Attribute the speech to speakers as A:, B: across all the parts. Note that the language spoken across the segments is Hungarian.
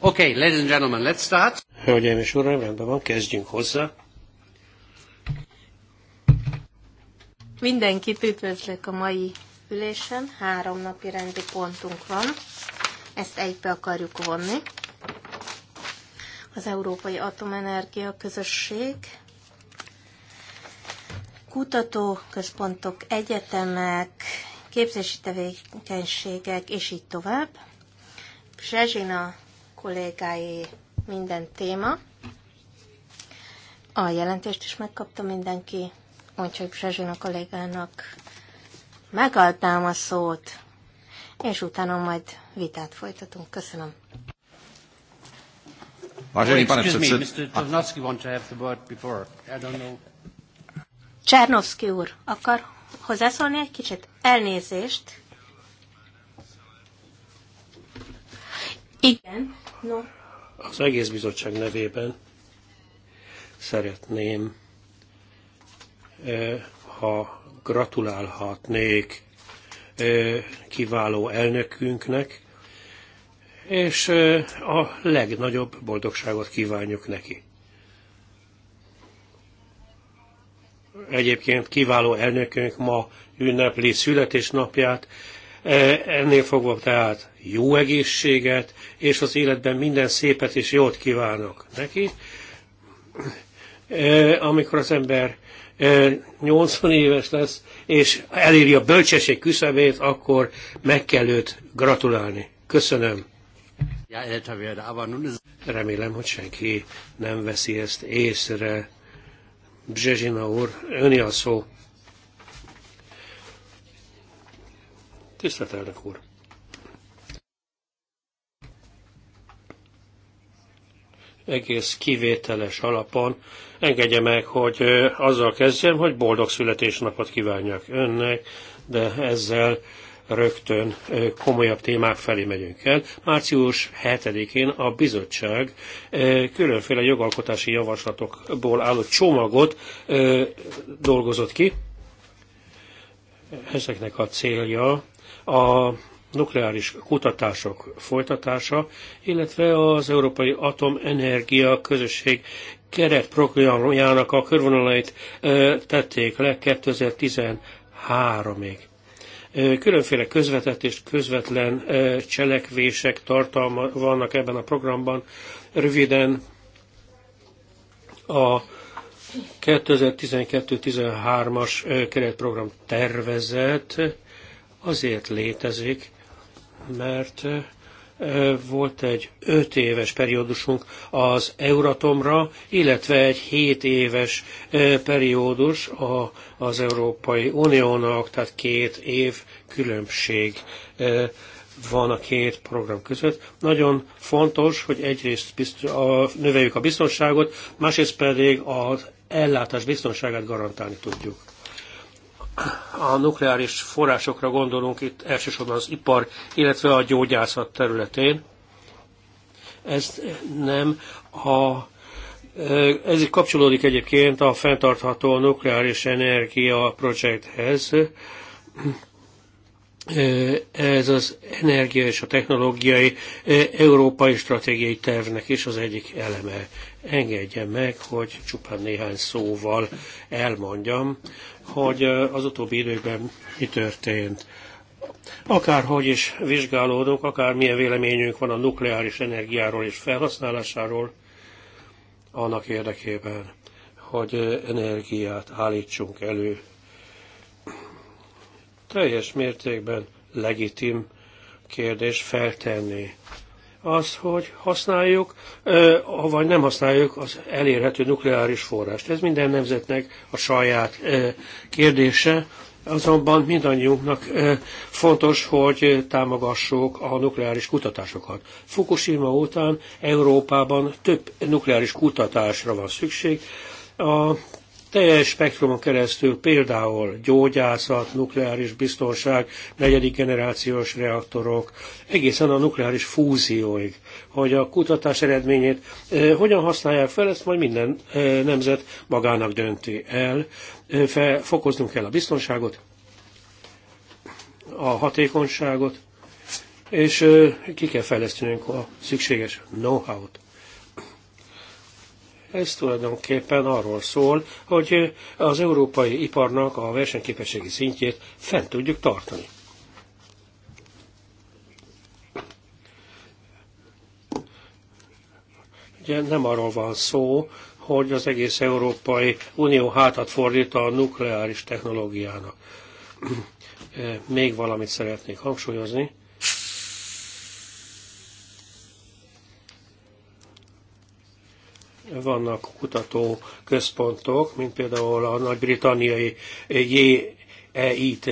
A: Okay, ladies and gentlemen, let's start. Hölgyeim és uraim, rendben van, kezdjünk hozzá.
B: Mindenkit üdvözlök a mai ülésen. Három napi rendi pontunk van. Ezt egybe akarjuk vonni. Az Európai Atomenergia Közösség kutatóközpontok, egyetemek, képzési tevékenységek, és így tovább. Sezsina kollégái minden téma. A jelentést is megkapta mindenki, úgyhogy Zsezsin kollégának megadnám a szót, és utána majd vitát folytatunk. Köszönöm.
A: Oh, ah.
B: Csernovszki úr, akar hozzászólni egy kicsit? Elnézést. Igen. No.
A: Az egész bizottság nevében szeretném, ha gratulálhatnék kiváló elnökünknek, és a legnagyobb boldogságot kívánjuk neki. Egyébként kiváló elnökünk ma ünnepli születésnapját, ennél fogva tehát jó egészséget, és az életben minden szépet és jót kívánok neki. E, amikor az ember 80 e, éves lesz, és eléri a bölcsesség küszöbét, akkor meg kell őt gratulálni. Köszönöm. Er Remélem, hogy senki nem veszi ezt észre. Bzsezsina úr, öni a szó. Tisztelt elnök úr! egész kivételes alapon engedje meg, hogy azzal kezdjem, hogy boldog születésnapot kívánjak önnek, de ezzel rögtön komolyabb témák felé megyünk el. Március 7-én a bizottság különféle jogalkotási javaslatokból álló csomagot dolgozott ki. Ezeknek a célja a nukleáris kutatások folytatása, illetve az Európai Atomenergia Közösség keretprogramjának a körvonalait tették le 2013-ig. Különféle közvetett és közvetlen cselekvések tartalma vannak ebben a programban. Röviden a 2012-13-as keretprogram tervezet azért létezik, mert eh, volt egy 5 éves periódusunk az Euratomra, illetve egy 7 éves eh, periódus az Európai Uniónak, tehát két év különbség eh, van a két program között. Nagyon fontos, hogy egyrészt a, növeljük a biztonságot, másrészt pedig az ellátás biztonságát garantálni tudjuk a nukleáris forrásokra gondolunk itt elsősorban az ipar, illetve a gyógyászat területén. Ez nem a ez kapcsolódik egyébként a fenntartható nukleáris energia projekthez. Ez az energia és a technológiai európai stratégiai tervnek is az egyik eleme. Engedje meg, hogy csupán néhány szóval elmondjam, hogy az utóbbi időkben mi történt. Akárhogy is vizsgálódok, akár milyen véleményünk van a nukleáris energiáról és felhasználásáról, annak érdekében, hogy energiát állítsunk elő. Teljes mértékben legitim kérdés feltenni az, hogy használjuk, vagy nem használjuk az elérhető nukleáris forrást. Ez minden nemzetnek a saját kérdése, azonban mindannyiunknak fontos, hogy támogassuk a nukleáris kutatásokat. Fukushima után Európában több nukleáris kutatásra van szükség, a teljes spektrumon keresztül, például gyógyászat, nukleáris biztonság, negyedik generációs reaktorok, egészen a nukleáris fúzióig, hogy a kutatás eredményét e, hogyan használják fel, ezt majd minden e, nemzet magának dönti el. E, fe, fokoznunk kell a biztonságot, a hatékonyságot, és ki kell fejlesztenünk a szükséges know-how-t. Ez tulajdonképpen arról szól, hogy az európai iparnak a versenyképességi szintjét fent tudjuk tartani. Ugye nem arról van szó, hogy az egész Európai Unió hátat fordít a nukleáris technológiának. Még valamit szeretnék hangsúlyozni. vannak kutató központok, mint például a nagy-britanniai JEIT,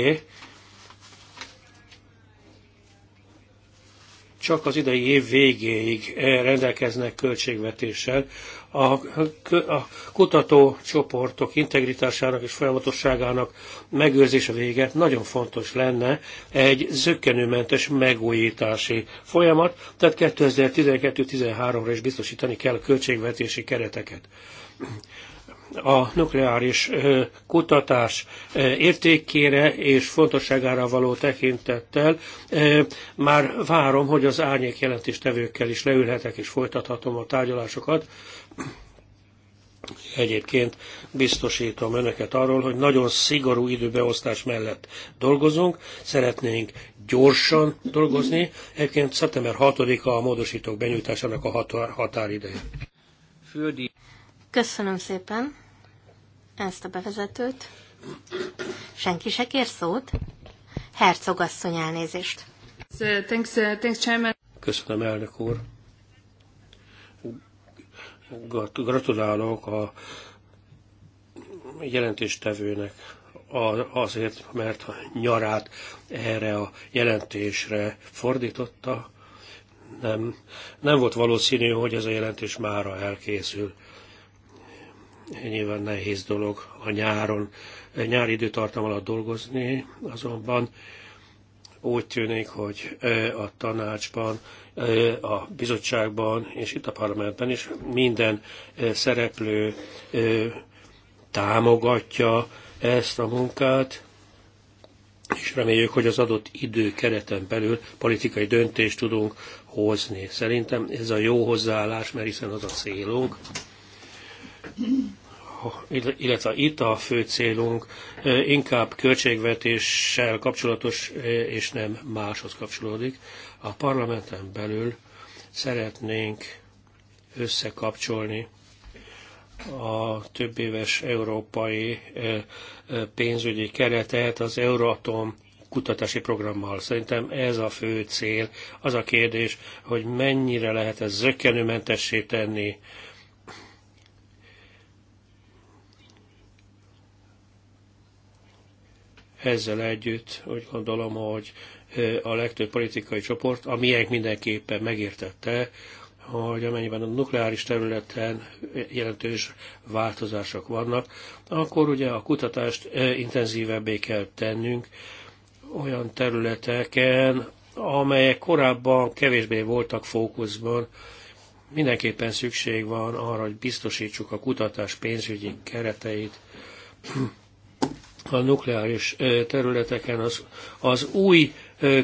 A: csak az idei év végéig rendelkeznek költségvetéssel, a, a kutatócsoportok integritásának és folyamatosságának megőrzése vége nagyon fontos lenne egy zöggenőmentes megújítási folyamat, tehát 2012-13-ra is biztosítani kell a költségvetési kereteket a nukleáris kutatás értékére és fontosságára való tekintettel már várom, hogy az árnyék jelentéstevőkkel is leülhetek és folytathatom a tárgyalásokat. Egyébként biztosítom önöket arról, hogy nagyon szigorú időbeosztás mellett dolgozunk, szeretnénk gyorsan dolgozni. Egyébként szeptember 6-a a módosítók benyújtásának a határ, határideje. Földi
B: Köszönöm szépen ezt a bevezetőt. Senki se kér szót. Hercogasszony elnézést.
C: Thanks, uh, thanks, Chairman.
A: Köszönöm, elnök úr. Gratulálok a jelentéstevőnek azért, mert a nyarát erre a jelentésre fordította. Nem, nem volt valószínű, hogy ez a jelentés mára elkészül. Nyilván nehéz dolog a nyáron, nyári időtartam alatt dolgozni, azonban úgy tűnik, hogy a tanácsban, a bizottságban és itt a parlamentben is minden szereplő támogatja ezt a munkát, és reméljük, hogy az adott idő kereten belül politikai döntést tudunk hozni. Szerintem ez a jó hozzáállás, mert hiszen az a célunk illetve itt a fő célunk inkább költségvetéssel kapcsolatos, és nem máshoz kapcsolódik. A parlamenten belül szeretnénk összekapcsolni a több éves európai pénzügyi keretet az Euratom kutatási programmal. Szerintem ez a fő cél. Az a kérdés, hogy mennyire lehet ezt zöggenőmentessé tenni, Ezzel együtt úgy gondolom, hogy a legtöbb politikai csoport, a miénk mindenképpen megértette, hogy amennyiben a nukleáris területen jelentős változások vannak, akkor ugye a kutatást intenzívebbé kell tennünk olyan területeken, amelyek korábban kevésbé voltak fókuszban. Mindenképpen szükség van arra, hogy biztosítsuk a kutatás pénzügyi kereteit a nukleáris területeken az, az új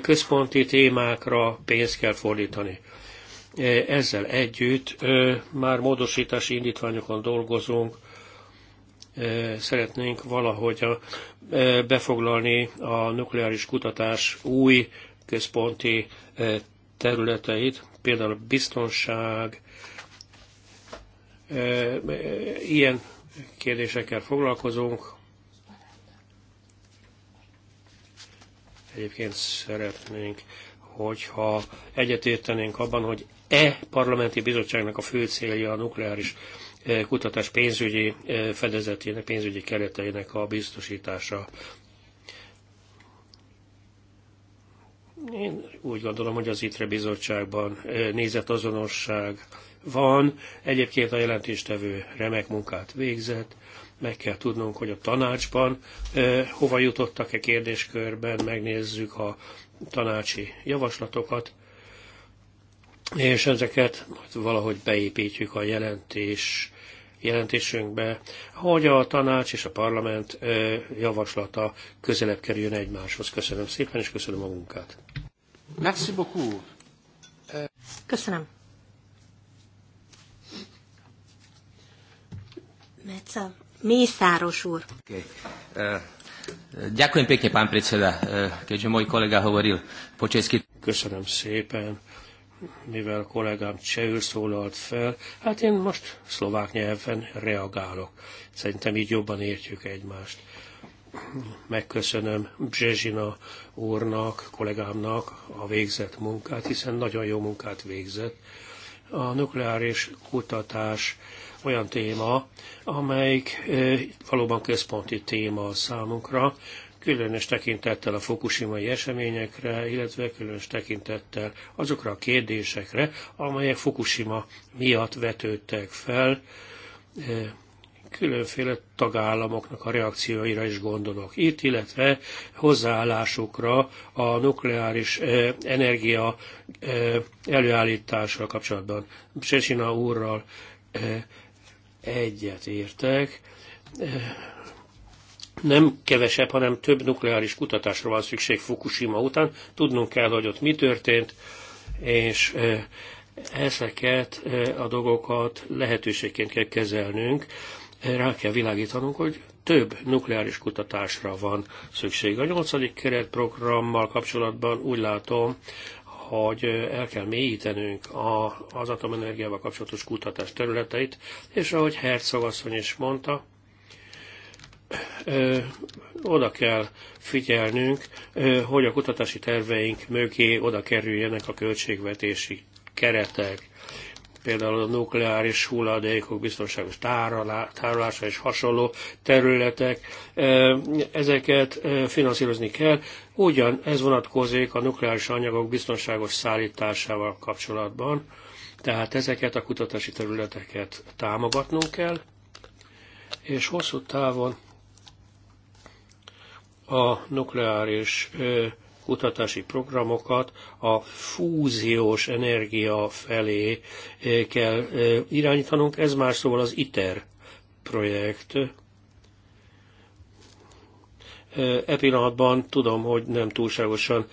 A: központi témákra pénzt kell fordítani. Ezzel együtt már módosítási indítványokon dolgozunk, szeretnénk valahogy a, befoglalni a nukleáris kutatás új központi területeit, például a biztonság, ilyen kérdésekkel foglalkozunk, Egyébként szeretnénk, hogyha egyetértenénk abban, hogy e parlamenti bizottságnak a fő célja a nukleáris e, kutatás pénzügyi e, fedezetének, pénzügyi kereteinek a biztosítása. Én úgy gondolom, hogy az ITRE bizottságban e, nézetazonosság van. Egyébként a jelentéstevő remek munkát végzett meg kell tudnunk, hogy a tanácsban eh, hova jutottak-e kérdéskörben, megnézzük a tanácsi javaslatokat, és ezeket majd valahogy beépítjük a jelentés jelentésünkbe, hogy a tanács és a parlament eh, javaslata közelebb kerüljön egymáshoz. Köszönöm szépen, és köszönöm a munkát. Merci beaucoup.
B: Köszönöm. Metza Mészáros úr.
A: Okay. E, ďakujem pekne, pán predseda, e, keďže môj kolega hovoril po česky. Köszönöm szépen, mivel kollégám csehül szólalt fel, hát én most szlovák nyelven reagálok. Szerintem így jobban értjük egymást. Megköszönöm Brzezsina úrnak, kollégámnak a végzett munkát, hiszen nagyon jó munkát végzett. A nukleáris kutatás olyan téma, amelyik valóban központi téma számunkra, különös tekintettel a fukushimai eseményekre, illetve különös tekintettel azokra a kérdésekre, amelyek Fukushima miatt vetődtek fel, különféle tagállamoknak a reakcióira is gondolok itt, illetve hozzáállásukra a nukleáris energia előállítással kapcsolatban. Sesina úrral egyet értek. Nem kevesebb, hanem több nukleáris kutatásra van szükség Fukushima után. Tudnunk kell, hogy ott mi történt, és ezeket a dolgokat lehetőségként kell kezelnünk. Rá kell világítanunk, hogy több nukleáris kutatásra van szükség. A nyolcadik keretprogrammal kapcsolatban úgy látom, hogy el kell mélyítenünk a, az atomenergiával kapcsolatos kutatás területeit, és ahogy Herzog asszony is mondta, ö, oda kell figyelnünk, ö, hogy a kutatási terveink mögé oda kerüljenek a költségvetési keretek például a nukleáris hulladékok biztonságos tárolása és hasonló területek, ezeket finanszírozni kell. Ugyan ez vonatkozik a nukleáris anyagok biztonságos szállításával kapcsolatban, tehát ezeket a kutatási területeket támogatnunk kell, és hosszú távon a nukleáris kutatási programokat a fúziós energia felé eh, kell eh, irányítanunk, ez más szóval az ITER projekt. Eh, e pillanatban tudom, hogy nem túlságosan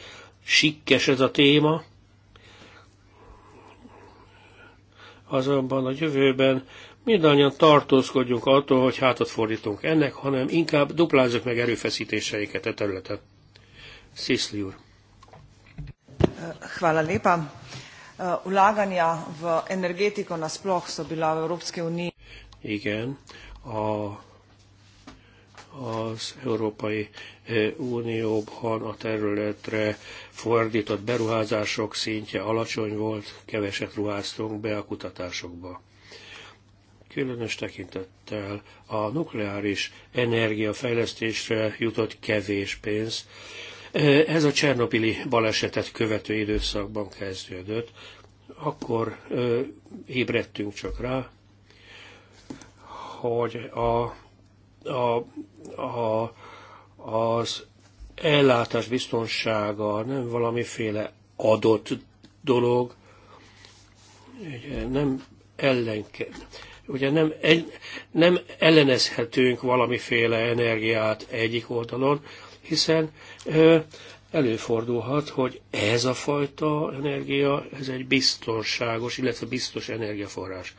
A: sikkes ez a téma, azonban a jövőben mindannyian tartózkodjunk attól, hogy hátat fordítunk ennek, hanem inkább duplázzuk meg erőfeszítéseiket e területen. Sisli úr.
C: Hvala lepa. Ulaganja v energetiko nasploh so bila v Európskej
A: Unii. Igen, a, az Európai Unióban a területre fordított beruházások szintje alacsony volt, keveset ruháztunk be a kutatásokba különös tekintettel a nukleáris energiafejlesztésre jutott kevés pénz. Ez a Csernobili balesetet követő időszakban kezdődött, akkor ébredtünk csak rá, hogy a, a, a, az ellátás biztonsága nem valamiféle adott dolog, ugye nem ellenke, ugye nem, nem ellenezhetünk valamiféle energiát egyik oldalon, hiszen előfordulhat, hogy ez a fajta energia, ez egy biztonságos, illetve biztos energiaforrás.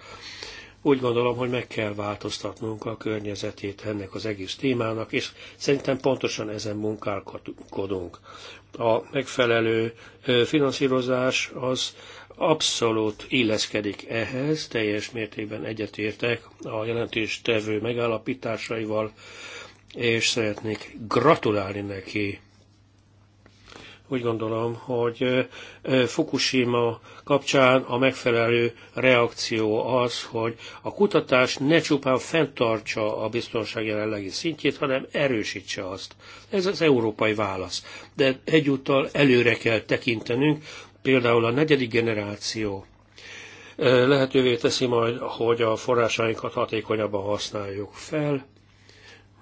A: Úgy gondolom, hogy meg kell változtatnunk a környezetét ennek az egész témának, és szerintem pontosan ezen munkálkodunk. A megfelelő finanszírozás az abszolút illeszkedik ehhez, teljes mértékben egyetértek a jelentéstevő megállapításaival, és szeretnék gratulálni neki. Úgy gondolom, hogy Fukushima kapcsán a megfelelő reakció az, hogy a kutatás ne csupán fenntartsa a biztonság jelenlegi szintjét, hanem erősítse azt. Ez az európai válasz. De egyúttal előre kell tekintenünk, például a negyedik generáció lehetővé teszi majd, hogy a forrásainkat hatékonyabban használjuk fel,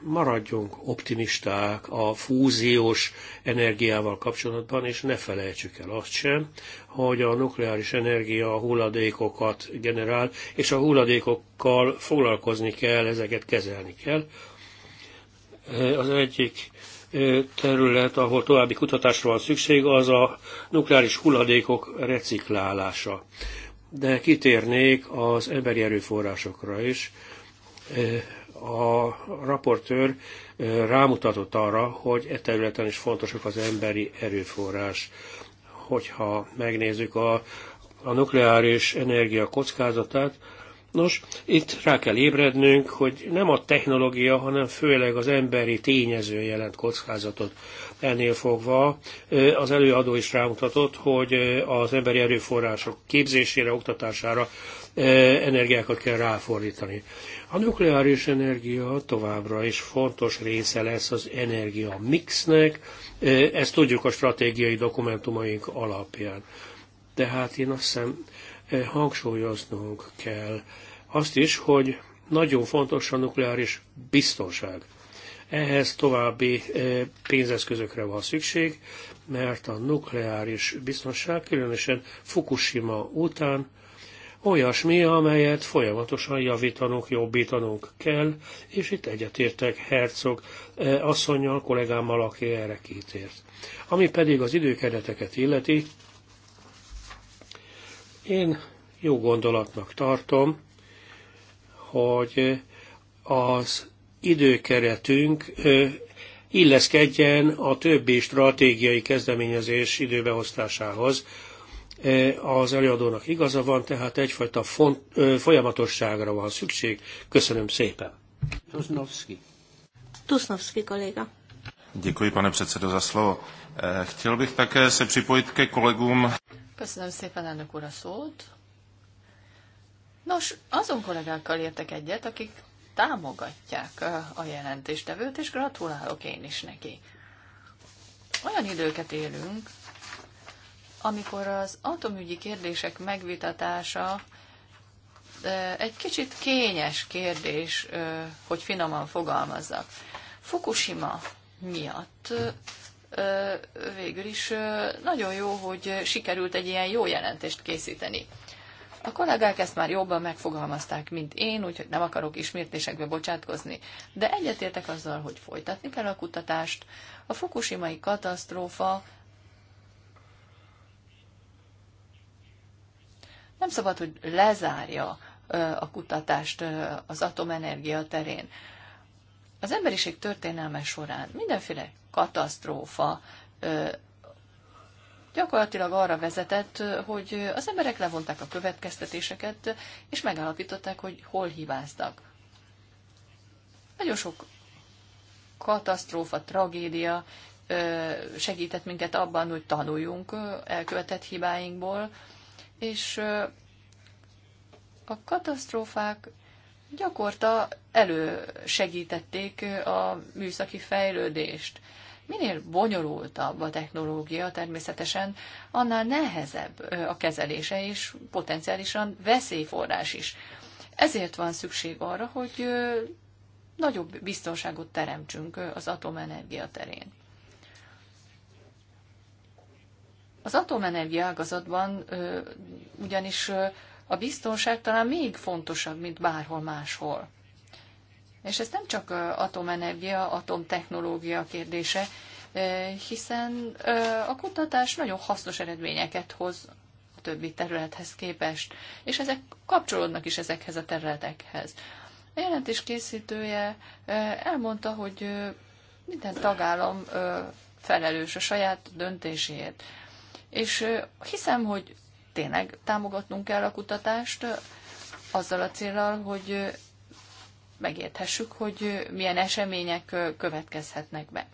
A: maradjunk optimisták a fúziós energiával kapcsolatban, és ne felejtsük el azt sem, hogy a nukleáris energia a hulladékokat generál, és a hulladékokkal foglalkozni kell, ezeket kezelni kell. Az egyik terület, ahol további kutatásra van szükség, az a nukleáris hulladékok reciklálása. De kitérnék az emberi erőforrásokra is a raportőr rámutatott arra, hogy e területen is fontosak az emberi erőforrás. Hogyha megnézzük a, a nukleáris energia kockázatát, Nos, itt rá kell ébrednünk, hogy nem a technológia, hanem főleg az emberi tényező jelent kockázatot. Ennél fogva az előadó is rámutatott, hogy az emberi erőforrások képzésére, oktatására energiákat kell ráfordítani. A nukleáris energia továbbra is fontos része lesz az energia mixnek, ezt tudjuk a stratégiai dokumentumaink alapján. Tehát én azt hiszem hangsúlyoznunk kell azt is, hogy nagyon fontos a nukleáris biztonság. Ehhez további pénzeszközökre van szükség, mert a nukleáris biztonság különösen Fukushima után olyasmi, amelyet folyamatosan javítanunk, jobbítanunk kell, és itt egyetértek Herzog eh, asszonynal, kollégámmal, aki erre kitért. Ami pedig az időkereteket illeti, én jó gondolatnak tartom, hogy az időkeretünk eh, illeszkedjen a többi stratégiai kezdeményezés időbeosztásához, E, az előadónak igaza van, tehát egyfajta font, folyamatosságra van szükség. Köszönöm szépen. Tusnovski.
B: Tusnovski kolléga.
A: Děkuji, pane předsedo, za slovo. E, chtěl bych také se připojit ke kolegům.
C: Köszönöm szépen, elnök úr, a szót. Nos, azon kollégákkal értek egyet, akik támogatják e, a jelentéstevőt, és gratulálok én is neki. Olyan időket élünk, amikor az atomügyi kérdések megvitatása egy kicsit kényes kérdés, hogy finoman fogalmazzak. Fukushima miatt végül is nagyon jó, hogy sikerült egy ilyen jó jelentést készíteni. A kollégák ezt már jobban megfogalmazták, mint én, úgyhogy nem akarok ismétlésekbe bocsátkozni, de egyetértek azzal, hogy folytatni kell a kutatást. A fukushimai katasztrófa nem szabad, hogy lezárja a kutatást az atomenergia terén. Az emberiség történelme során mindenféle katasztrófa gyakorlatilag arra vezetett, hogy az emberek levonták a következtetéseket, és megállapították, hogy hol hibáztak. Nagyon sok katasztrófa, tragédia segített minket abban, hogy tanuljunk elkövetett hibáinkból, és a katasztrófák gyakorta elősegítették a műszaki fejlődést. Minél bonyolultabb a technológia természetesen, annál nehezebb a kezelése és potenciálisan veszélyforrás is. Ezért van szükség arra, hogy nagyobb biztonságot teremtsünk az atomenergia terén. Az atomenergia ágazatban ugyanis a biztonság talán még fontosabb, mint bárhol máshol. És ez nem csak atomenergia, atomtechnológia kérdése, hiszen a kutatás nagyon hasznos eredményeket hoz a többi területhez képest, és ezek kapcsolódnak is ezekhez a területekhez. A jelentés készítője elmondta, hogy minden tagállam felelős a saját döntéséért és hiszem, hogy tényleg támogatnunk kell a kutatást azzal a célral, hogy megérthessük, hogy milyen események következhetnek be.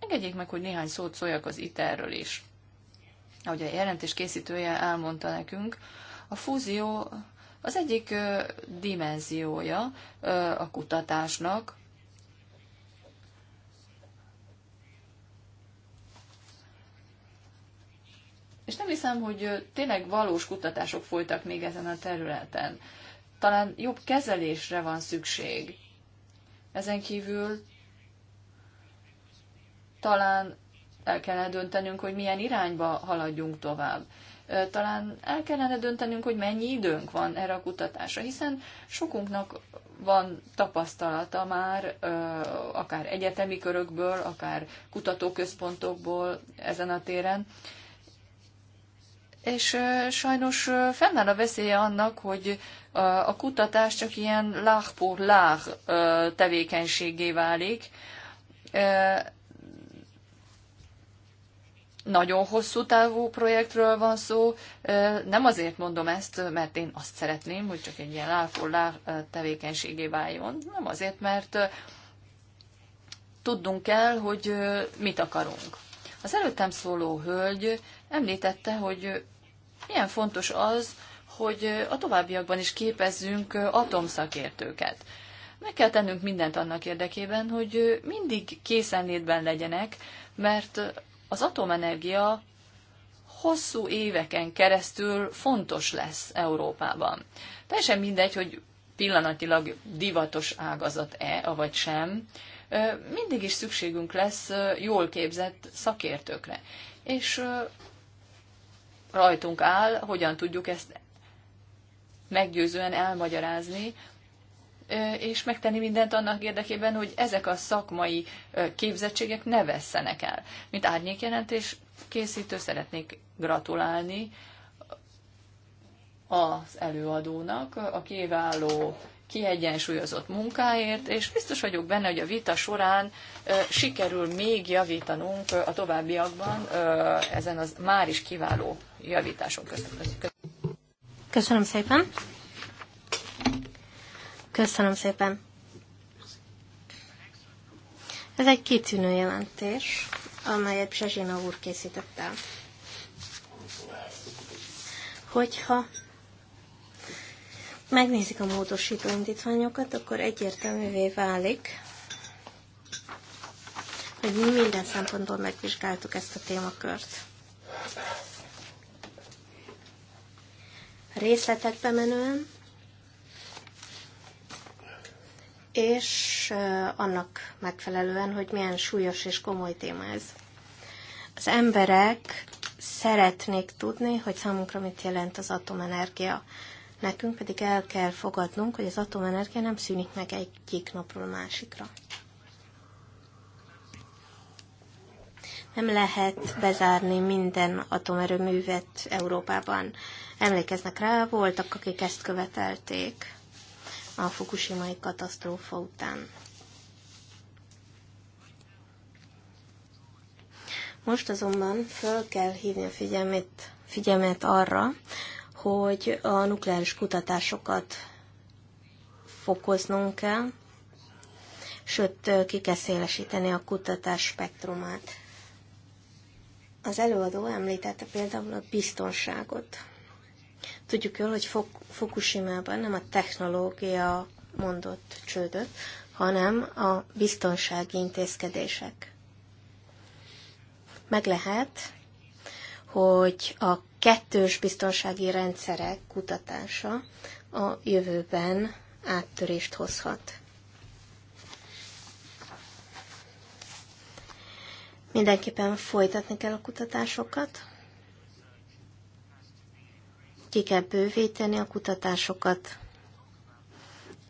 C: Engedjék meg, hogy néhány szót szóljak az ITER-ről is. Ahogy a jelentés készítője elmondta nekünk, a fúzió az egyik dimenziója a kutatásnak, és nem hiszem, hogy tényleg valós kutatások folytak még ezen a területen. Talán jobb kezelésre van szükség. Ezen kívül talán el kellene döntenünk, hogy milyen irányba haladjunk tovább. Talán el kellene döntenünk, hogy mennyi időnk van erre a kutatásra, hiszen sokunknak van tapasztalata már, akár egyetemi körökből, akár kutatóközpontokból ezen a téren, és sajnos fennáll a veszélye annak, hogy a kutatás csak ilyen lár pour lár tevékenységé válik. Nagyon hosszú távú projektről van szó. Nem azért mondom ezt, mert én azt szeretném, hogy csak egy ilyen lár lár tevékenységé váljon, nem azért, mert tudnunk kell, hogy mit akarunk. Az előttem szóló hölgy említette, hogy milyen fontos az, hogy a továbbiakban is képezzünk atomszakértőket. Meg kell tennünk mindent annak érdekében, hogy mindig készenlétben legyenek, mert az atomenergia hosszú éveken keresztül fontos lesz Európában. Teljesen mindegy, hogy pillanatilag divatos ágazat-e, avagy sem, mindig is szükségünk lesz jól képzett szakértőkre. És rajtunk áll, hogyan tudjuk ezt meggyőzően elmagyarázni, és megtenni mindent annak érdekében, hogy ezek a szakmai képzettségek ne vesszenek el. Mint árnyékjelentés készítő szeretnék gratulálni az előadónak a kiváló, kiegyensúlyozott munkáért, és biztos vagyok benne, hogy a vita során sikerül még javítanunk a továbbiakban ezen az már is kiváló javításon köszönöm.
B: Köszönöm szépen. Köszönöm szépen. Ez egy kitűnő jelentés, amelyet Zsezsina úr készítette. Hogyha megnézik a módosító indítványokat, akkor egyértelművé válik, hogy mi minden szempontból megvizsgáltuk ezt a témakört részletekbe menően, és annak megfelelően, hogy milyen súlyos és komoly téma ez. Az emberek szeretnék tudni, hogy számunkra mit jelent az atomenergia. Nekünk pedig el kell fogadnunk, hogy az atomenergia nem szűnik meg egyik napról másikra. Nem lehet bezárni minden atomerőművet Európában. Emlékeznek rá, voltak, akik ezt követelték a fukushimai katasztrófa után. Most azonban föl kell hívni a figyelmet, figyelmet arra, hogy a nukleáris kutatásokat fokoznunk kell, sőt, ki kell szélesíteni a kutatás spektrumát. Az előadó említette például a biztonságot. Tudjuk jól, hogy Fukushima-ban nem a technológia mondott csődöt, hanem a biztonsági intézkedések. Meg lehet, hogy a kettős biztonsági rendszerek kutatása a jövőben áttörést hozhat. Mindenképpen folytatni kell a kutatásokat, ki kell bővíteni a kutatásokat,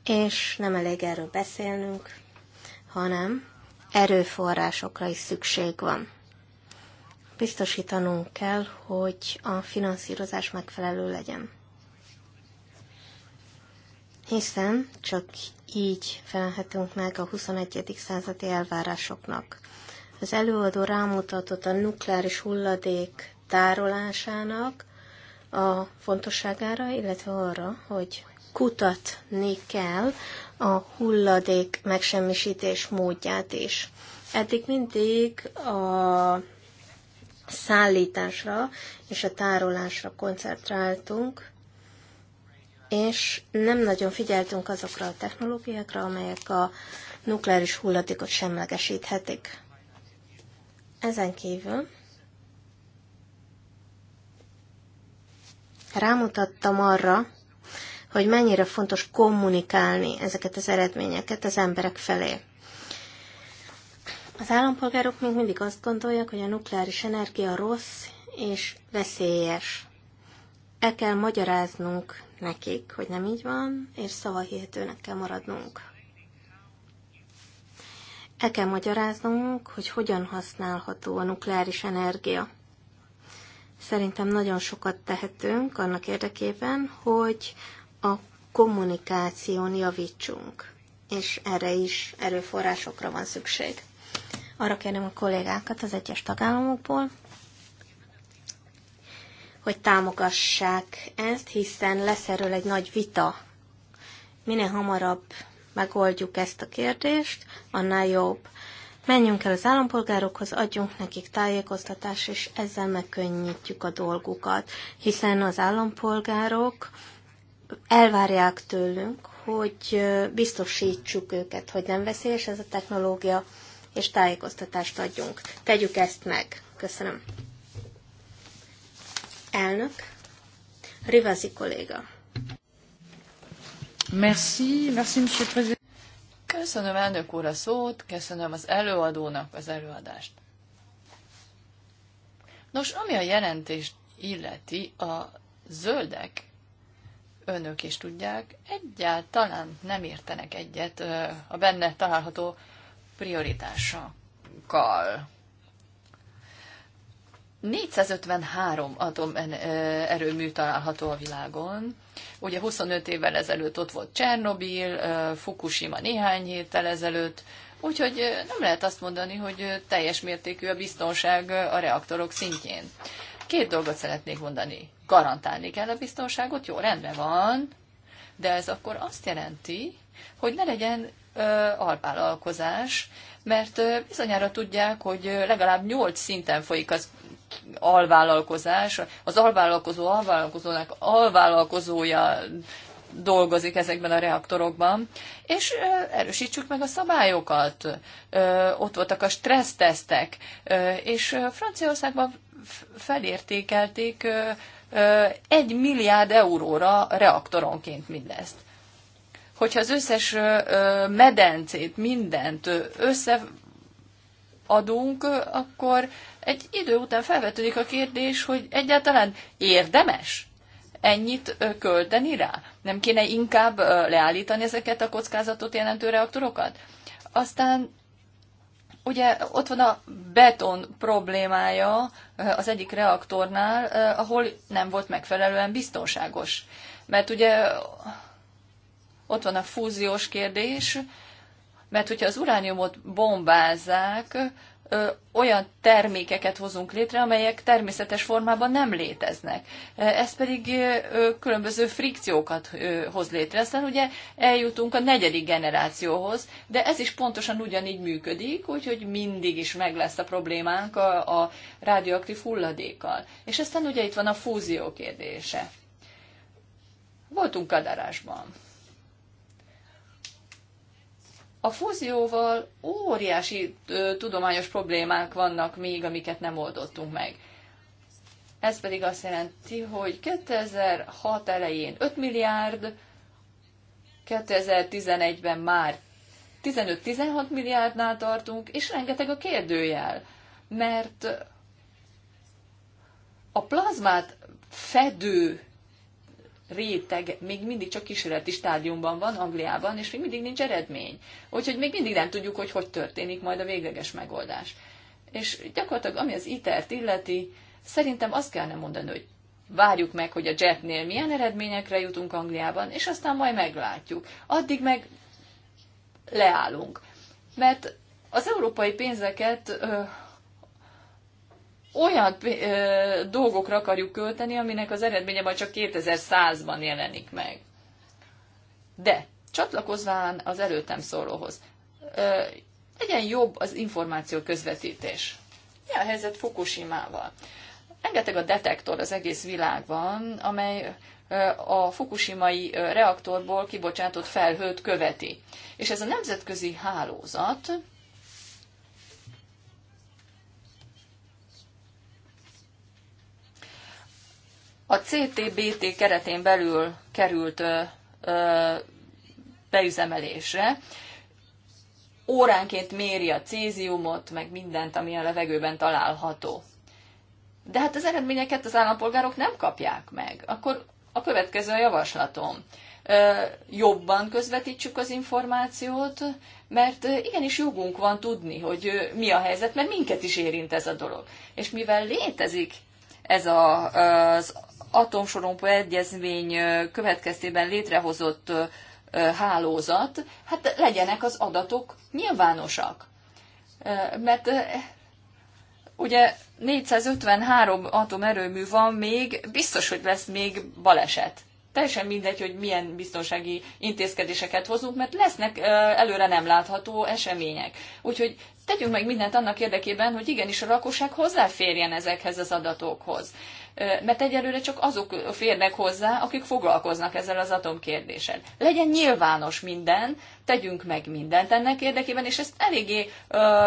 B: és nem elég erről beszélnünk, hanem erőforrásokra is szükség van. Biztosítanunk kell, hogy a finanszírozás megfelelő legyen. Hiszen csak így felelhetünk meg a 21. századi elvárásoknak. Az előadó rámutatott a nukleáris hulladék tárolásának a fontosságára, illetve arra, hogy kutatni kell a hulladék megsemmisítés módját is. Eddig mindig a szállításra és a tárolásra koncentráltunk, és nem nagyon figyeltünk azokra a technológiákra, amelyek a nukleáris hulladékot semlegesíthetik. Ezen kívül rámutattam arra, hogy mennyire fontos kommunikálni ezeket az eredményeket az emberek felé. Az állampolgárok még mindig azt gondolják, hogy a nukleáris energia rossz és veszélyes. El kell magyaráznunk nekik, hogy nem így van, és szavahihetőnek kell maradnunk. El kell magyaráznunk, hogy hogyan használható a nukleáris energia. Szerintem nagyon sokat tehetünk annak érdekében, hogy a kommunikáción javítsunk, és erre is erőforrásokra van szükség. Arra kérném a kollégákat az egyes tagállamokból, hogy támogassák ezt, hiszen lesz erről egy nagy vita. Minél hamarabb megoldjuk ezt a kérdést, annál jobb. Menjünk el az állampolgárokhoz, adjunk nekik tájékoztatást, és ezzel megkönnyítjük a dolgukat, hiszen az állampolgárok elvárják tőlünk, hogy biztosítsuk őket, hogy nem veszélyes ez a technológia, és tájékoztatást adjunk. Tegyük ezt meg. Köszönöm. Elnök,
C: Rivazi kolléga. Merci, merci, monsieur président. Köszönöm elnök úr a szót, köszönöm az előadónak az előadást. Nos, ami a jelentést illeti, a zöldek, önök is tudják, egyáltalán nem értenek egyet a benne található prioritásokkal. 453 atom eh, erőmű található a világon. Ugye 25 évvel ezelőtt ott volt Csernobil, eh, Fukushima néhány héttel ezelőtt, úgyhogy eh, nem lehet azt mondani, hogy teljes mértékű a biztonság a reaktorok szintjén. Két dolgot szeretnék mondani. Garantálni kell a biztonságot, jó, rendben van, de ez akkor azt jelenti, hogy ne legyen alpállalkozás, mert bizonyára tudják, hogy legalább 8 szinten folyik az alvállalkozás, az alvállalkozó alvállalkozónak alvállalkozója dolgozik ezekben a reaktorokban, és erősítsük meg a szabályokat. Ott voltak a stressztesztek, és Franciaországban felértékelték egy milliárd euróra reaktoronként mindezt. Hogyha az összes medencét, mindent összeadunk, akkor egy idő után felvetődik a kérdés, hogy egyáltalán érdemes ennyit költeni rá? Nem kéne inkább leállítani ezeket a kockázatot jelentő reaktorokat? Aztán ugye ott van a beton problémája az egyik reaktornál, ahol nem volt megfelelően biztonságos. Mert ugye ott van a fúziós kérdés, mert hogyha az urániumot bombázzák, olyan termékeket hozunk létre, amelyek természetes formában nem léteznek. Ez pedig különböző frikciókat hoz létre. Aztán ugye eljutunk a negyedik generációhoz, de ez is pontosan ugyanígy működik, úgyhogy mindig is meg lesz a problémánk a, a radioaktív hulladékkal. És aztán ugye itt van a fúzió kérdése. Voltunk kadarásban. A fúzióval óriási ö, tudományos problémák vannak még, amiket nem oldottunk meg. Ez pedig azt jelenti, hogy 2006 elején 5 milliárd, 2011-ben már 15-16 milliárdnál tartunk, és rengeteg a kérdőjel, mert a plazmát fedő réteg még mindig csak kísérleti stádiumban van Angliában, és még mindig nincs eredmény. Úgyhogy még mindig nem tudjuk, hogy hogy történik majd a végleges megoldás. És gyakorlatilag, ami az ITER-t e illeti, szerintem azt kellene mondani, hogy várjuk meg, hogy a jetnél milyen eredményekre jutunk Angliában, és aztán majd meglátjuk. Addig meg leállunk. Mert az európai pénzeket olyan ö, dolgokra akarjuk költeni, aminek az eredménye majd csak 2100-ban jelenik meg. De csatlakozván az előttem szólóhoz, ö, legyen jobb az információ közvetítés. Mi a helyzet Fukushima-val? Engeteg a detektor az egész világban, amely a fukushimai reaktorból kibocsátott felhőt követi. És ez a nemzetközi hálózat A CTBT keretén belül került beüzemelésre. Óránként méri a céziumot, meg mindent, ami a levegőben található. De hát az eredményeket az állampolgárok nem kapják meg. Akkor a következő a javaslatom. Jobban közvetítsük az információt, mert igenis jogunk van tudni, hogy mi a helyzet, mert minket is érint ez a dolog. És mivel létezik ez a, az atomsorompó egyezmény következtében létrehozott hálózat, hát legyenek az adatok nyilvánosak. Mert ugye 453 atomerőmű van még, biztos, hogy lesz még baleset. Teljesen mindegy, hogy milyen biztonsági intézkedéseket hozunk, mert lesznek előre nem látható események. Úgyhogy tegyünk meg mindent annak érdekében, hogy igenis a lakosság hozzáférjen ezekhez az adatokhoz. Mert egyelőre csak azok férnek hozzá, akik foglalkoznak ezzel az atomkérdéssel. Legyen nyilvános minden, tegyünk meg mindent ennek érdekében, és ezt eléggé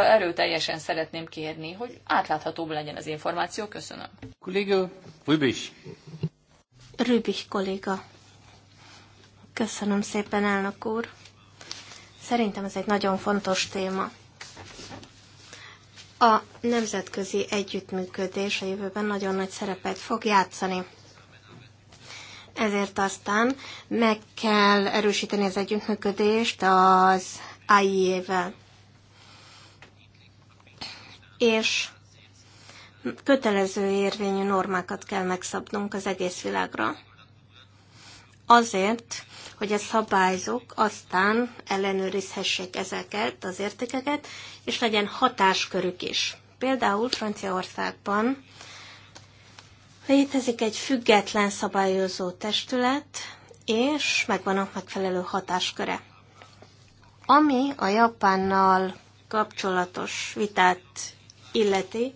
C: erőteljesen szeretném kérni, hogy átláthatóbb legyen az információ. Köszönöm. Kolléga
A: Rübis.
B: Rübis kolléga. Köszönöm szépen, elnök úr. Szerintem ez egy nagyon fontos téma. A nemzetközi együttműködés a jövőben nagyon nagy szerepet fog játszani. Ezért aztán meg kell erősíteni az együttműködést az AIE-vel. És kötelező érvényű normákat kell megszabnunk az egész világra. Azért, hogy a szabályzók aztán ellenőrizhessék ezeket az értékeket, és legyen hatáskörük is. Például Franciaországban létezik egy független szabályozó testület, és megvan a megfelelő hatásköre. Ami a Japánnal kapcsolatos vitát illeti,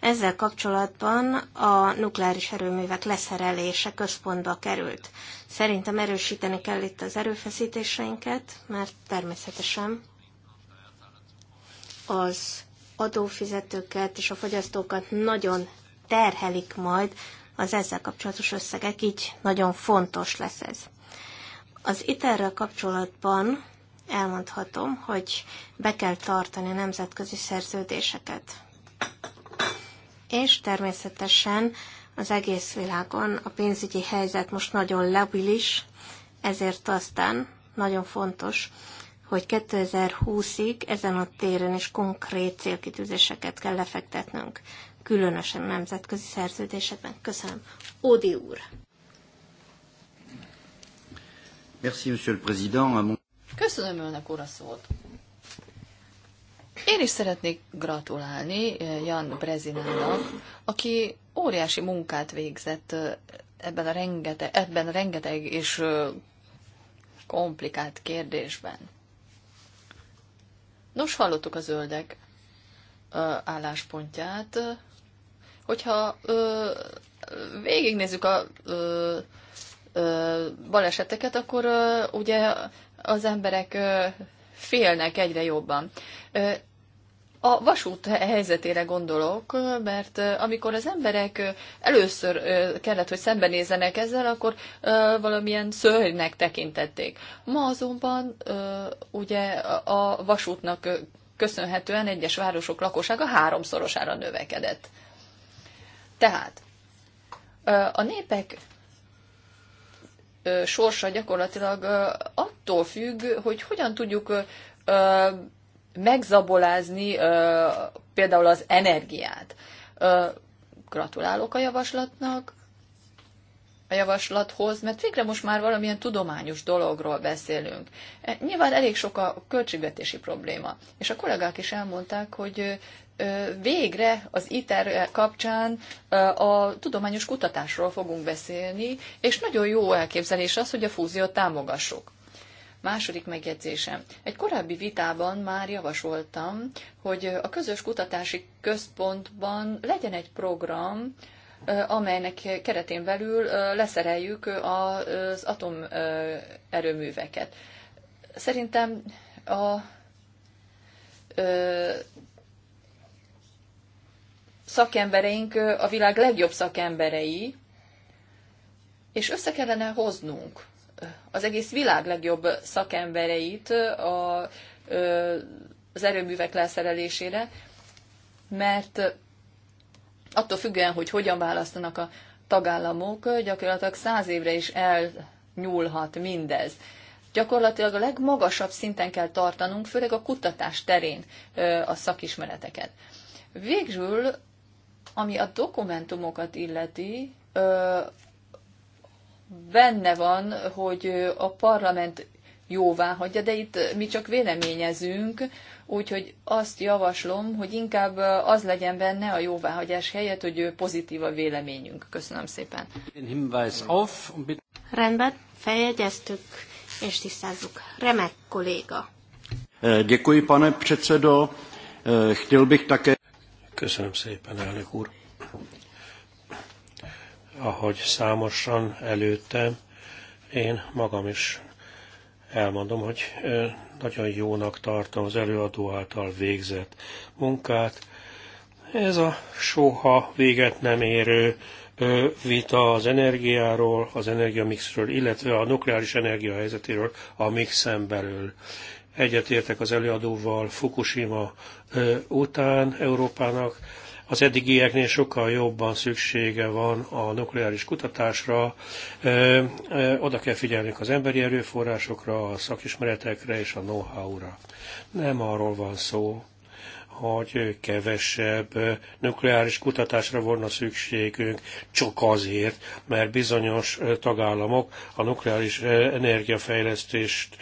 B: ezzel kapcsolatban a nukleáris erőművek leszerelése központba került. Szerintem erősíteni kell itt az erőfeszítéseinket, mert természetesen az adófizetőket és a fogyasztókat nagyon terhelik majd az ezzel kapcsolatos összegek, így nagyon fontos lesz ez. Az ITER-rel kapcsolatban elmondhatom, hogy be kell tartani a nemzetközi szerződéseket és természetesen az egész világon a pénzügyi helyzet most nagyon labilis, ezért aztán nagyon fontos, hogy 2020-ig ezen a téren is konkrét célkitűzéseket kell lefektetnünk, különösen nemzetközi szerződésekben. Köszönöm. Ódi úr! Merci, monsieur le président.
C: Köszönöm önnek, úr, a szót. Én is szeretnék gratulálni eh, Jan Brezinának, aki óriási munkát végzett eh, ebben a rengeteg, ebben a rengeteg és eh, komplikált kérdésben. Nos, hallottuk a zöldek álláspontját. Hogyha végignézzük a baleseteket, akkor ugye az emberek félnek egyre jobban. A vasút helyzetére gondolok, mert amikor az emberek először kellett, hogy szembenézzenek ezzel, akkor valamilyen szörnynek tekintették. Ma azonban ugye a vasútnak köszönhetően egyes városok lakossága háromszorosára növekedett. Tehát a népek sorsa gyakorlatilag attól függ, hogy hogyan tudjuk megzabolázni például az energiát. Gratulálok a javaslatnak, a javaslathoz, mert végre most már valamilyen tudományos dologról beszélünk. E, nyilván elég sok a költségvetési probléma, és a kollégák is elmondták, hogy végre az ITER kapcsán a tudományos kutatásról fogunk beszélni, és nagyon jó elképzelés az, hogy a fúziót támogassuk. Második megjegyzésem. Egy korábbi vitában már javasoltam, hogy a közös kutatási központban legyen egy program, amelynek keretén belül leszereljük az atomerőműveket. Szerintem a szakembereink a világ legjobb szakemberei, és össze kellene hoznunk az egész világ legjobb szakembereit a, az erőművek leszerelésére, mert attól függően, hogy hogyan választanak a tagállamok, gyakorlatilag száz évre is elnyúlhat mindez. Gyakorlatilag a legmagasabb szinten kell tartanunk, főleg a kutatás terén a szakismereteket. Végül, ami a dokumentumokat illeti, benne van, hogy a parlament jóvá hagyja, de itt mi csak véleményezünk, úgyhogy azt javaslom, hogy inkább az legyen benne a jóváhagyás helyett, hogy pozitív a véleményünk. Köszönöm szépen. Rendben, feljegyeztük és tisztázzuk. Remek
B: kolléga.
A: Eh, děkuji, pane předsedo. Eh, chtěl bych také... Köszönöm szépen, elnök úr ahogy számosan előttem, én magam is elmondom, hogy nagyon jónak tartom az előadó által végzett munkát. Ez a soha véget nem érő vita az energiáról, az energiamixről, illetve a nukleáris energia helyzetéről a mixen belül. Egyetértek az előadóval Fukushima után Európának az eddigieknél sokkal jobban szüksége van a nukleáris kutatásra, oda kell figyelnünk az emberi erőforrásokra, a szakismeretekre és a know-how-ra. Nem arról van szó, hogy kevesebb nukleáris kutatásra volna szükségünk, csak azért, mert bizonyos tagállamok a nukleáris energiafejlesztést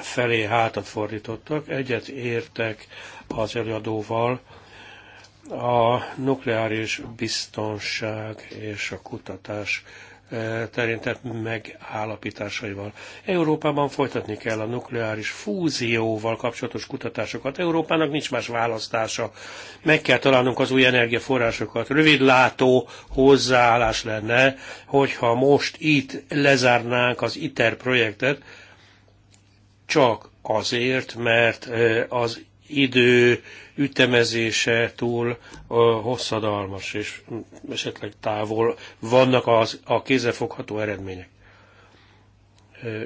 A: felé hátat fordítottak. Egyet értek az előadóval, a nukleáris biztonság és a kutatás eh, terén tett megállapításaival. Európában folytatni kell a nukleáris fúzióval kapcsolatos kutatásokat. Európának nincs más választása. Meg kell találnunk az új energiaforrásokat. Rövidlátó hozzáállás lenne, hogyha most itt lezárnánk az ITER projektet, csak azért, mert eh, az idő ütemezése túl hosszadalmas, és esetleg távol vannak az, a kézzelfogható eredmények.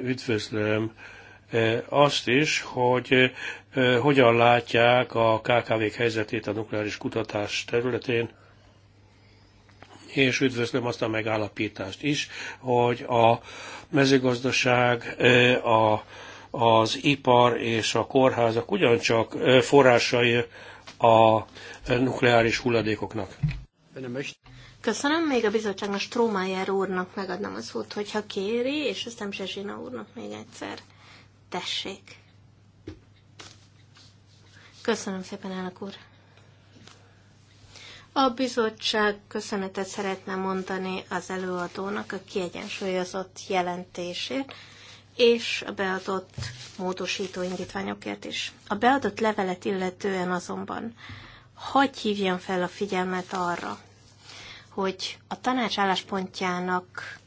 A: Üdvözlöm azt is, hogy hogyan látják a KKV-k helyzetét a nukleáris kutatás területén, és üdvözlöm azt a megállapítást is, hogy a mezőgazdaság, a az ipar és a kórházak ugyancsak forrásai a nukleáris hulladékoknak.
B: Köszönöm, még a bizottságnak Strómájer úrnak megadnám a szót, hogyha kéri, és aztán Zsezsina úrnak még egyszer. Tessék. Köszönöm szépen, elnök úr. A bizottság köszönetet szeretne mondani az előadónak a kiegyensúlyozott jelentésért, és a beadott módosító indítványokért is. A beadott levelet illetően azonban hagy hívjam fel a figyelmet arra, hogy a tanács álláspontjának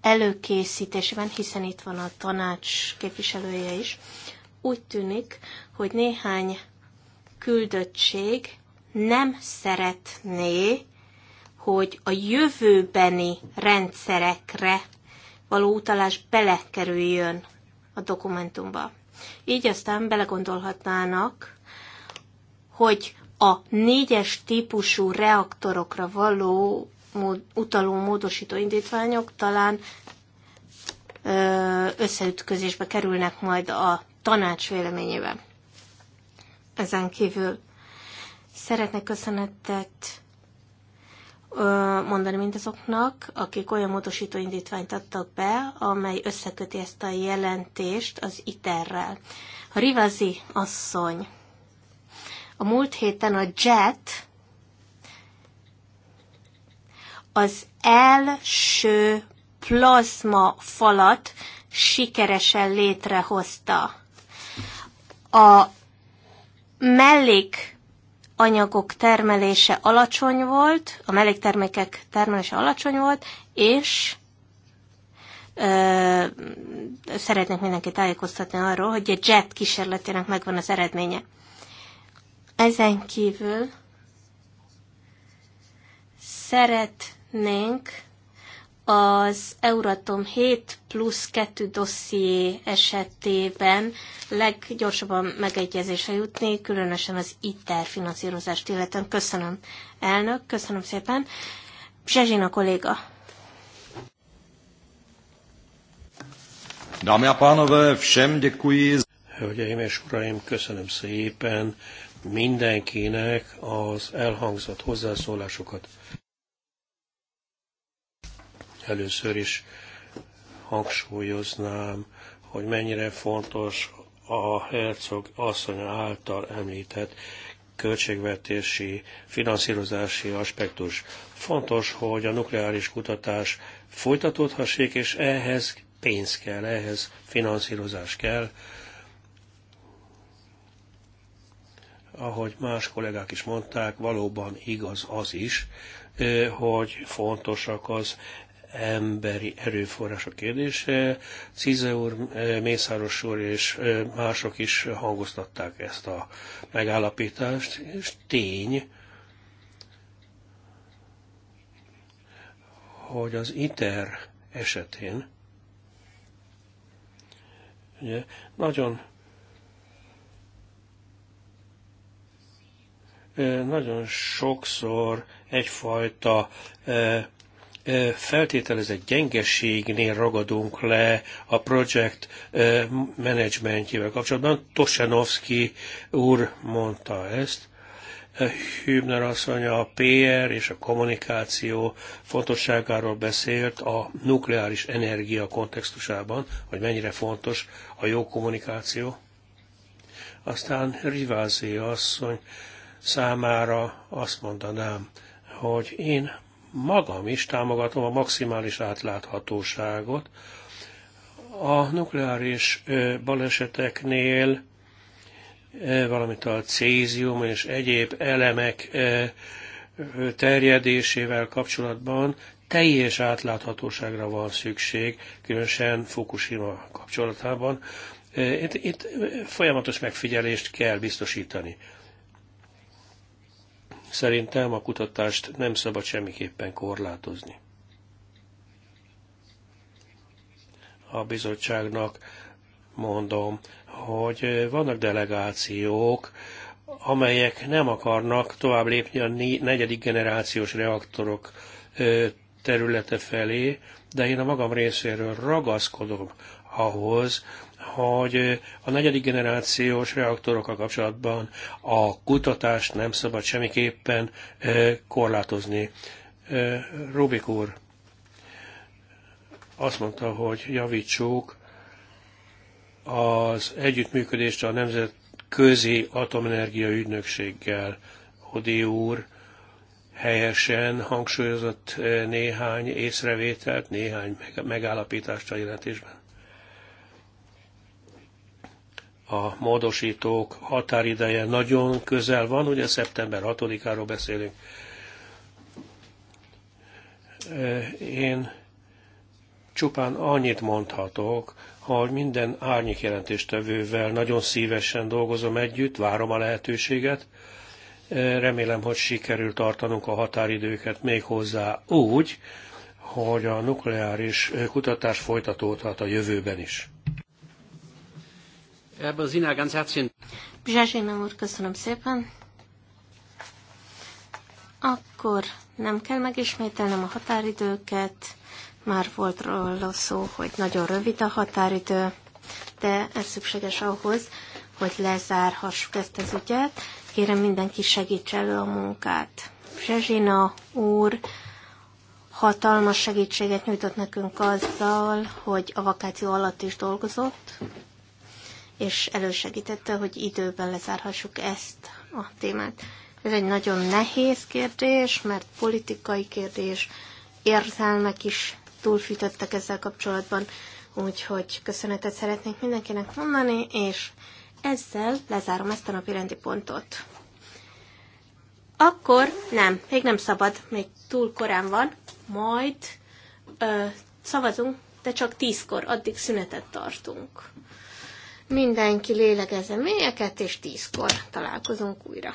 B: előkészítésében, hiszen itt van a tanács képviselője is, úgy tűnik, hogy néhány küldöttség nem szeretné, hogy a jövőbeni rendszerekre való utalás belekerüljön a dokumentumba. Így aztán belegondolhatnának, hogy a négyes típusú reaktorokra való utaló módosító indítványok talán összeütközésbe kerülnek majd a tanács véleményével. Ezen kívül szeretnék köszönetet mondani mindazoknak, akik olyan módosító indítványt adtak be, amely összeköti ezt a jelentést az ITER-rel. A Rivazi asszony. A múlt héten a JET az első plazma falat sikeresen létrehozta. A mellék anyagok termelése alacsony volt, a melléktermékek termelése alacsony volt, és ö, szeretnék mindenkit tájékoztatni arról, hogy a JET kísérletének megvan az eredménye. Ezen kívül szeretnénk az Euratom 7 plusz 2 dosszié esetében leggyorsabban megegyezésre jutni, különösen az ITER finanszírozást illetően. Köszönöm, elnök, köszönöm szépen. Zsezsina kolléga.
A: Dámy a pánové, všem děkuji. Hölgyeim és uraim, köszönöm szépen mindenkinek az elhangzott hozzászólásokat. Először is hangsúlyoznám, hogy mennyire fontos a hercog asszony által említett költségvetési, finanszírozási aspektus. Fontos, hogy a nukleáris kutatás folytatódhassék, és ehhez pénz kell, ehhez finanszírozás kell. Ahogy más kollégák is mondták, valóban igaz az is, hogy fontosak az emberi erőforrások kérdése. Cize úr, eh, Mészáros úr és eh, mások is hangoztatták ezt a megállapítást, és tény, hogy az ITER esetén ugye, nagyon eh, nagyon sokszor egyfajta feltételezett gyengeségnél ragadunk le a projekt menedzsmentjével kapcsolatban. Tosanovski úr mondta ezt. Hübner asszony a PR és a kommunikáció fontosságáról beszélt a nukleáris energia kontextusában, hogy mennyire fontos a jó kommunikáció. Aztán Rivázi asszony számára azt mondanám, hogy én magam is támogatom a maximális átláthatóságot. A nukleáris baleseteknél, valamint a cézium és egyéb elemek terjedésével kapcsolatban teljes átláthatóságra van szükség, különösen Fukushima kapcsolatában. Itt, itt folyamatos megfigyelést kell biztosítani. Szerintem a kutatást nem szabad semmiképpen korlátozni. A bizottságnak mondom, hogy vannak delegációk, amelyek nem akarnak tovább lépni a negyedik generációs reaktorok területe felé, de én a magam részéről ragaszkodom ahhoz, hogy a negyedik generációs reaktorokkal kapcsolatban a kutatást nem szabad semmiképpen korlátozni. Rubik úr azt mondta, hogy javítsuk az együttműködést a Nemzetközi Atomenergia Ügynökséggel. Hodi úr helyesen hangsúlyozott néhány észrevételt, néhány megállapítást a jelentésben. a módosítók határideje nagyon közel van, ugye szeptember 6-áról beszélünk. Én csupán annyit mondhatok, hogy minden árnyék jelentéstevővel nagyon szívesen dolgozom együtt, várom a lehetőséget. Remélem, hogy sikerül tartanunk a határidőket még hozzá úgy, hogy a nukleáris kutatás folytatódhat a jövőben is. Brzina, ganz herzlichen.
B: úr, köszönöm szépen. Akkor nem kell megismételnem a határidőket. Már volt róla szó, hogy nagyon rövid a határidő, de ez szükséges ahhoz, hogy lezárhassuk ezt az ügyet. Kérem mindenki segíts elő a munkát. Zsezsina úr hatalmas segítséget nyújtott nekünk azzal, hogy a vakáció alatt is dolgozott, és elősegítette, hogy időben lezárhassuk ezt a témát. Ez egy nagyon nehéz kérdés, mert politikai kérdés, érzelmek is túlfűtöttek ezzel kapcsolatban, úgyhogy köszönetet szeretnék mindenkinek mondani, és ezzel lezárom ezt a napi rendi pontot. Akkor nem, még nem szabad, még túl korán van, majd ö, szavazunk, de csak tízkor, addig szünetet tartunk. Mindenki lélegezze mélyeket, és tízkor találkozunk újra.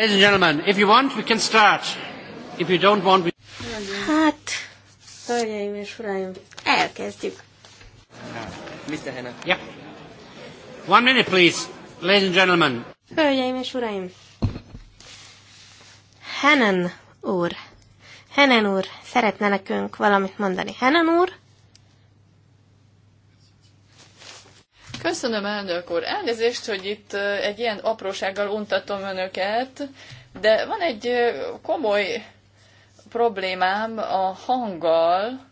C: Ladies and gentlemen, if you want, we can
A: start. If you don't want, we...
B: Hát, hölgyeim és uraim, elkezdjük.
A: Mr. Hanna. Yep. One minute, please, ladies and gentlemen.
B: Hölgyeim és uraim. Hennen úr. Hennen úr, szeretne nekünk valamit mondani. Hennen úr?
C: Köszönöm, elnök úr. Elnézést, hogy itt egy ilyen aprósággal untatom önöket, de van egy komoly problémám a hanggal.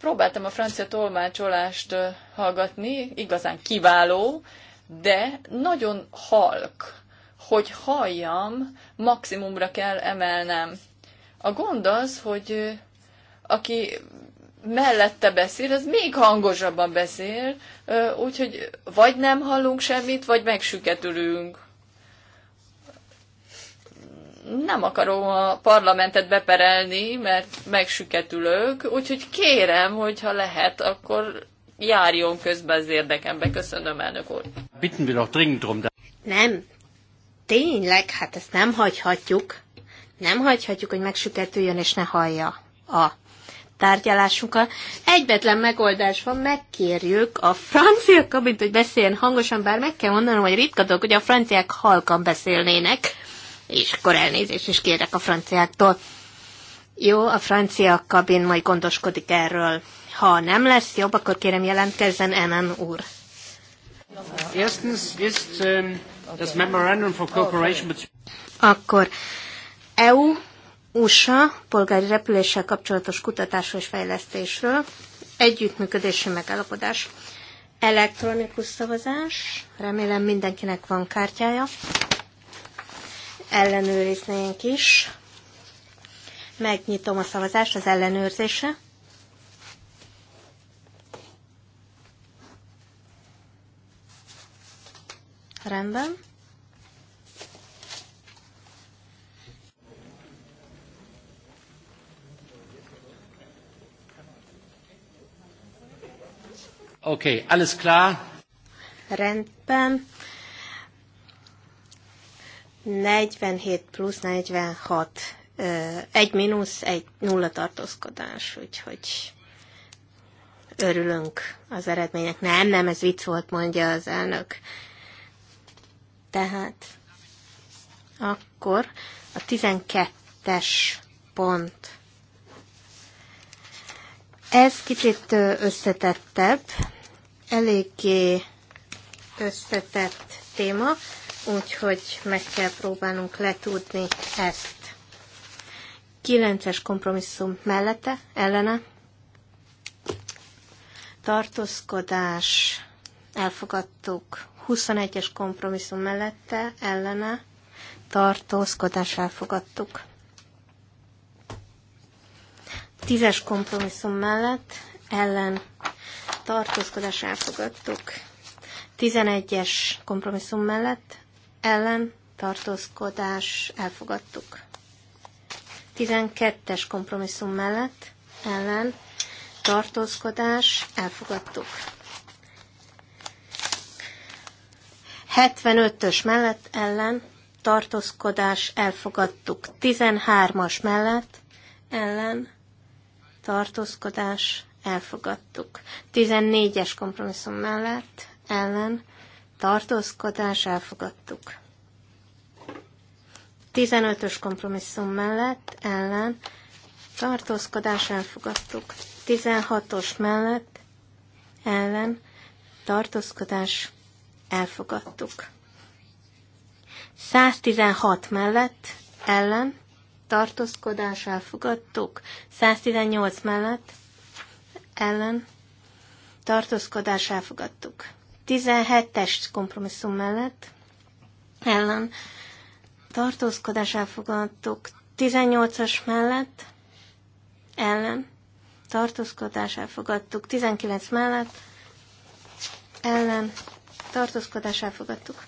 C: Próbáltam a francia tolmácsolást hallgatni, igazán kiváló, de nagyon halk. Hogy halljam, maximumra kell emelnem. A gond az, hogy aki mellette beszél, az még hangosabban beszél, úgyhogy vagy nem hallunk semmit, vagy megsüketülünk. Nem akarom a parlamentet beperelni, mert megsüketülök, úgyhogy kérem, hogy ha lehet, akkor járjon közbe az érdekembe. Köszönöm, elnök úr.
A: Bitten wir doch dringend drum.
B: Nem. Tényleg, hát ezt nem hagyhatjuk. Nem hagyhatjuk, hogy megsüketüljön és ne hallja a tárgyalásunkkal. Egyetlen megoldás van, megkérjük a franciák, mint hogy beszéljen hangosan, bár meg kell mondanom, hogy ritka dolog, hogy a franciák halkan beszélnének, és akkor elnézést is kérek a franciáktól. Jó, a francia kabin majd gondoskodik erről. Ha nem lesz jobb, akkor kérem jelentkezzen Enen úr.
A: Erstens ist ähm, das Memorandum for Cooperation
B: Akkor EU USA polgári repüléssel kapcsolatos kutatás és fejlesztésről, együttműködési megállapodás, elektronikus szavazás, remélem mindenkinek van kártyája, ellenőriznénk is. Megnyitom a szavazást az ellenőrzése. Rendben.
A: Oké, okay, alles klar.
B: Rendben. 47 plusz 46. Egy mínusz, egy nulla tartózkodás, úgyhogy örülünk az eredmények. Nem, nem, ez vicc volt, mondja az elnök. Tehát akkor a 12-es pont. Ez kicsit összetettebb, eléggé összetett téma, úgyhogy meg kell próbálnunk letudni ezt. Kilences kompromisszum mellette, ellene, tartózkodás, elfogadtuk 21-es kompromisszum mellette, ellene, tartózkodás elfogadtuk. 10-es kompromisszum mellett, ellen tartózkodás elfogadtuk. 11-es kompromisszum mellett ellen tartózkodás elfogadtuk. 12-es kompromisszum mellett ellen tartózkodás elfogadtuk. 75-ös mellett ellen tartózkodás elfogadtuk. 13-as mellett ellen tartózkodás elfogadtuk. 14-es kompromisszum mellett ellen tartózkodás elfogadtuk. 15-ös kompromisszum mellett ellen tartózkodás elfogadtuk. 16-os mellett ellen tartózkodás elfogadtuk. 116 mellett ellen tartózkodás elfogadtuk. 118 mellett ellen tartózkodás elfogadtuk. 17-es kompromisszum mellett ellen tartózkodás elfogadtuk. 18-as mellett ellen tartózkodás elfogadtuk. 19 mellett ellen tartózkodás elfogadtuk.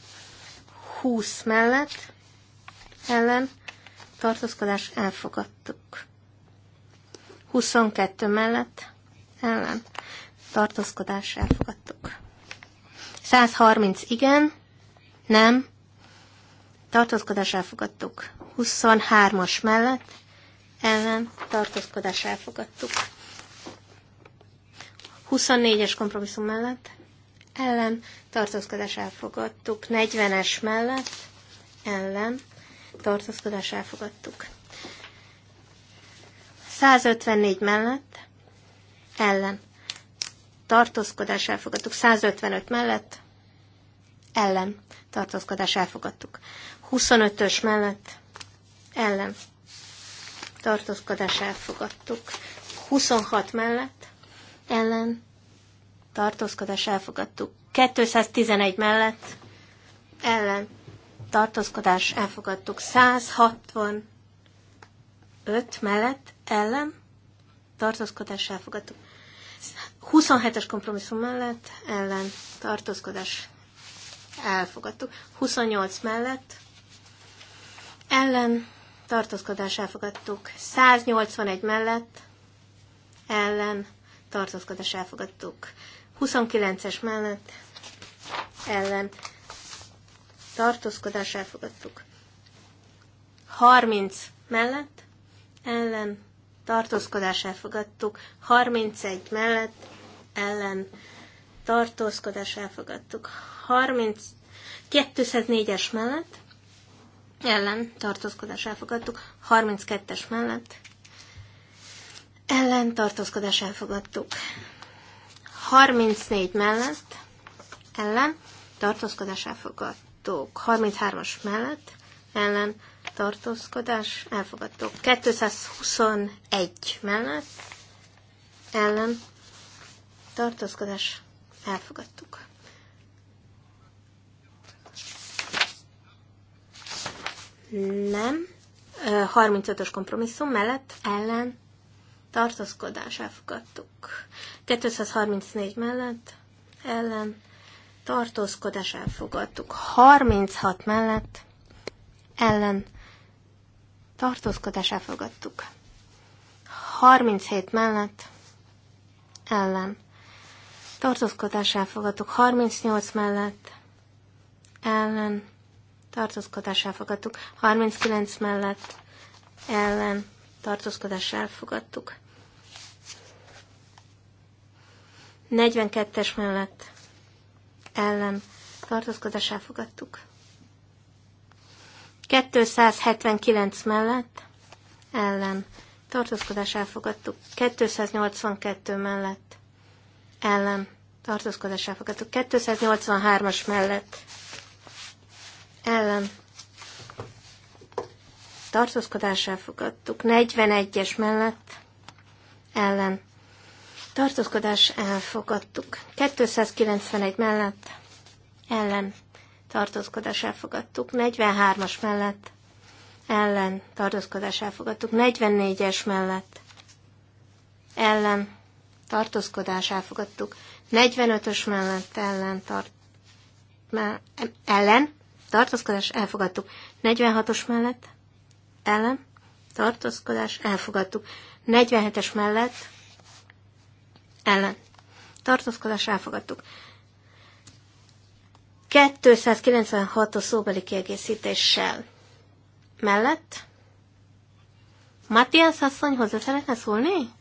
B: 20 mellett ellen tartózkodás elfogadtuk. 22 mellett ellen tartózkodás elfogadtuk. 130 igen, nem, tartózkodás elfogadtuk. 23-as mellett ellen tartózkodás elfogadtuk. 24-es kompromisszum mellett ellen tartózkodás elfogadtuk. 40-es mellett ellen tartózkodás elfogadtuk. 154 mellett ellen. Tartózkodás elfogadtuk. 155 mellett ellen. Tartózkodás elfogadtuk. 25-ös mellett ellen. Tartózkodás elfogadtuk. 26 mellett ellen. Tartózkodás elfogadtuk. 211 mellett ellen. Tartózkodás elfogadtuk. 165 mellett ellen. Tartózkodás elfogadtuk. 27-es kompromisszum mellett ellen tartózkodás elfogadtuk. 28 mellett ellen tartózkodás elfogadtuk. 181 mellett ellen tartózkodás elfogadtuk. 29-es mellett ellen tartózkodás elfogadtuk. 30 mellett ellen tartózkodás elfogadtuk, 31 mellett ellen tartózkodás elfogadtuk, 30, 204-es mellett ellen tartózkodás elfogadtuk, 32-es mellett ellen tartózkodás elfogadtuk, 34 mellett ellen tartózkodás elfogadtuk, 33-as mellett ellen tartózkodás, elfogadó. 221 mellett, ellen, tartózkodás, elfogadtuk. Nem. 35-ös kompromisszum mellett, ellen, tartózkodás, elfogadtuk. 234 mellett, ellen, tartózkodás elfogadtuk. 36 mellett ellen tartózkodás elfogadtuk. 37 mellett ellen. Tartózkodás elfogadtuk. 38 mellett ellen. Tartózkodás elfogadtuk. 39 mellett ellen. Tartózkodás elfogadtuk. 42-es mellett ellen. Tartózkodás elfogadtuk. 279 mellett ellen. Tartózkodás elfogadtuk. 282 mellett ellen. Tartózkodás elfogadtuk. 283-as mellett ellen. Tartózkodás elfogadtuk. 41-es mellett ellen. Tartózkodás elfogadtuk. 291 mellett ellen tartózkodás elfogadtuk, 43-as mellett ellen tartózkodás elfogadtuk, 44-es mellett ellen tartózkodás elfogadtuk, 45-ös mellett ellen, tart, me, ellen tartózkodás elfogadtuk, 46-os mellett ellen tartózkodás elfogadtuk, 47-es mellett ellen tartózkodás elfogadtuk, 296 a szóbeli kiegészítéssel. Mellett? Matthias asszony hozzá szeretne szólni?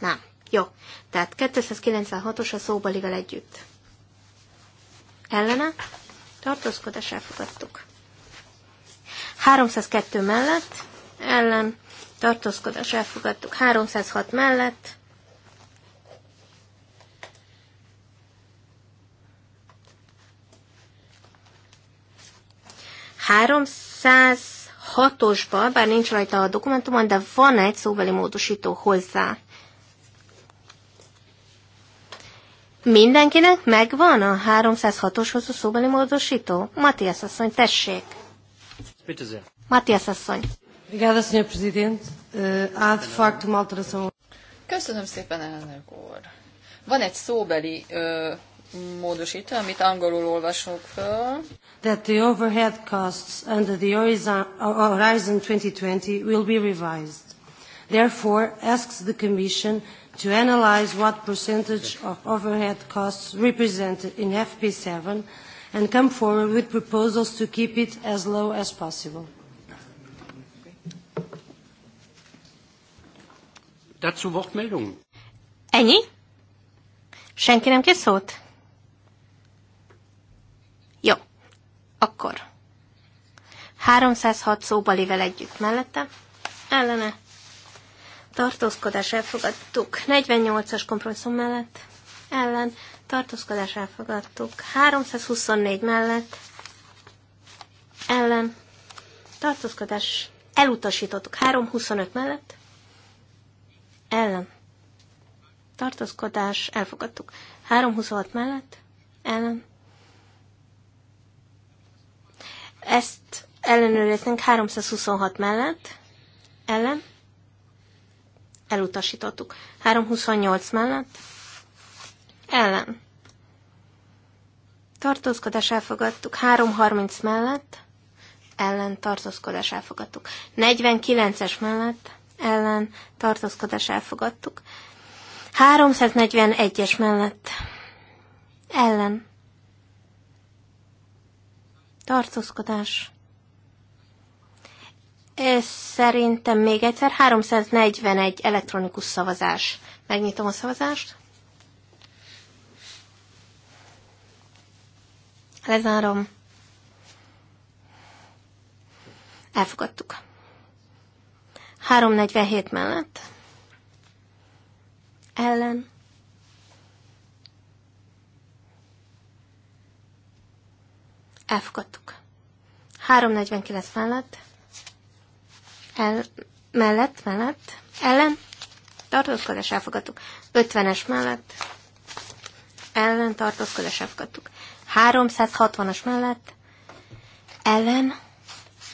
B: Nem. Jó. Tehát 296-os a szóbalival együtt. Ellene? Tartózkodás elfogadtuk. 302 mellett? Ellen? Tartózkodás elfogadtuk. 306 mellett? 306-osban, bár nincs rajta a dokumentumon, de van egy szóbeli módosító hozzá. Mindenkinek megvan a 306-oshoz a szóbeli módosító? Matthias asszony, tessék! Matthias asszony. Eh,
C: Köszönöm szépen, elnök úr. Van egy szóbeli ö, módosító, amit angolul olvasok föl.
B: That the overhead costs under the Horizon 2020 uh, will be revised. Therefore, asks the Commission to analyze what percentage of overhead costs represented in FP7 and come forward with proposals to keep it as low as possible.
A: Dazu Wortmeldungen.
B: Ennyi? Senki nem kér szót? Akkor 306 szóbalivel együtt mellette, ellene, tartózkodás elfogadtuk, 48-as kompromisszum mellett, ellen, tartózkodás elfogadtuk, 324 mellett, ellen, tartózkodás elutasítottuk, 325 mellett, ellen, tartózkodás elfogadtuk, 326 mellett, ellen, Ezt ellenőriznénk 326 mellett, ellen, elutasítottuk. 328 mellett, ellen. Tartózkodás elfogadtuk. 330 mellett, ellen tartózkodás elfogadtuk. 49-es mellett, ellen tartózkodás elfogadtuk. 341-es mellett, ellen tartózkodás. Ez szerintem még egyszer 341 elektronikus szavazás. Megnyitom a szavazást. Lezárom. Elfogadtuk. 347 mellett. Ellen elfogadtuk. 349 mellett, el, mellett, mellett, ellen, tartózkodás elfogadtuk. 50-es mellett, ellen, tartózkodás elfogadtuk. 360-as mellett, ellen,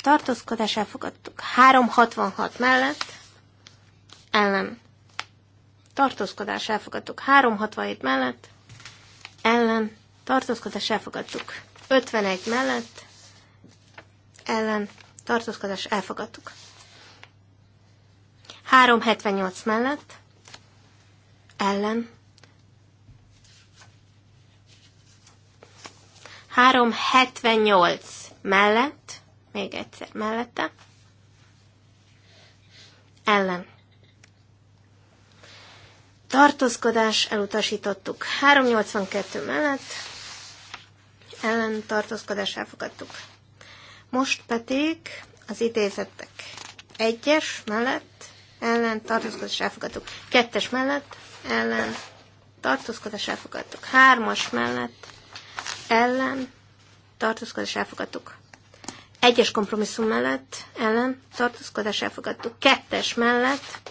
B: tartózkodás elfogadtuk. 366 mellett, ellen, tartózkodás elfogadtuk. 367 mellett, ellen, tartózkodás elfogadtuk. 51 mellett ellen tartózkodás elfogadtuk. 378 mellett ellen 378 mellett, még egyszer mellette, ellen. Tartózkodás elutasítottuk. 382 mellett, ellen tartózkodás elfogadtuk. Most pedig az idézettek. Egyes mellett ellen tartózkodás elfogadtuk. Kettes mellett ellen tartózkodás elfogadtuk. Hármas mellett ellen tartózkodás elfogadtuk. Egyes kompromisszum mellett ellen tartózkodás elfogadtuk. Kettes mellett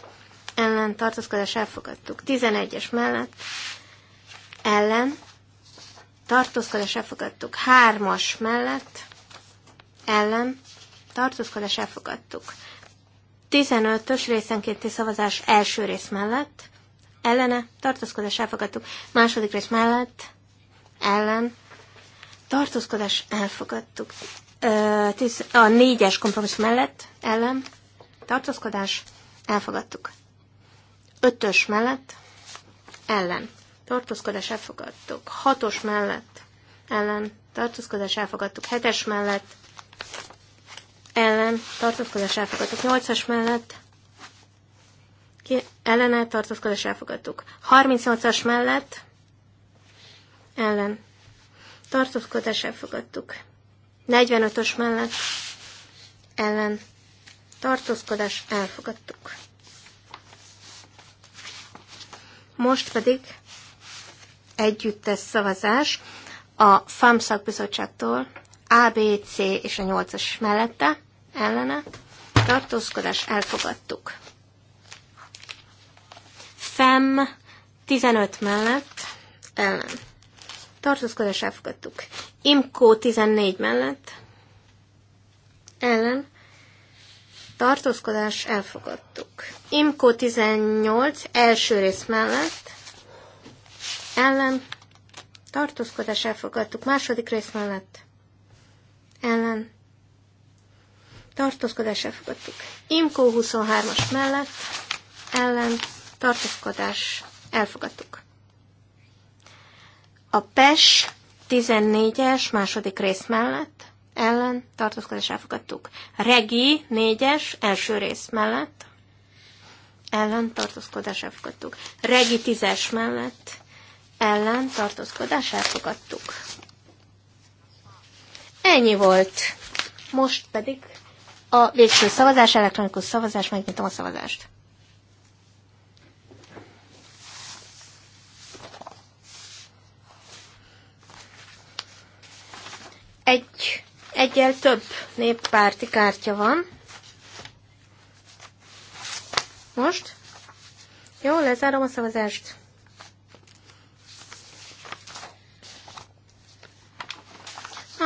B: ellen tartózkodás elfogadtuk. Tizenegyes mellett ellen tartózkodás elfogadtuk. Hármas mellett ellen tartózkodás elfogadtuk. 15-ös részenkénti szavazás első rész mellett ellene tartózkodás elfogadtuk. Második rész mellett ellen tartózkodás elfogadtuk. a négyes kompromisszum mellett ellen tartózkodás elfogadtuk. Ötös mellett ellen tartózkodás elfogadtuk. Hatos mellett ellen tartózkodás elfogadtuk. Hetes mellett ellen tartózkodás elfogadtuk. Nyolcas mellett ki, ellene tartózkodás elfogadtuk. 38-as mellett ellen tartózkodás elfogadtuk. 45-ös mellett ellen tartózkodás elfogadtuk. Most pedig együttes szavazás a FAM szakbizottságtól ABC és a 8-as mellette ellene. Tartózkodás elfogadtuk. FEM 15 mellett ellen. Tartózkodás elfogadtuk. IMKO 14 mellett ellen. Tartózkodás elfogadtuk. IMKO 18 első rész mellett ellen, tartózkodás elfogadtuk. Második rész mellett, ellen, tartózkodás elfogadtuk. Imkó 23-as mellett, ellen, tartózkodás elfogadtuk. A PES 14-es második rész mellett, ellen, tartózkodás elfogadtuk. Regi 4-es első rész mellett, ellen, tartózkodás elfogadtuk. Regi 10-es mellett, ellen tartózkodását fogadtuk. Ennyi volt. Most pedig a végső szavazás, elektronikus szavazás, megnyitom a szavazást. Egy, egyel több néppárti kártya van. Most? Jó, lezárom a szavazást.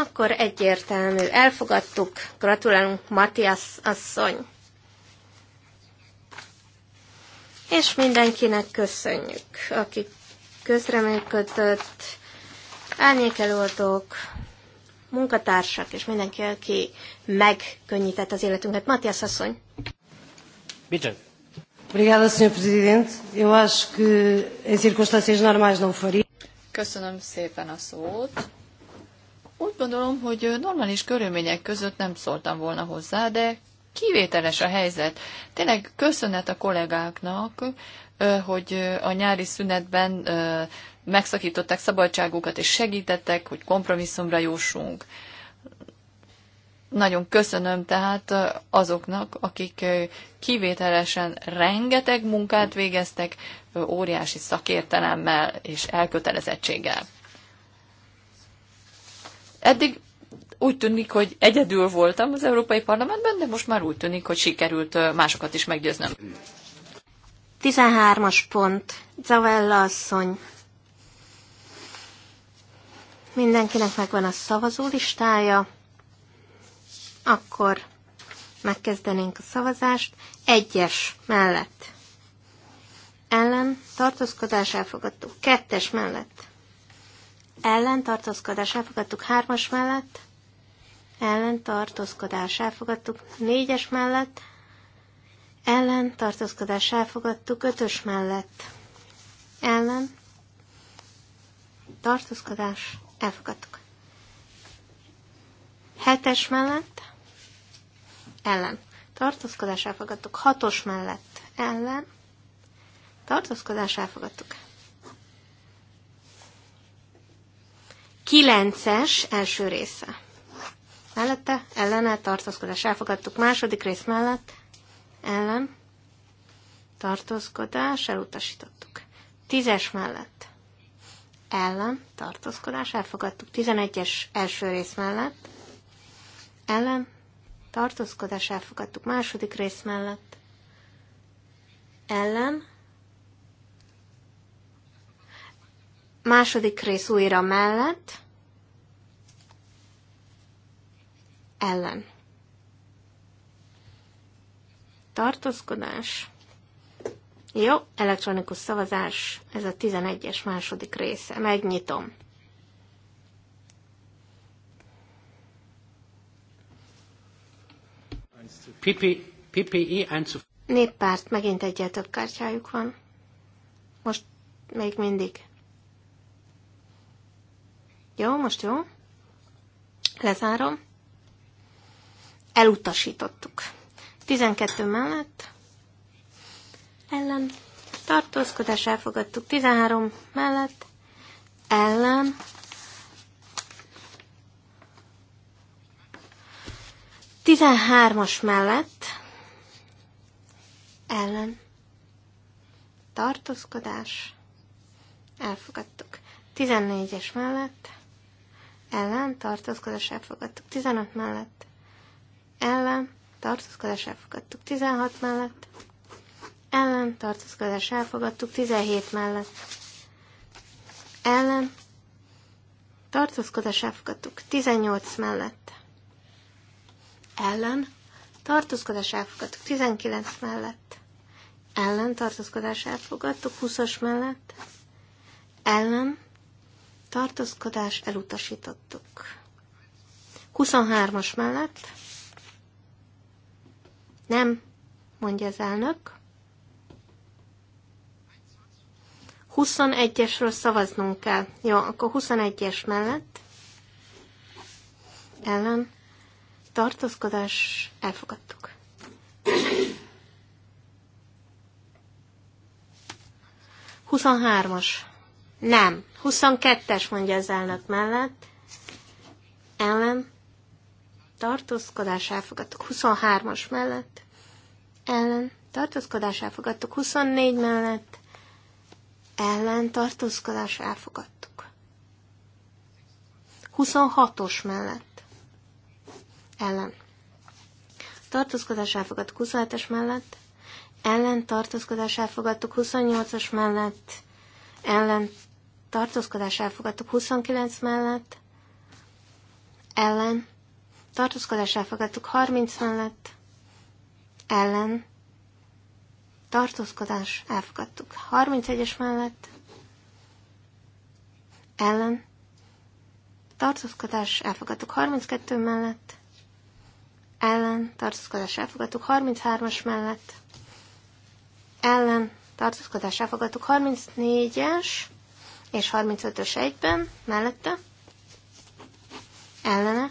B: Akkor egyértelmű. Elfogadtuk. Gratulálunk, Matthias asszony. És mindenkinek köszönjük, aki közreműködött, árnyékelőadók, munkatársak, és mindenki, aki megkönnyített az életünket. Matthias asszony. Bitte. Obrigada, Sr. President. Eu acho que em circunstâncias normais não faria.
C: Köszönöm szépen a szót. Úgy gondolom, hogy normális körülmények között nem szóltam volna hozzá, de kivételes a helyzet. Tényleg köszönet a kollégáknak, hogy a nyári szünetben megszakították szabadságukat, és segítettek, hogy kompromisszumra jussunk. Nagyon köszönöm tehát azoknak, akik kivételesen rengeteg munkát végeztek, óriási szakértelemmel és elkötelezettséggel. Eddig úgy tűnik, hogy egyedül voltam az Európai Parlamentben, de most már úgy tűnik, hogy sikerült másokat is meggyőznöm.
B: 13-as pont. Zavella asszony. Mindenkinek megvan a szavazó listája. Akkor megkezdenénk a szavazást. Egyes mellett. Ellen tartózkodás elfogadó. Kettes mellett ellen tartózkodás elfogadtuk hármas mellett, ellen tartózkodás elfogadtuk négyes mellett, ellen tartózkodás elfogadtuk ötös mellett, ellen tartózkodás elfogadtuk. Hetes mellett, ellen tartózkodás elfogadtuk. Hatos mellett, ellen tartózkodás elfogadtuk. 9-es első része. Mellette, ellene, tartózkodás. Elfogadtuk második rész mellett, ellen, tartózkodás, elutasítottuk. Tízes mellett, ellen, tartózkodás, elfogadtuk. Tizenegyes első rész mellett, ellen, tartózkodás, elfogadtuk második rész mellett, ellen, Második rész újra mellett. Ellen. Tartózkodás. Jó, elektronikus szavazás, ez a 11-es második része. Megnyitom.
A: PPI e
B: Néppárt, megint egyel kártyájuk van. Most még mindig. Jó, most jó. Lezárom. Elutasítottuk. 12 mellett. Ellen. Tartózkodás elfogadtuk. 13 mellett. Ellen. Tizenhármas mellett ellen tartózkodás elfogadtuk. Tizennégyes mellett ellen tartózkodás elfogadtuk 15 mellett, ellen tartózkodás elfogadtuk 16 mellett, ellen tartózkodás elfogadtuk 17 mellett, ellen tartózkodás elfogadtuk 18 mellett, ellen tartózkodás elfogadtuk 19 mellett, ellen tartózkodás elfogadtuk 20-as mellett, ellen tartózkodás elutasítottuk. 23-as mellett nem, mondja az elnök. 21-esről szavaznunk kell. Jó, akkor 21-es mellett ellen tartózkodás elfogadtuk. Huszonhármas. Nem. 22-es mondja az elnök mellett. Ellen. Tartózkodás elfogadtuk. 23-as mellett. Ellen. Tartózkodás elfogadtuk. 24 mellett. Ellen. Tartózkodás elfogadtuk. 26-os mellett. Ellen. Tartózkodás elfogadtuk. 27-es mellett. Ellen. Tartózkodás elfogadtuk. 28-as mellett. Ellen tartózkodás elfogadtuk 29 mellett, ellen, tartózkodás elfogadtuk 30 mellett, ellen, tartózkodás elfogadtuk 31-es mellett, ellen, tartózkodás elfogadtuk 32 mellett, ellen, tartózkodás elfogadtuk 33-as mellett, ellen, tartózkodás elfogadtuk 34-es, és 35-ös egyben, mellette, ellene,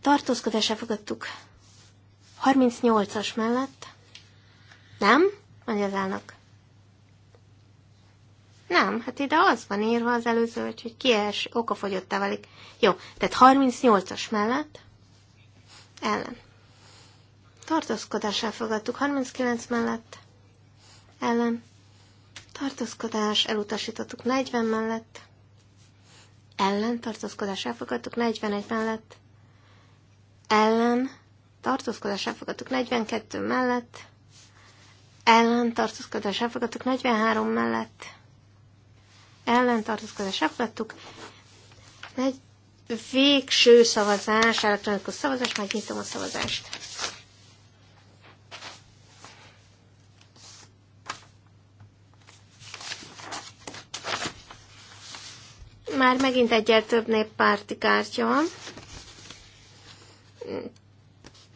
B: tartózkodásra elfogadtuk 38-as mellett, nem, mondja az állnak. Nem, hát ide az van írva az előző, hogy kies, okafogyott válik. Jó, tehát 38-as mellett, ellen. Tartózkodás elfogadtuk 39 mellett, ellen tartózkodás, elutasítottuk 40 mellett, ellen tartózkodás elfogadtuk 41 mellett, ellen tartózkodás elfogadtuk 42 mellett, ellen tartózkodás elfogadtuk 43 mellett, ellen tartózkodás elfogadtuk, egy végső szavazás, elektronikus szavazás, megnyitom a szavazást. Már megint egyet több néppárti kártya van.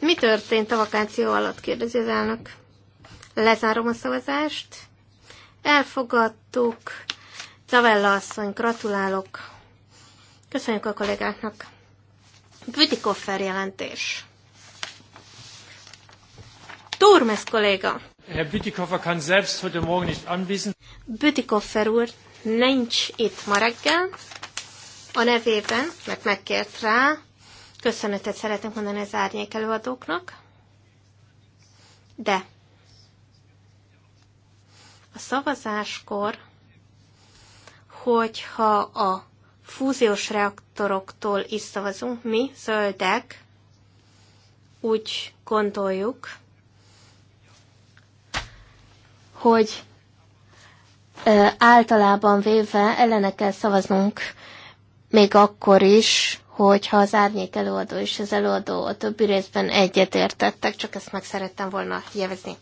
B: Mi történt a vakáció alatt, kérdezi az elnök. Lezárom a szavazást. Elfogadtuk. Zavella asszony, gratulálok. Köszönjük a kollégáknak. Koffer jelentés. Turmes kolléga.
A: Herr Bütikofer kann selbst heute Morgen nicht anwesend.
B: Bütikofer úr nincs itt ma reggel, a nevében, mert megkért rá, köszönetet szeretnék mondani az árnyék előadóknak, de a szavazáskor, hogyha a fúziós reaktoroktól is szavazunk, mi, zöldek, úgy gondoljuk, hogy általában véve ellene kell szavaznunk még akkor is, hogyha az árnyék előadó és az előadó a többi részben egyetértettek, csak ezt meg szerettem volna jelezni.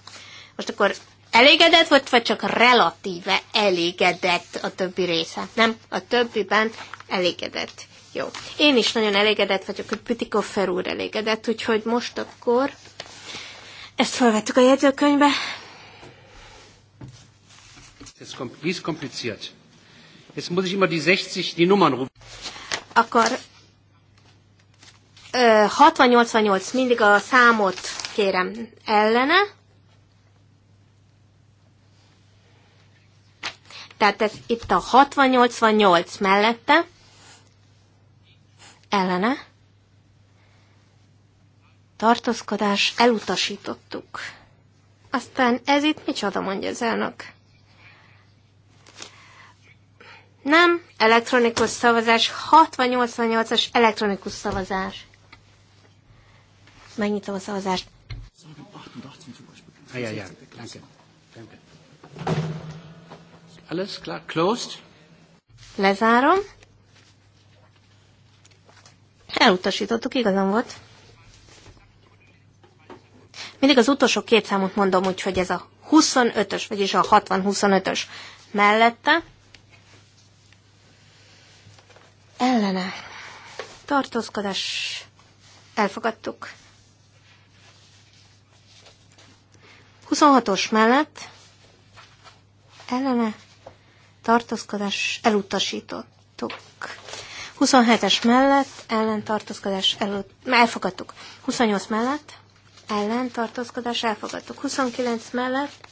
B: Most akkor elégedett vagy, vagy csak relatíve elégedett a többi része? Nem, a többiben elégedett. Jó. Én is nagyon elégedett vagyok, hogy Pütikoffer úr elégedett, úgyhogy most akkor ezt felvettük a jegyzőkönyvbe.
A: Das ist kompliziert. Jetzt muss ich immer die 60, die Nummern rufen.
B: Akkor 60-88, mindig a számot kérem ellene. Tehát ez itt a 60-88 mellette. Ellene. Tartózkodás, elutasítottuk. Aztán ez itt micsoda, mondja az elnök. Nem, elektronikus szavazás, 688-as elektronikus szavazás. Megnyitom a szavazást.
A: Alles klar, closed.
B: Lezárom. Elutasítottuk, igazam volt. Mindig az utolsó két számot mondom, úgyhogy ez a 25-ös, vagyis a 60-25-ös mellette ellene tartózkodás elfogadtuk. 26-os mellett ellene tartózkodás elutasítottuk. 27-es mellett ellen tartózkodás elut- elfogadtuk. 28 mellett ellen tartózkodás elfogadtuk. 29 mellett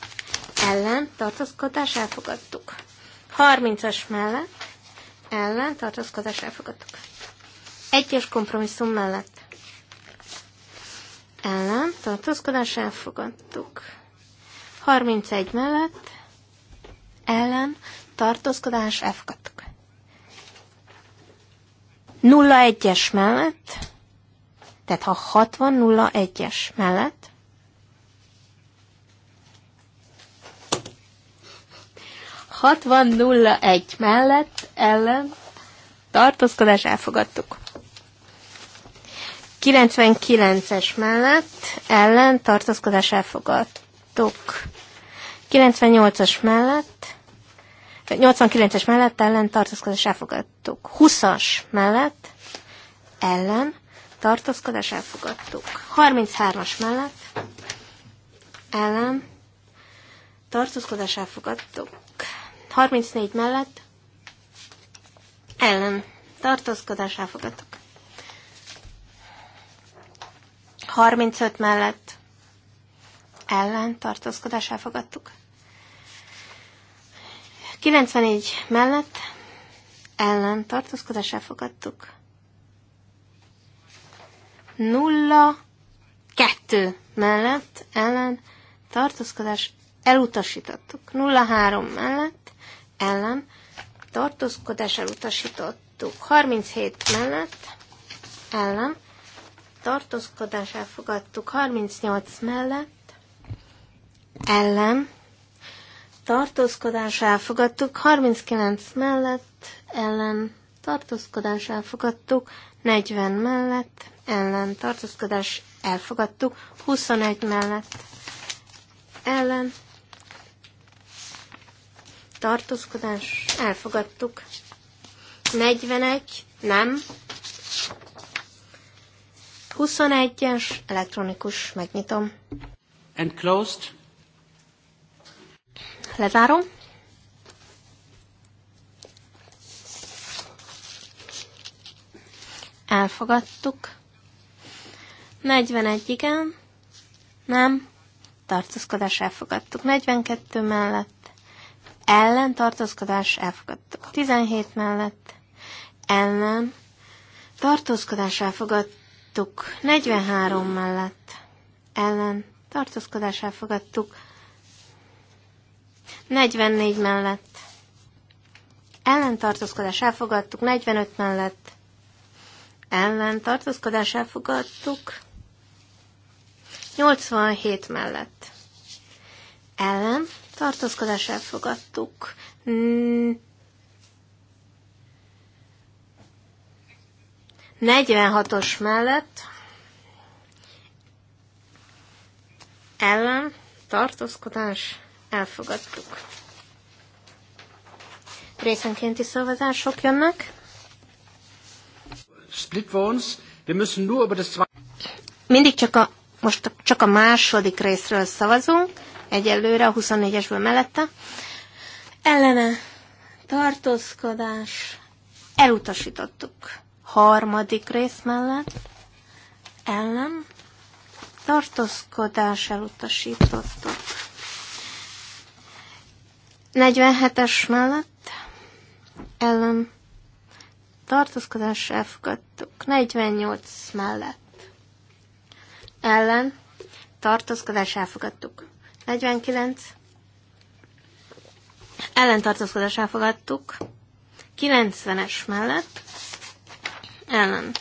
B: ellen tartózkodás elfogadtuk. 30-as mellett ellen tartózkodás elfogadtuk. Egyes kompromisszum mellett ellen tartózkodás elfogadtuk. 31 mellett ellen tartózkodás elfogadtuk. 01-es mellett, tehát ha 60 01-es mellett 60-01 mellett ellen tartózkodás elfogadtuk. 99-es mellett ellen tartózkodás elfogadtuk. 98-as mellett 89-es mellett ellen tartózkodás elfogadtuk. 20-as mellett ellen tartózkodás elfogadtuk. 33-as mellett ellen tartózkodás elfogadtuk. 34 mellett ellen tartózkodás elfogadtak. 35 mellett ellen tartózkodás elfogadtuk. 94 mellett ellen tartózkodás elfogadtuk. 0 2 mellett ellen tartózkodás elutasítottuk. 0 3 mellett ellen tartózkodás elutasítottuk. 37 mellett ellen tartózkodás elfogadtuk. 38 mellett ellen tartózkodás elfogadtuk. 39 mellett ellen tartózkodás elfogadtuk. 40 mellett ellen tartózkodás elfogadtuk. 21 mellett ellen tartózkodás, elfogadtuk. 41, nem. 21-es, elektronikus, megnyitom.
A: And closed.
B: Lezárom. Elfogadtuk. 41, igen. Nem. Tartózkodás elfogadtuk. 42 mellett ellen tartózkodás elfogadtuk. 17 mellett ellen tartózkodás elfogadtuk. 43 mellett ellen tartózkodás elfogadtuk. 44 mellett ellen tartózkodás elfogadtuk. 45 mellett ellen tartózkodás elfogadtuk. 87 mellett ellen tartózkodás elfogadtuk. Mm. 46-os mellett ellen tartózkodás elfogadtuk. Részenkénti szavazások jönnek.
A: Split votes. we müssen nur über das
B: Mindig csak a, most csak a második részről szavazunk egyelőre a 24-esből mellette. Ellene tartózkodás elutasítottuk. Harmadik rész mellett ellen tartózkodás elutasítottuk. 47-es mellett ellen tartózkodás elfogadtuk. 48 mellett ellen tartózkodás elfogadtuk. 49. Ellentartózkodás elfogadtuk. 90-es mellett. Ellen.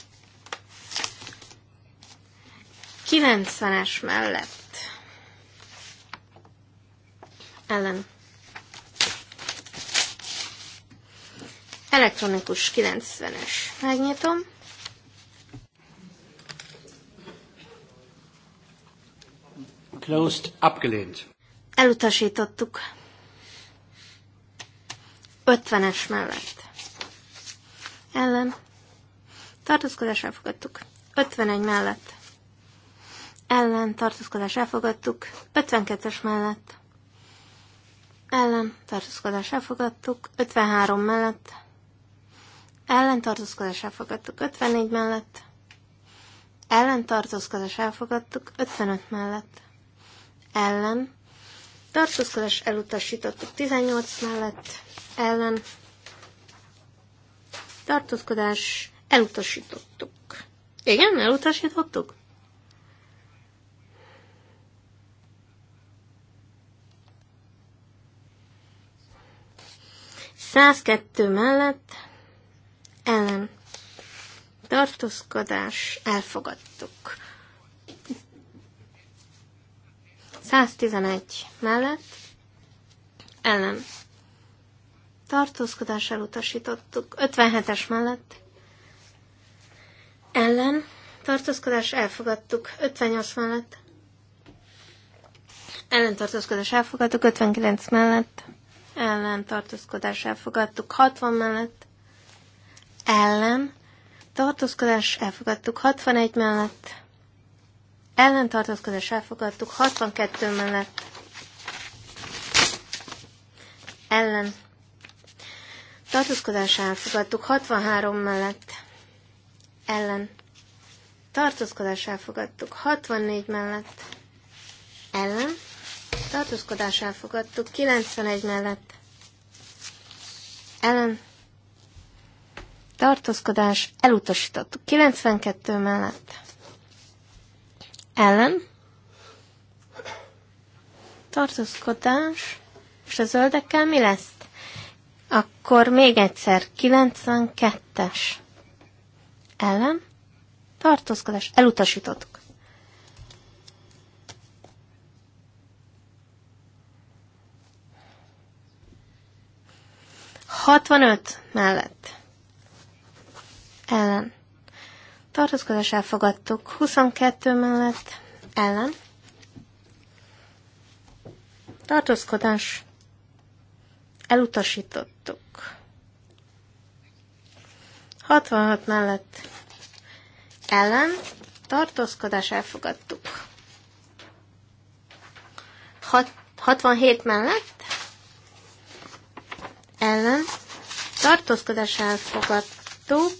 B: 90-es mellett. Ellen. Elektronikus 90-es. Megnyitom.
A: Closed. Abgelehnt.
B: Elutasítottuk. 50-es mellett. Ellen. Tartózkodás elfogadtuk. 51 mellett. Ellen. Tartózkodás elfogadtuk. 52-es mellett. Ellen. Tartózkodás elfogadtuk. 53 mellett. Ellen. Tartózkodás elfogadtuk. 54 mellett. Ellen. Tartózkodás elfogadtuk. 55 mellett ellen, tartózkodás elutasítottuk 18 mellett, ellen, tartózkodás elutasítottuk. Igen, elutasítottuk? Százkettő mellett ellen tartózkodás elfogadtuk. 111 mellett ellen. Tartózkodás elutasítottuk. 57-es mellett ellen. Tartózkodás elfogadtuk. 58 mellett ellen. Tartózkodás elfogadtuk. 59 mellett ellen. Tartózkodás elfogadtuk. 60 mellett ellen. Tartózkodás elfogadtuk. 61 mellett ellen ellentartózkodás elfogadtuk, 62 mellett ellen tartózkodás elfogadtuk, 63 mellett ellen tartózkodás elfogadtuk, 64 mellett ellen tartózkodás elfogadtuk, 91 mellett ellen tartózkodás elutasítottuk, 92 mellett ellen, tartózkodás, és a zöldekkel mi lesz? Akkor még egyszer, 92-es ellen, tartózkodás, elutasítottuk. Hatvanöt mellett. Ellen. Tartózkodás elfogadtuk. 22 mellett ellen. Tartózkodás elutasítottuk. 66 mellett ellen. Tartózkodás elfogadtuk. 6, 67 mellett ellen. Tartózkodás elfogadtuk.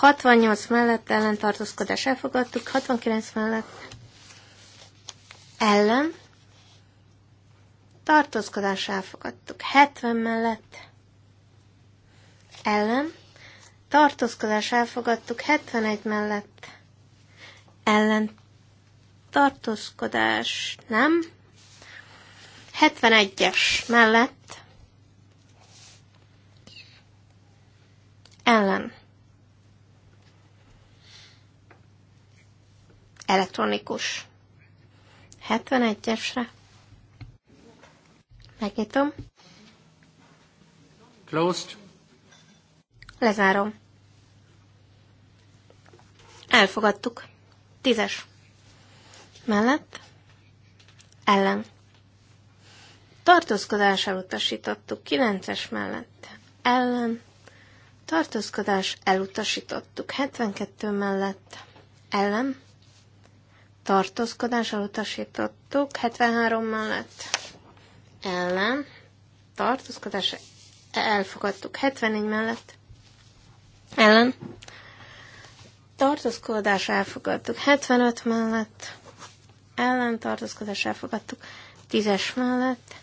B: 68 mellett ellen tartózkodás elfogadtuk, 69 mellett ellen tartózkodás elfogadtuk, 70 mellett ellen tartózkodás elfogadtuk, 71 mellett ellen tartózkodás nem, 71-es mellett ellen Elektronikus. 71-esre. Megnyitom. Closed. Lezárom. Elfogadtuk. Tízes. Mellett. Ellen. Tartózkodás elutasítottuk. Kilences mellett. Ellen. Tartózkodás elutasítottuk. 72 mellett. Ellen tartózkodással utasítottuk, 73 mellett ellen, tartózkodás elfogadtuk, 74 mellett ellen, tartózkodás elfogadtuk, 75 mellett ellen, tartózkodás elfogadtuk, 10-es mellett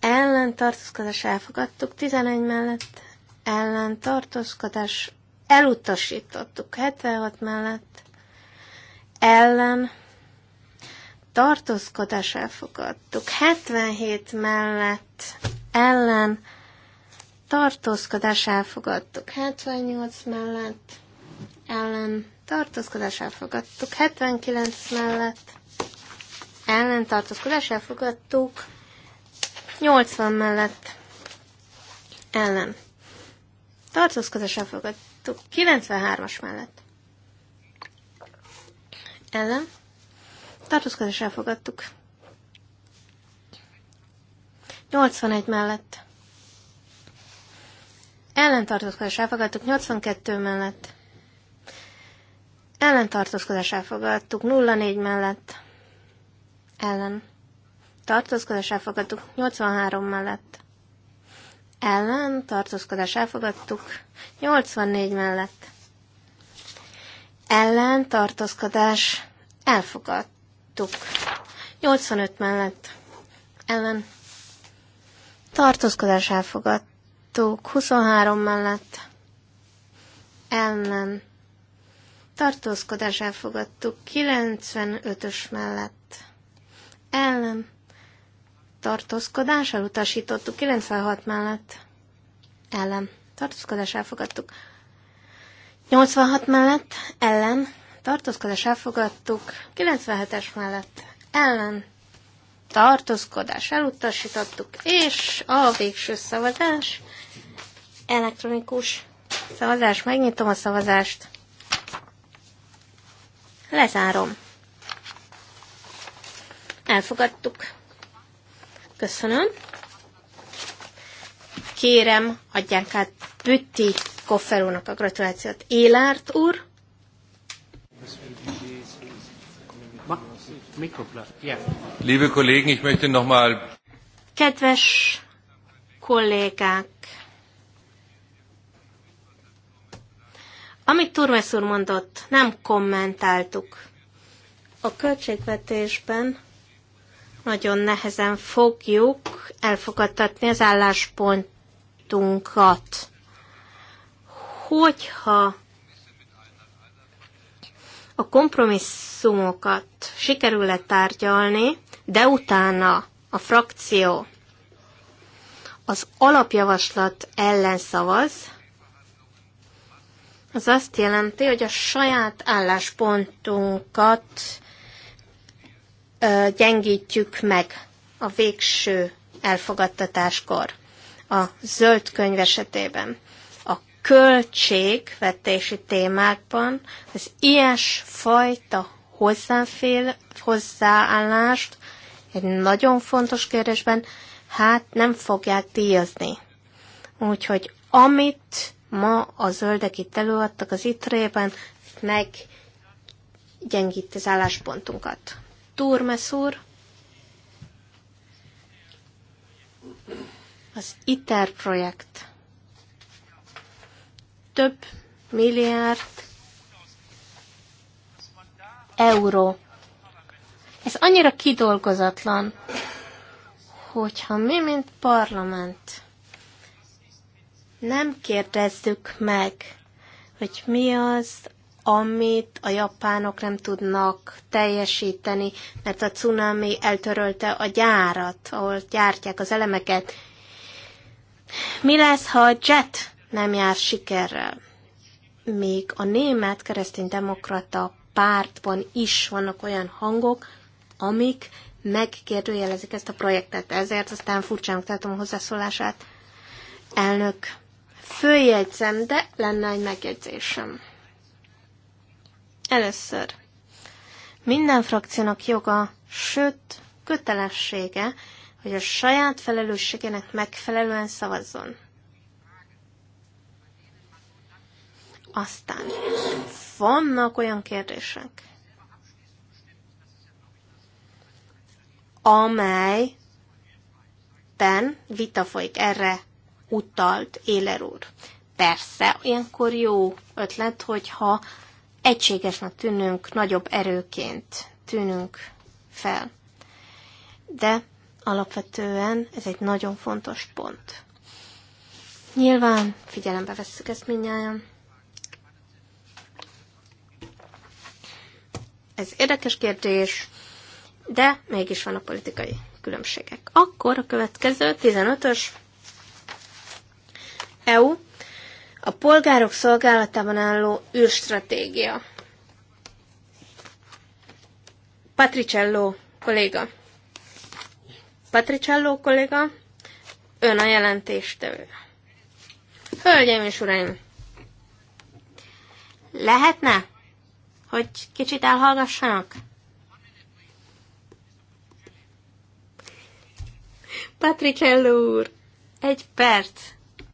B: ellen, tartózkodás elfogadtuk, 11 mellett ellen, tartózkodás elutasítottuk, 76 mellett ellen tartózkodás elfogadtuk. 77 mellett ellen tartózkodás elfogadtuk. 78 mellett ellen tartózkodás elfogadtuk. 79 mellett ellen tartózkodás elfogadtuk. 80 mellett ellen tartózkodás elfogadtuk. 93-as mellett ellen tartózkodás elfogadtuk. 81 mellett ellentartózkodás elfogadtuk, 82 mellett ellentartózkodás elfogadtuk, 04 mellett ellen tartózkodás elfogadtuk, 83 mellett ellen tartózkodás elfogadtuk, 84 mellett ellen tartózkodás elfogadtuk. 85 mellett ellen tartózkodás elfogadtuk. 23 mellett ellen tartózkodás elfogadtuk. 95-ös mellett ellen tartózkodás elutasítottuk. 96 mellett ellen tartózkodás elfogadtuk. 86 mellett ellen, tartózkodás elfogadtuk, 97-es mellett ellen, tartózkodás elutasítottuk, és a végső szavazás, elektronikus szavazás, megnyitom a szavazást, lezárom. Elfogadtuk. Köszönöm. Kérem, adják át Bütti Koffer úrnak a gratulációt. Élárt úr.
A: Liebe Kollegen, ich möchte nochmal.
B: Kedves kollégák, amit Turmes úr mondott, nem kommentáltuk. A költségvetésben nagyon nehezen fogjuk elfogadtatni az álláspontunkat hogyha a kompromisszumokat sikerül letárgyalni, de utána a frakció az alapjavaslat ellen szavaz, az azt jelenti, hogy a saját álláspontunkat ö, gyengítjük meg a végső elfogadtatáskor, a zöld könyv esetében költségvetési témákban az ilyes fajta hozzáfél, hozzáállást egy nagyon fontos kérdésben hát nem fogják díjazni. Úgyhogy amit ma a zöldek itt előadtak az itrében, meg gyengít az álláspontunkat. Turmes úr, az ITER projekt több milliárd euró. Ez annyira kidolgozatlan, hogyha mi, mint parlament nem kérdezzük meg, hogy mi az, amit a japánok nem tudnak teljesíteni, mert a cunami eltörölte a gyárat, ahol gyártják az elemeket. Mi lesz, ha a jet nem jár sikerrel. Még a német kereszténydemokrata pártban is vannak olyan hangok, amik megkérdőjelezik ezt a projektet. Ezért aztán furcsának tartom a hozzászólását. Elnök, följegyzem, de lenne egy megjegyzésem. Először, minden frakciónak joga, sőt, kötelessége, hogy a saját felelősségének megfelelően szavazzon. Aztán vannak olyan kérdések, amelyben vita folyik erre utalt Éler úr. Persze, ilyenkor jó ötlet, hogyha egységesnek tűnünk, nagyobb erőként tűnünk fel. De alapvetően ez egy nagyon fontos pont. Nyilván figyelembe vesszük ezt mindjárt. Ez érdekes kérdés, de mégis vannak politikai különbségek. Akkor a következő, 15-ös. EU, a polgárok szolgálatában álló űrstratégia. Patricello kolléga. Patricello kolléga, ön a jelentéstevő. Hölgyeim és uraim! Lehetne hogy kicsit elhallgassanak? Patricello úr, egy perc.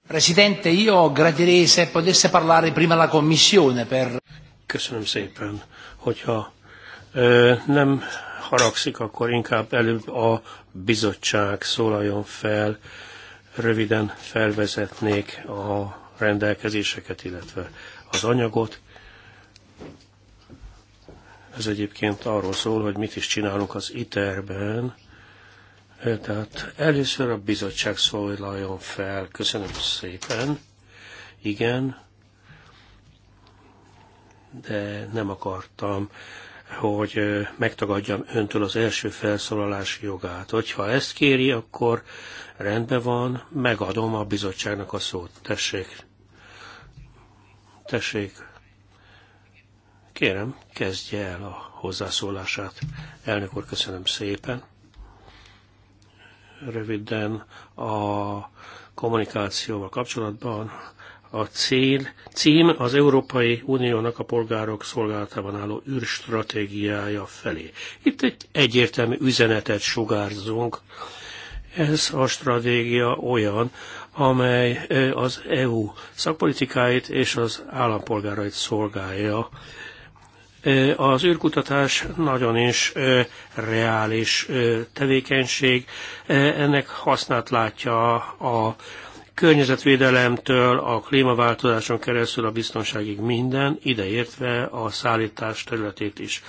A: Presidente, io gradirei se potesse parlare prima la commissione per... Köszönöm szépen, hogyha ö, nem haragszik, akkor inkább előbb a bizottság szólaljon fel. Röviden felvezetnék a rendelkezéseket, illetve az anyagot. Ez egyébként arról szól, hogy mit is csinálunk az ITER-ben. E, tehát először a bizottság szólaljon fel. Köszönöm szépen. Igen, de nem akartam, hogy e, megtagadjam öntől az első felszólalási jogát. Hogyha ezt kéri, akkor rendben van, megadom a bizottságnak a szót. Tessék. Tessék, Kérem, kezdje el a hozzászólását. Elnök úr, köszönöm szépen. Röviden a kommunikációval kapcsolatban a cél, cím az Európai Uniónak a polgárok szolgálatában álló űrstratégiája felé. Itt egy egyértelmű üzenetet sugárzunk. Ez a stratégia olyan, amely az EU szakpolitikáit és az állampolgárait szolgálja. Az űrkutatás nagyon is reális tevékenység. Ennek hasznát látja a környezetvédelemtől, a klímaváltozáson keresztül a biztonságig minden, ideértve a szállítás területét is.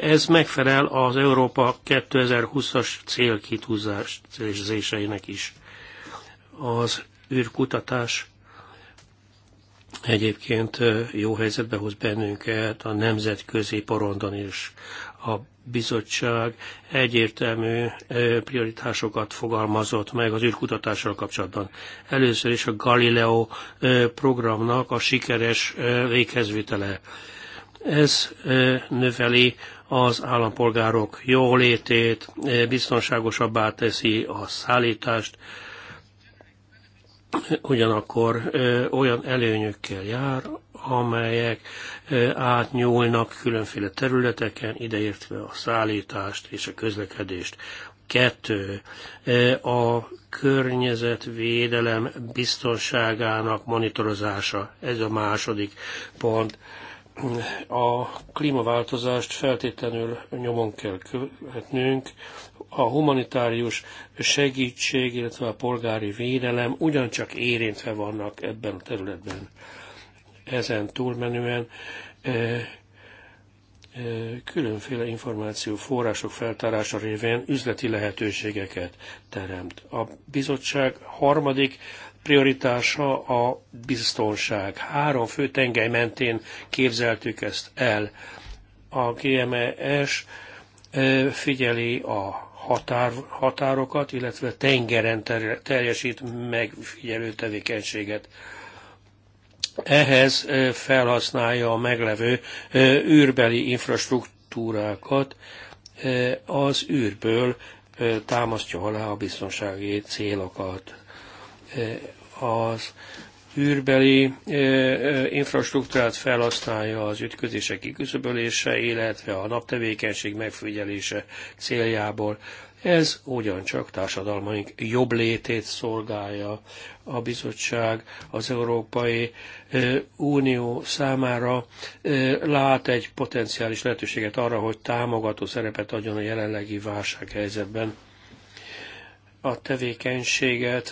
A: Ez megfelel az Európa 2020-as célkitúzás célzéseinek is. Az űrkutatás Egyébként jó helyzetbe hoz bennünket a nemzetközi porondon is. A bizottság egyértelmű prioritásokat fogalmazott meg az űrkutatással kapcsolatban. Először is a Galileo programnak a sikeres véghezvitele. Ez növeli az állampolgárok jólétét, biztonságosabbá teszi a szállítást, ugyanakkor olyan előnyökkel jár, amelyek átnyúlnak különféle területeken, ideértve a szállítást és a közlekedést. Kettő, a környezetvédelem biztonságának monitorozása, ez a második pont. A klímaváltozást feltétlenül nyomon kell követnünk, a humanitárius segítség, illetve a polgári védelem ugyancsak érintve vannak ebben a területben. Ezen túlmenően eh, eh, különféle információ források feltárása révén üzleti lehetőségeket teremt. A bizottság harmadik prioritása a biztonság. Három fő tengely mentén képzeltük ezt el. A GMES eh, figyeli a határ, határokat, illetve tengeren ter, teljesít megfigyelő tevékenységet. Ehhez felhasználja a meglevő űrbeli infrastruktúrákat, az űrből támasztja alá a biztonsági célokat. Az űrbeli infrastruktúrát felhasználja az ütközések kiküszöbölése, illetve a naptevékenység megfigyelése céljából. Ez ugyancsak társadalmaink jobb létét szolgálja a bizottság az Európai Unió számára lát egy potenciális lehetőséget arra, hogy támogató szerepet adjon a jelenlegi válsághelyzetben a tevékenységet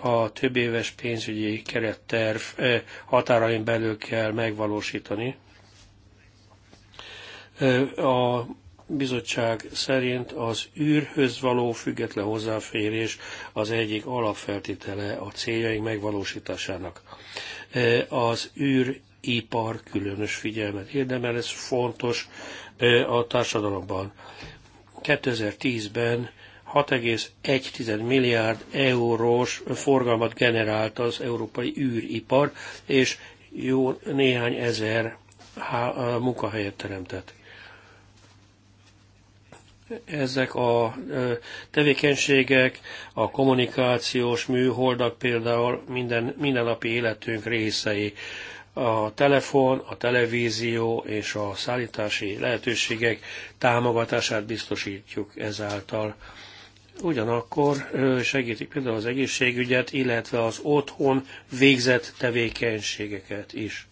A: a több éves pénzügyi keretterv határain belül kell megvalósítani. A bizottság szerint az űrhöz való független hozzáférés az egyik alapfeltétele a céljaink megvalósításának. Az ipar különös figyelmet érdemel, ez fontos a társadalomban. 2010-ben 6,1 milliárd eurós forgalmat generált az európai űripar, és jó néhány ezer munkahelyet teremtett. Ezek a tevékenységek, a kommunikációs műholdak például minden, mindennapi életünk részei. A telefon, a televízió és a szállítási lehetőségek támogatását biztosítjuk ezáltal. Ugyanakkor segítik például az egészségügyet, illetve az otthon végzett tevékenységeket is.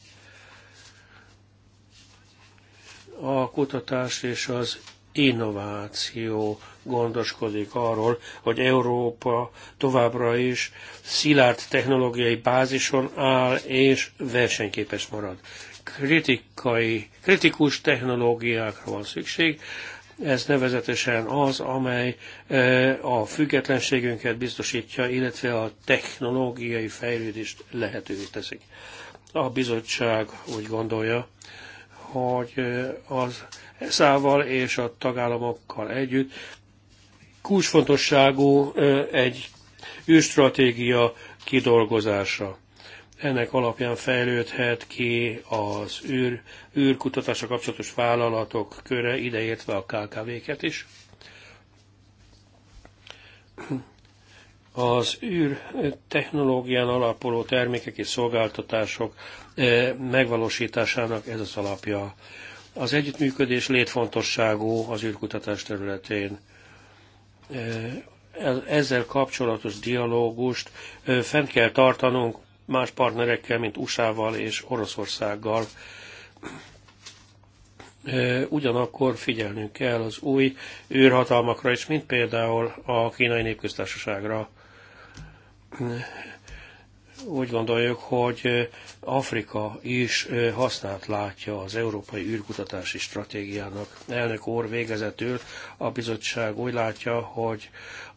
A: A kutatás és az innováció gondoskodik arról, hogy Európa továbbra is szilárd technológiai bázison áll és versenyképes marad. Kritikai, kritikus technológiákra van szükség, ez nevezetesen az, amely e, a függetlenségünket biztosítja, illetve a technológiai fejlődést lehetővé teszik. A bizottság úgy gondolja, hogy e, az ESZ-val és a tagállamokkal együtt kulcsfontosságú e, egy űrstratégia kidolgozása ennek alapján fejlődhet ki az űr, űrkutatásra kapcsolatos vállalatok köre, ideértve a KKV-ket is. Az űr technológián alapuló termékek és szolgáltatások eh, megvalósításának ez az alapja. Az együttműködés létfontosságú az űrkutatás területén eh, ezzel kapcsolatos dialógust eh, fent kell tartanunk más partnerekkel, mint USA-val és Oroszországgal. Ugyanakkor figyelnünk kell az új őrhatalmakra is, mint például a kínai népköztársaságra. Úgy gondoljuk, hogy Afrika is hasznát látja az európai űrkutatási stratégiának. Elnök úr végezetül a bizottság úgy látja, hogy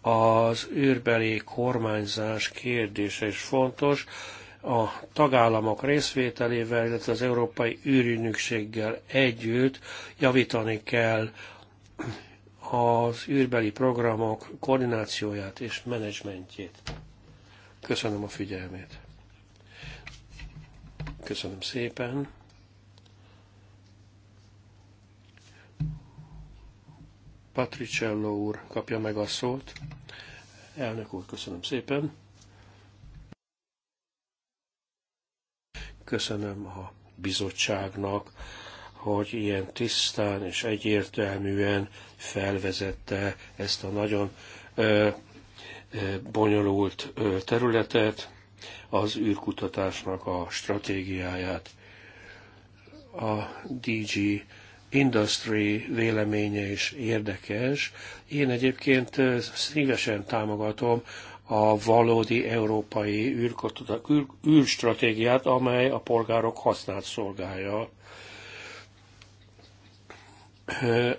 A: az űrbeli kormányzás kérdése is fontos. A tagállamok részvételével, illetve az Európai űrügynökséggel együtt javítani kell az űrbeli programok koordinációját és menedzsmentjét. Köszönöm a figyelmét. Köszönöm szépen. Patricello úr kapja meg a szót. Elnök úr, köszönöm szépen. Köszönöm a bizottságnak, hogy ilyen tisztán és egyértelműen felvezette ezt a nagyon ö, ö, bonyolult ö, területet, az űrkutatásnak a stratégiáját. A DG Industry véleménye is érdekes. Én egyébként szívesen támogatom a valódi európai űrstratégiát, amely a polgárok hasznát szolgálja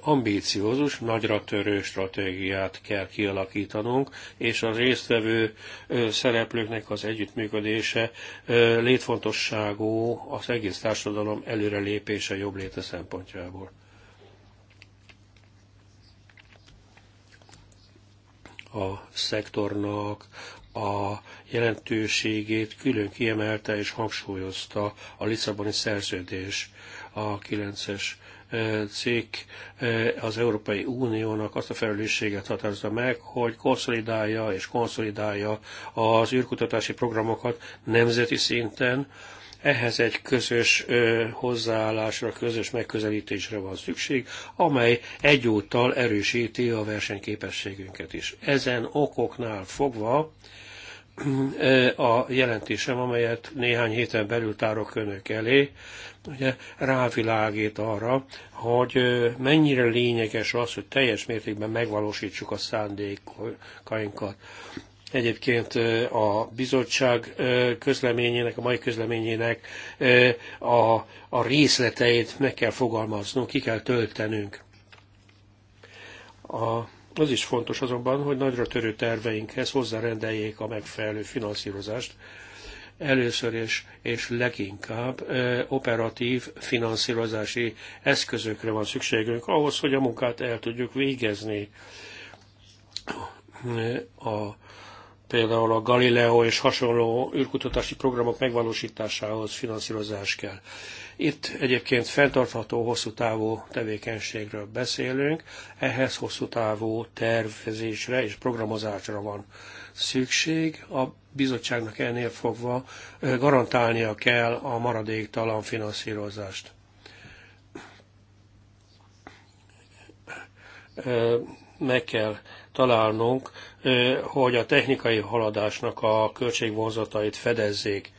A: ambíciózus, nagyra törő stratégiát kell kialakítanunk, és a résztvevő szereplőknek az együttműködése létfontosságú az egész társadalom előrelépése jobb léte szempontjából. A szektornak a jelentőségét külön kiemelte és hangsúlyozta a Lisszaboni szerződés a 9-es cikk az Európai Uniónak azt a felelősséget határozza meg, hogy konszolidálja és konszolidálja az űrkutatási programokat nemzeti szinten, ehhez egy közös ö, hozzáállásra, közös megközelítésre van szükség, amely egyúttal erősíti a versenyképességünket is. Ezen okoknál fogva a jelentésem, amelyet néhány héten belül tárok önök elé, ugye rávilágít arra, hogy mennyire lényeges az, hogy teljes mértékben megvalósítsuk a szándékainkat. Egyébként a bizottság közleményének, a mai közleményének a, a részleteit meg kell fogalmaznunk, ki kell töltenünk. A az is fontos azonban, hogy nagyra törő terveinkhez hozzárendeljék a megfelelő finanszírozást, először és, és leginkább e, operatív finanszírozási eszközökre van szükségünk ahhoz, hogy a munkát el tudjuk végezni. A például a Galileo és hasonló űrkutatási programok megvalósításához finanszírozás kell. Itt egyébként fenntartható hosszú távú tevékenységről beszélünk, ehhez hosszú távú tervezésre és programozásra van szükség. A bizottságnak ennél fogva garantálnia kell a maradéktalan finanszírozást. Meg kell találnunk, hogy a technikai haladásnak a költségvonzatait fedezzék.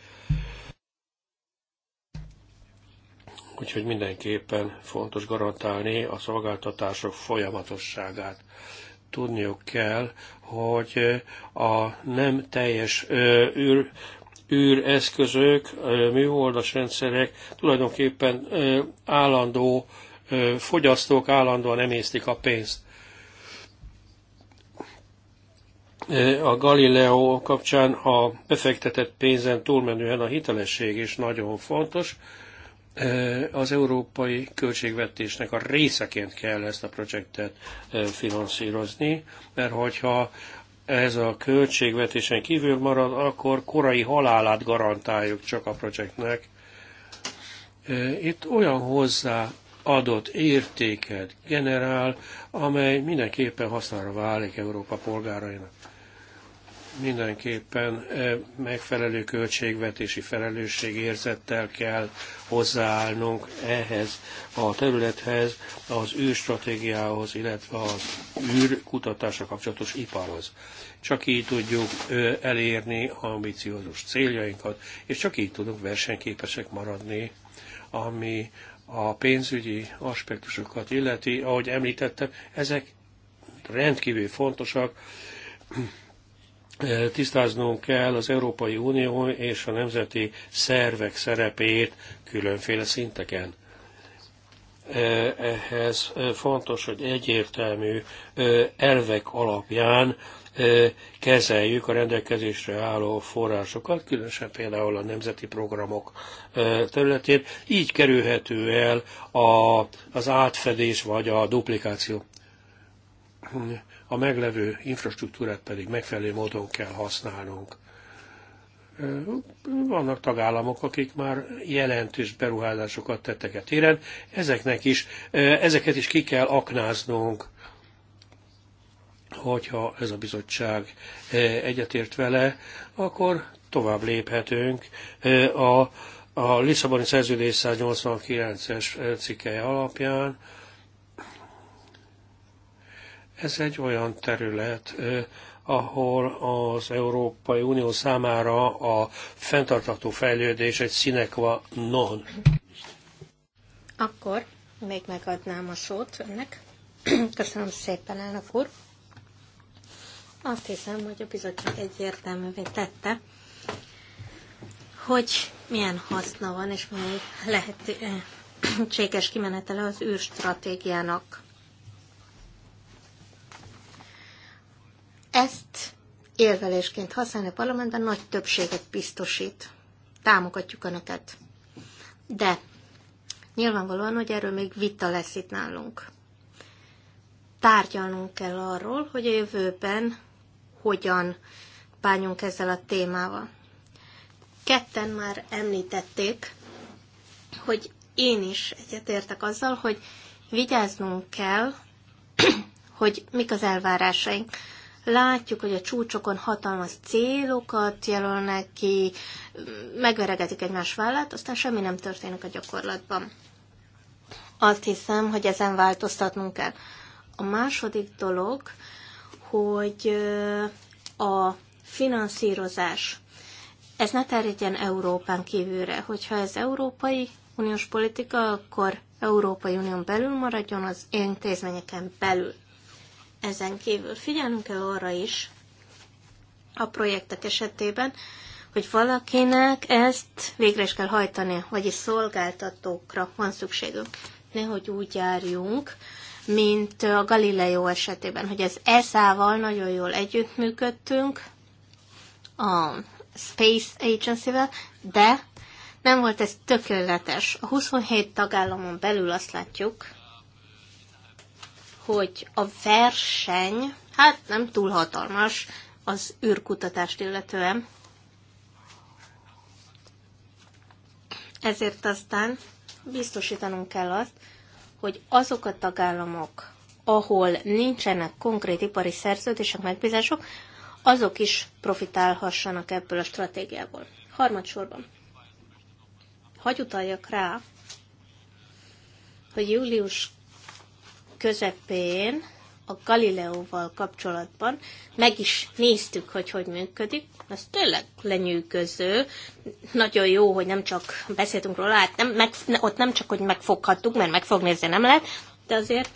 A: Úgyhogy mindenképpen fontos garantálni a szolgáltatások folyamatosságát. Tudniuk kell, hogy a nem teljes űr, űreszközök, műholdas rendszerek tulajdonképpen állandó fogyasztók állandóan emésztik a pénzt. a Galileo kapcsán a befektetett pénzen túlmenően a hitelesség is nagyon fontos. E, az európai költségvetésnek a részeként kell ezt a projektet e, finanszírozni, mert hogyha ez a költségvetésen kívül marad, akkor korai halálát garantáljuk csak a projektnek. E, itt olyan hozzá adott értéket generál, amely mindenképpen hasznára válik Európa polgárainak mindenképpen eh, megfelelő költségvetési felelősségérzettel kell hozzáállnunk ehhez a területhez, az űrstratégiához, illetve az űrkutatásra kapcsolatos iparhoz. Csak így tudjuk eh, elérni ambiciózus céljainkat, és csak így tudunk versenyképesek maradni, ami a pénzügyi aspektusokat illeti, ahogy említettem, ezek rendkívül fontosak, tisztáznunk kell az Európai Unió és a nemzeti szervek szerepét különféle szinteken. Ehhez fontos, hogy egyértelmű elvek alapján kezeljük a rendelkezésre álló forrásokat, különösen például a nemzeti programok területén. Így kerülhető el a, az átfedés vagy a duplikáció a meglevő infrastruktúrát pedig megfelelő módon kell használnunk. Vannak tagállamok, akik már jelentős beruházásokat tettek a e téren, ezeknek is, ezeket is ki kell aknáznunk, hogyha ez a bizottság egyetért vele, akkor tovább léphetünk a, a Lisszaboni Szerződés 189-es cikkelye alapján, ez egy olyan terület, ahol az Európai Unió számára a fenntartható fejlődés egy színekva non.
B: Akkor még megadnám a szót önnek. Köszönöm szépen, elnök úr. Azt hiszem, hogy a bizottság egyértelművé tette, hogy milyen haszna van és milyen lehetséges kimenetele az űrstratégiának. Ezt érvelésként használni a parlamentben nagy többséget biztosít. Támogatjuk Önöket. De nyilvánvalóan, hogy erről még vita lesz itt nálunk. Tárgyalnunk kell arról, hogy a jövőben hogyan bánjunk ezzel a témával. Ketten már említették, hogy én is egyetértek azzal, hogy vigyáznunk kell, hogy mik az elvárásaink Látjuk, hogy a csúcsokon hatalmas célokat jelölnek ki, megveregetik egymás vállát, aztán semmi nem történik a gyakorlatban. Azt hiszem, hogy ezen változtatnunk kell. A második dolog, hogy a finanszírozás, ez ne terjedjen Európán kívülre. Hogyha ez európai uniós politika, akkor Európai Unión belül maradjon az intézményeken belül. Ezen kívül figyelnünk kell arra is, a projektek esetében, hogy valakinek ezt végre is kell hajtani, vagyis szolgáltatókra van szükségünk. Nehogy úgy járjunk, mint a Galileo esetében, hogy az ESA-val nagyon jól együttműködtünk, a Space Agency-vel, de nem volt ez tökéletes. A 27 tagállamon belül azt látjuk, hogy a verseny, hát nem túl hatalmas az űrkutatást illetően. Ezért aztán biztosítanunk kell azt, hogy azok a tagállamok, ahol nincsenek konkrét ipari szerződések, megbízások, azok is profitálhassanak ebből a stratégiából. Harmadsorban, hagy utaljak rá, hogy július közepén a Galileóval kapcsolatban meg is néztük, hogy hogy működik. Ez tényleg lenyűgöző. Nagyon jó, hogy nem csak beszéltünk róla, hát nem, meg, ott nem csak, hogy megfoghattuk, mert megfogni ezzel nem lehet, de azért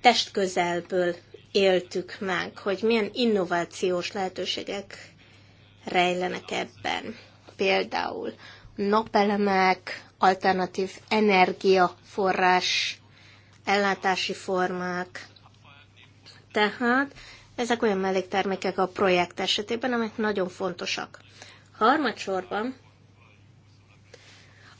B: testközelből éltük meg, hogy milyen innovációs lehetőségek rejlenek ebben. Például napelemek, alternatív energiaforrás ellátási formák. Tehát ezek olyan melléktermékek a projekt esetében, amelyek nagyon fontosak. Harmadsorban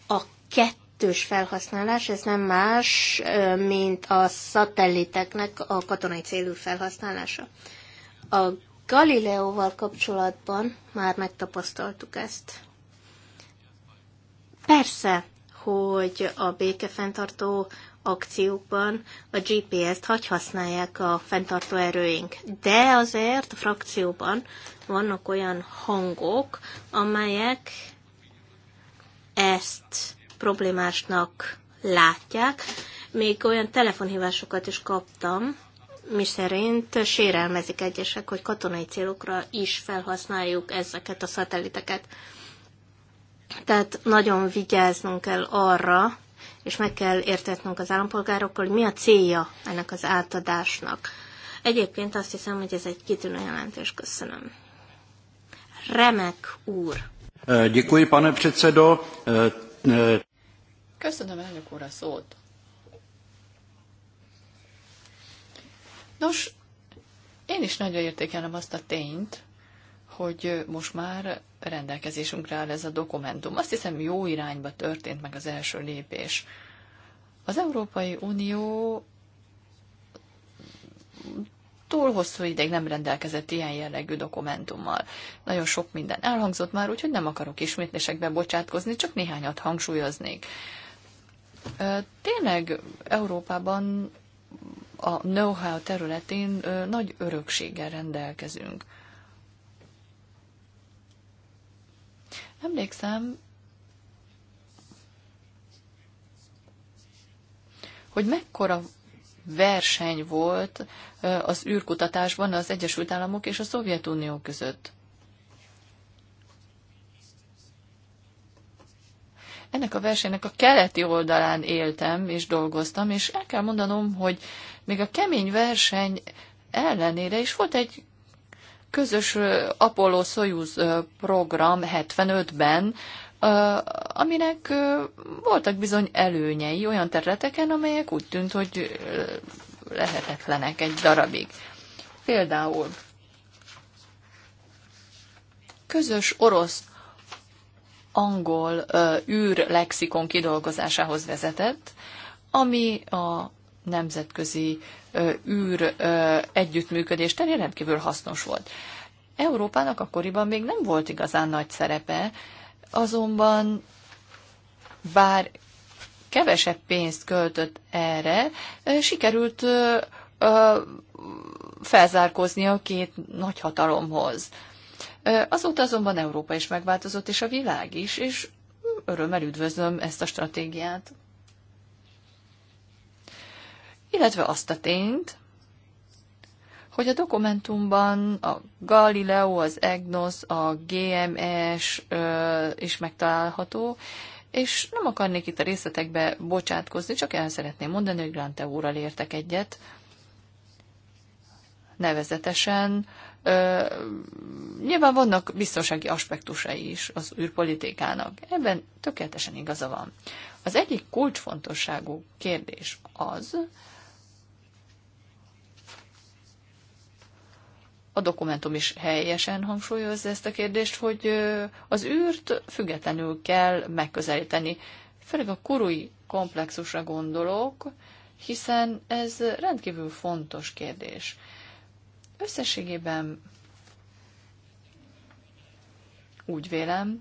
B: a kettős felhasználás, ez nem más, mint a szatelliteknek a katonai célú felhasználása. A Galileóval kapcsolatban már megtapasztaltuk ezt. Persze, hogy a békefenntartó akciókban a GPS-t hagy használják a fenntartó erőink. De azért a frakcióban vannak olyan hangok, amelyek ezt problémásnak látják. Még olyan telefonhívásokat is kaptam, mi szerint sérelmezik egyesek, hogy katonai célokra is felhasználjuk ezeket a szatelliteket. Tehát nagyon vigyáznunk kell arra, és meg kell értetnünk az állampolgárokkal, hogy mi a célja ennek az átadásnak. Egyébként azt hiszem, hogy ez egy kitűnő jelentés. Köszönöm. Remek úr.
A: Děkuji, pane předsedo.
C: Köszönöm, elnök úr, a szót. Nos, én is nagyon értékelem azt a tényt, hogy most már rendelkezésünkre áll ez a dokumentum. Azt hiszem, jó irányba történt meg az első lépés. Az Európai Unió túl hosszú ideig nem rendelkezett ilyen jellegű dokumentummal. Nagyon sok minden elhangzott már, úgyhogy nem akarok ismétlésekbe bocsátkozni, csak néhányat hangsúlyoznék. Tényleg Európában a know-how területén nagy örökséggel rendelkezünk. Emlékszem, hogy mekkora verseny volt az űrkutatásban az Egyesült Államok és a Szovjetunió között. Ennek a versenynek a keleti oldalán éltem és dolgoztam, és el kell mondanom, hogy még a kemény verseny ellenére is volt egy közös Apollo-Soyuz program 75-ben, aminek voltak bizony előnyei olyan területeken, amelyek úgy tűnt, hogy lehetetlenek egy darabig. Például közös orosz angol űr lexikon kidolgozásához vezetett, ami a nemzetközi űr együttműködés terén rendkívül hasznos volt. Európának akkoriban még nem volt igazán nagy szerepe, azonban bár kevesebb pénzt költött erre, sikerült felzárkózni a két nagy hatalomhoz. Azóta azonban Európa is megváltozott, és a világ is, és örömmel üdvözlöm ezt a stratégiát illetve azt a tényt, hogy a dokumentumban a Galileo, az EGNOS, a GMS ö, is megtalálható, és nem akarnék itt a részletekbe bocsátkozni, csak el szeretném mondani, hogy Grante úrral értek egyet, nevezetesen. Ö, nyilván vannak biztonsági aspektusai is az űrpolitikának. Ebben tökéletesen igaza van. Az egyik kulcsfontosságú kérdés az, a dokumentum is helyesen hangsúlyozza ezt a kérdést, hogy az űrt függetlenül kell megközelíteni. Főleg a kurui komplexusra gondolok, hiszen ez rendkívül fontos kérdés. Összességében úgy vélem,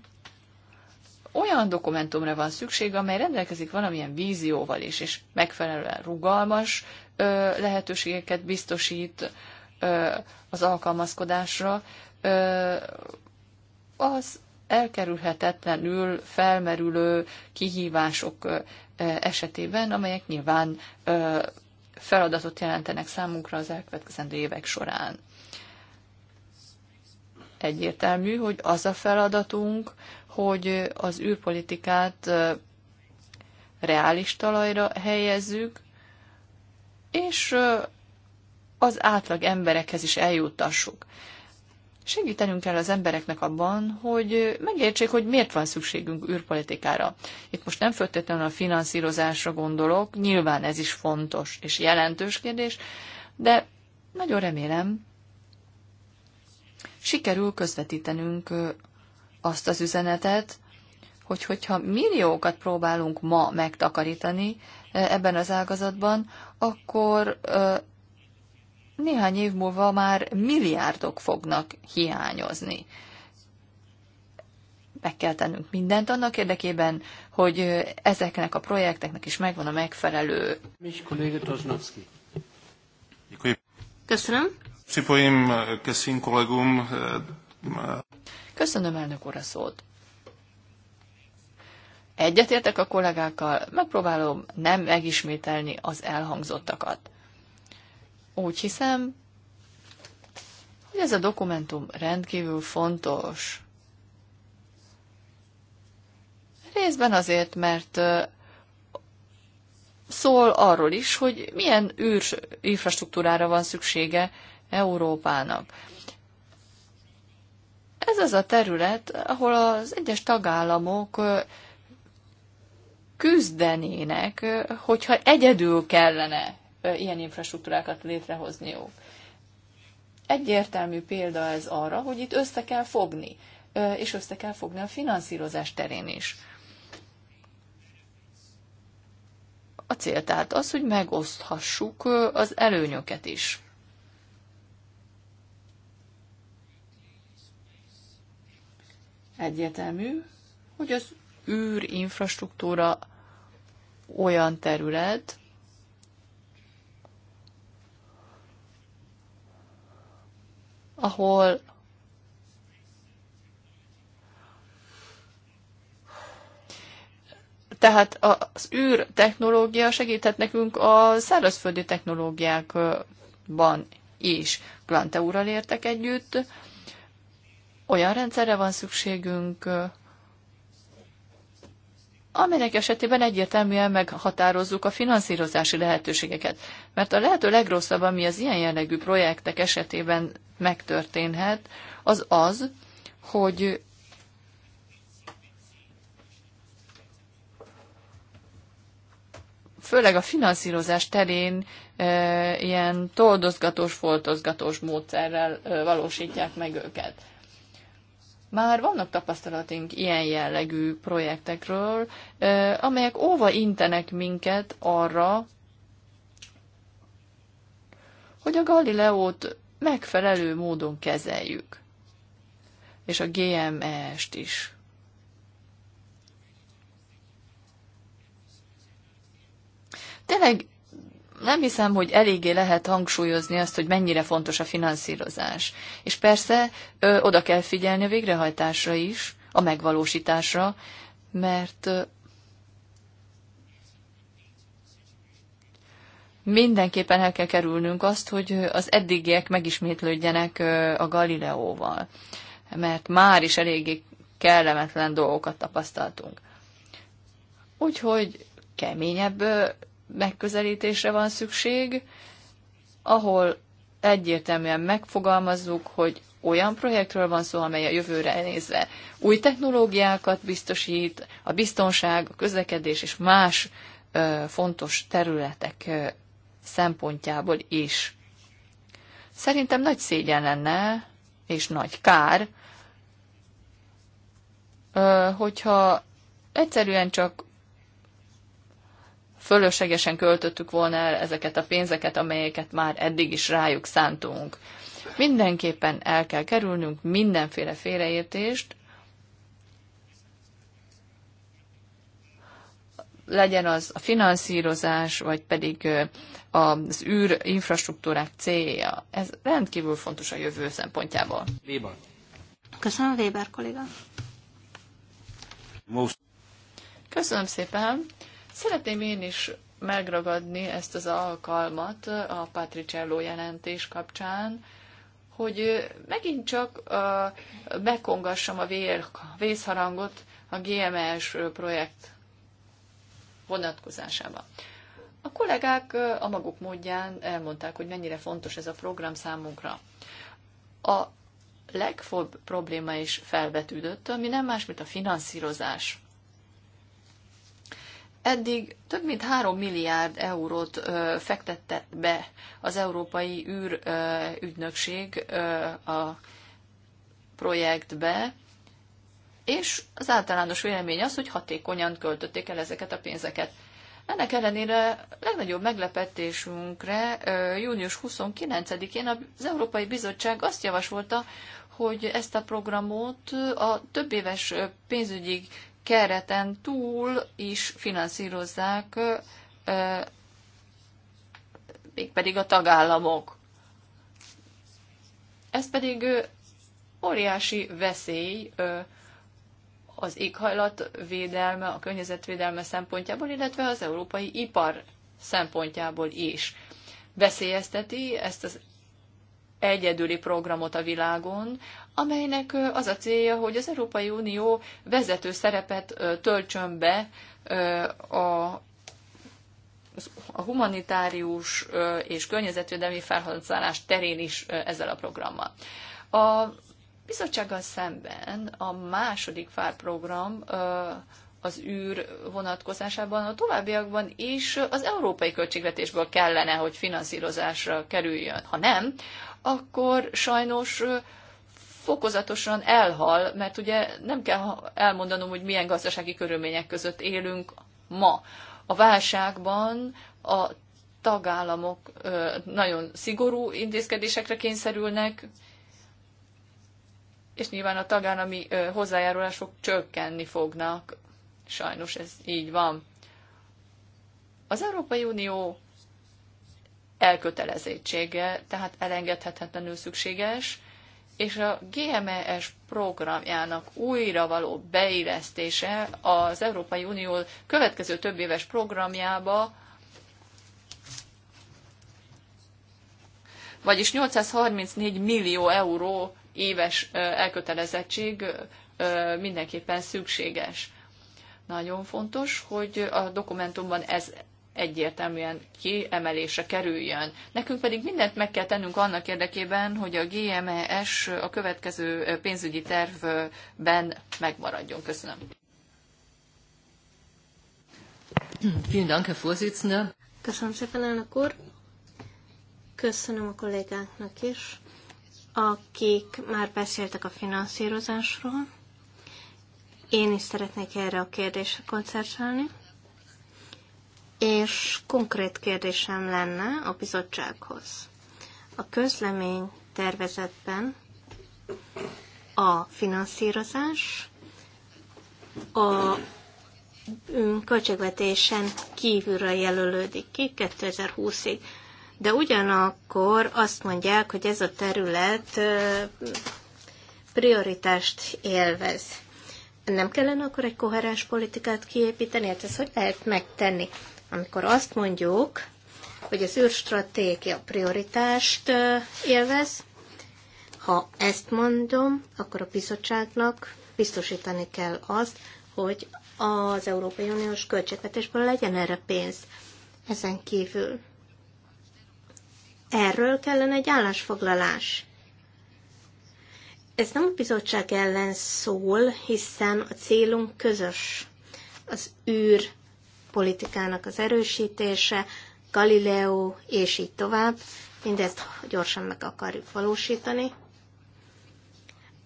C: olyan dokumentumra van szükség, amely rendelkezik valamilyen vízióval is, és megfelelően rugalmas lehetőségeket biztosít az alkalmazkodásra, az elkerülhetetlenül felmerülő kihívások esetében, amelyek nyilván feladatot jelentenek számunkra az elkövetkezendő évek során. Egyértelmű, hogy az a feladatunk, hogy az űrpolitikát reális talajra helyezzük, és az átlag emberekhez is eljutassuk. Segítenünk kell az embereknek abban, hogy megértsék, hogy miért van szükségünk űrpolitikára. Itt most nem feltétlenül a finanszírozásra gondolok, nyilván ez is fontos és jelentős kérdés, de nagyon remélem, sikerül közvetítenünk azt az üzenetet, hogy hogyha milliókat próbálunk ma megtakarítani ebben az ágazatban, akkor néhány év múlva már milliárdok fognak hiányozni. Meg kell tennünk mindent annak érdekében, hogy ezeknek a projekteknek is megvan a megfelelő. Köszönöm.
B: Eh,
C: Köszönöm elnök úr a szót. Egyetértek a kollégákkal, megpróbálom nem megismételni az elhangzottakat úgy hiszem, hogy ez a dokumentum rendkívül fontos. Részben azért, mert szól arról is, hogy milyen űr infrastruktúrára van szüksége Európának. Ez az a terület, ahol az egyes tagállamok küzdenének, hogyha egyedül kellene ilyen infrastruktúrákat létrehozniuk. Egyértelmű példa ez arra, hogy itt össze kell fogni, és össze kell fogni a finanszírozás terén is. A cél tehát az, hogy megoszthassuk az előnyöket is. Egyértelmű, hogy az űrinfrastruktúra olyan terület, ahol Tehát az űr technológia segíthet nekünk a szárazföldi technológiákban is. Glante úrral értek együtt. Olyan rendszerre van szükségünk, amelynek esetében egyértelműen meghatározzuk a finanszírozási lehetőségeket. Mert a lehető legrosszabb, ami az ilyen jellegű projektek esetében megtörténhet, az az, hogy főleg a finanszírozás terén e, ilyen toldozgatós, foltozgatós módszerrel e, valósítják meg őket. Már vannak tapasztalatunk ilyen jellegű projektekről, amelyek óva intenek minket arra, hogy a Galileót megfelelő módon kezeljük, és a GMS-t is. Tényleg nem hiszem, hogy eléggé lehet hangsúlyozni azt, hogy mennyire fontos a finanszírozás. És persze ö, oda kell figyelni a végrehajtásra is, a megvalósításra, mert ö, mindenképpen el kell kerülnünk azt, hogy az eddigiek megismétlődjenek ö, a Galileóval, mert már is eléggé kellemetlen dolgokat tapasztaltunk. Úgyhogy keményebb megközelítésre van szükség, ahol egyértelműen megfogalmazzuk, hogy olyan projektről van szó, amely a jövőre nézve új technológiákat biztosít, a biztonság, a közlekedés és más ö, fontos területek ö, szempontjából is. Szerintem nagy szégyen lenne, és nagy kár, ö, hogyha egyszerűen csak fölöslegesen költöttük volna el ezeket a pénzeket, amelyeket már eddig is rájuk szántunk. Mindenképpen el kell kerülnünk mindenféle félreértést, legyen az a finanszírozás, vagy pedig az űr infrastruktúrák célja. Ez rendkívül fontos a jövő szempontjából. Weber. Köszönöm, Weber kolléga. Most. Köszönöm szépen. Szeretném én is megragadni ezt az alkalmat a Patricello jelentés kapcsán, hogy megint csak megkongassam a vér, vészharangot a GMS projekt vonatkozásában. A kollégák a maguk módján elmondták, hogy mennyire fontos ez a program számunkra. A legfőbb probléma is felvetődött, ami nem más, mint a finanszírozás eddig több mint 3 milliárd eurót ö, fektette be az Európai űrügynökség a projektbe, és az általános vélemény az, hogy hatékonyan költötték el ezeket a pénzeket. Ennek ellenére legnagyobb meglepetésünkre június 29-én az Európai Bizottság azt javasolta, hogy ezt a programot a több éves pénzügyi kereten túl is finanszírozzák, mégpedig a tagállamok. Ez pedig óriási veszély az éghajlatvédelme, a környezetvédelme szempontjából, illetve az európai ipar szempontjából is. Veszélyezteti ezt az egyedüli programot a világon, amelynek az a célja, hogy az Európai Unió vezető szerepet töltsön be a a humanitárius és környezetvédelmi felhasználás terén is ezzel a programmal. A bizottsággal szemben a második fárprogram az űr vonatkozásában a továbbiakban is az európai költségvetésből kellene, hogy finanszírozásra kerüljön. Ha nem, akkor sajnos fokozatosan elhal, mert ugye nem kell elmondanom, hogy milyen gazdasági körülmények között élünk ma. A válságban a tagállamok nagyon szigorú intézkedésekre kényszerülnek, és nyilván a tagállami hozzájárulások csökkenni fognak. Sajnos ez így van. Az Európai Unió elkötelezettsége, tehát elengedhetetlenül szükséges, és a GMES programjának újra való beillesztése az Európai Unió következő több éves programjába, vagyis 834 millió euró éves elkötelezettség mindenképpen szükséges. Nagyon fontos, hogy a dokumentumban ez egyértelműen kiemelése kerüljön. Nekünk pedig mindent meg kell tennünk annak érdekében, hogy a GMES a következő pénzügyi tervben megmaradjon. Köszönöm. Köszönöm szépen,
B: elnök úr. Köszönöm a kollégáknak is, akik már beszéltek a finanszírozásról. Én is szeretnék erre a kérdésre koncentrálni. És konkrét kérdésem lenne a bizottsághoz. A közlemény tervezetben a finanszírozás a mm, költségvetésen kívülről jelölődik ki 2020-ig. De ugyanakkor azt mondják, hogy ez a terület prioritást élvez. Nem kellene akkor egy koherens politikát kiépíteni? Hát ezt hogy lehet megtenni? amikor azt mondjuk, hogy az űrstratégia prioritást élvez, ha ezt mondom, akkor a bizottságnak biztosítani kell azt, hogy az Európai Uniós költségvetésből legyen erre pénz. Ezen kívül erről kellene egy állásfoglalás. Ez nem a bizottság ellen szól, hiszen a célunk közös. Az űr politikának az erősítése, Galileo, és így tovább. Mindezt gyorsan meg akarjuk valósítani.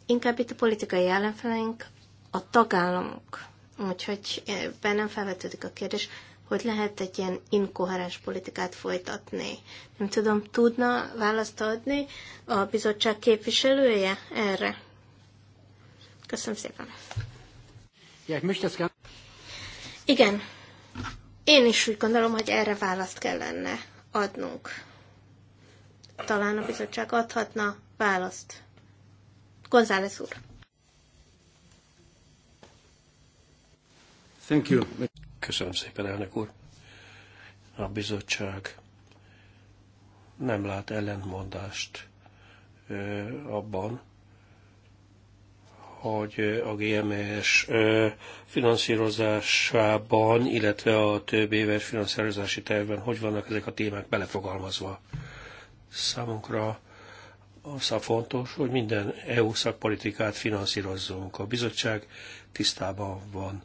B: Inkább itt a politikai ellenfeleink a tagállamok. Úgyhogy eh, bennem felvetődik a kérdés, hogy lehet egy ilyen inkoherens politikát folytatni. Nem tudom, tudna választ adni a bizottság képviselője erre? Köszönöm szépen.
A: Ja, ich möchte gerne.
B: Igen, én is úgy gondolom, hogy erre választ kellene adnunk. Talán a bizottság adhatna választ. González úr.
A: Thank you. Köszönöm szépen, elnök úr. A bizottság nem lát ellentmondást abban, hogy a GMS finanszírozásában, illetve a több éves finanszírozási tervben hogy vannak ezek a témák belefogalmazva. Számunkra az a fontos, hogy minden EU szakpolitikát finanszírozzunk. A bizottság tisztában van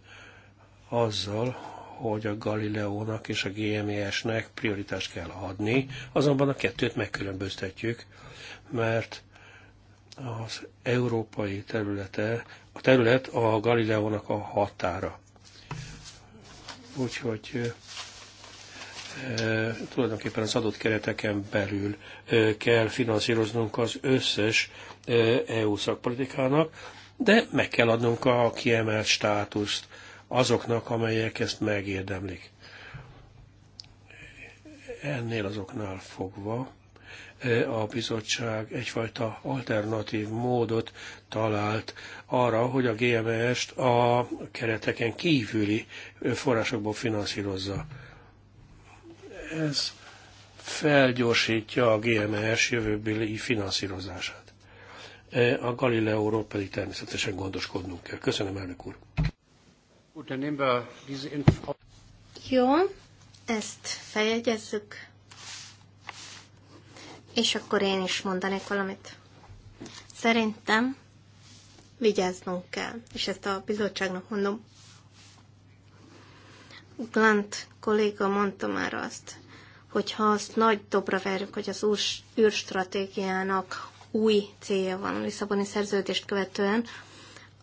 A: azzal, hogy a Galileónak és a gms nek prioritást kell adni, azonban a kettőt megkülönböztetjük, mert az európai területe, a terület a Galileónak a határa. Úgyhogy e, tulajdonképpen az adott kereteken belül e, kell finanszíroznunk az összes e, EU szakpolitikának, de meg kell adnunk a kiemelt státuszt azoknak, amelyek ezt megérdemlik. Ennél azoknál fogva E, a bizottság egyfajta alternatív módot talált arra, hogy a GMS-t a kereteken kívüli forrásokból finanszírozza. Ez felgyorsítja a GMS jövőbeli finanszírozását. E, a Galileóról pedig természetesen gondoskodnunk kell. Köszönöm, elnök úr.
B: Jó, ezt feljegyezzük és akkor én is mondanék valamit. Szerintem vigyáznunk kell, és ezt a bizottságnak mondom. Glant kolléga mondta már azt, hogy ha azt nagy dobra verjük, hogy az új űrstratégiának új célja van a Lisszaboni szerződést követően,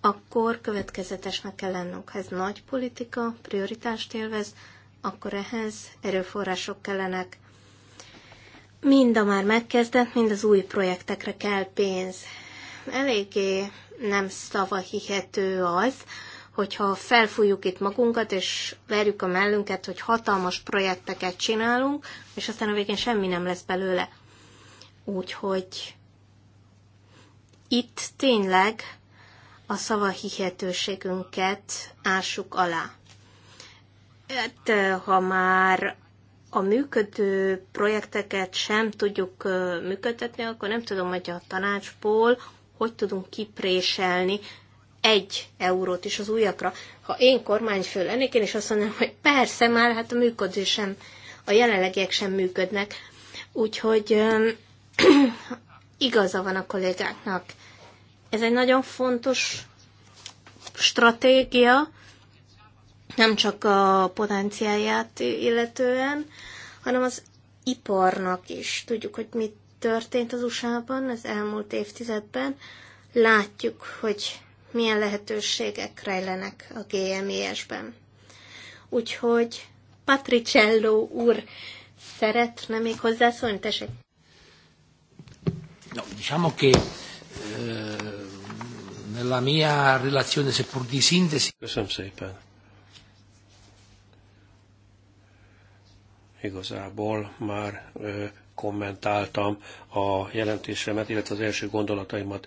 B: akkor következetesnek kell lennünk. Ha ez nagy politika, prioritást élvez, akkor ehhez erőforrások kellenek mind a már megkezdett, mind az új projektekre kell pénz. Eléggé nem szava hihető az, hogyha felfújjuk itt magunkat, és verjük a mellünket, hogy hatalmas projekteket csinálunk, és aztán a végén semmi nem lesz belőle. Úgyhogy itt tényleg a szava hihetőségünket ássuk alá. Hát, ha már a működő projekteket sem tudjuk működtetni, akkor nem tudom, hogy a tanácsból hogy tudunk kipréselni egy eurót is az újakra. Ha én kormányfő lennék, én is azt mondanám, hogy persze már, hát a működő sem, a jelenlegiek sem működnek. Úgyhogy igaza van a kollégáknak. Ez egy nagyon fontos stratégia, nem csak a potenciáját illetően, hanem az iparnak is. Tudjuk, hogy mit történt az USA-ban az elmúlt évtizedben. Látjuk, hogy milyen lehetőségek rejlenek a GMES-ben. Úgyhogy Patricello úr szeretne még hozzászólni, tessék.
A: No, diciamo che eh, nella mia relazione, seppur di sintesi... Köszönöm szépen Igazából már kommentáltam a jelentésemet, illetve az első gondolataimat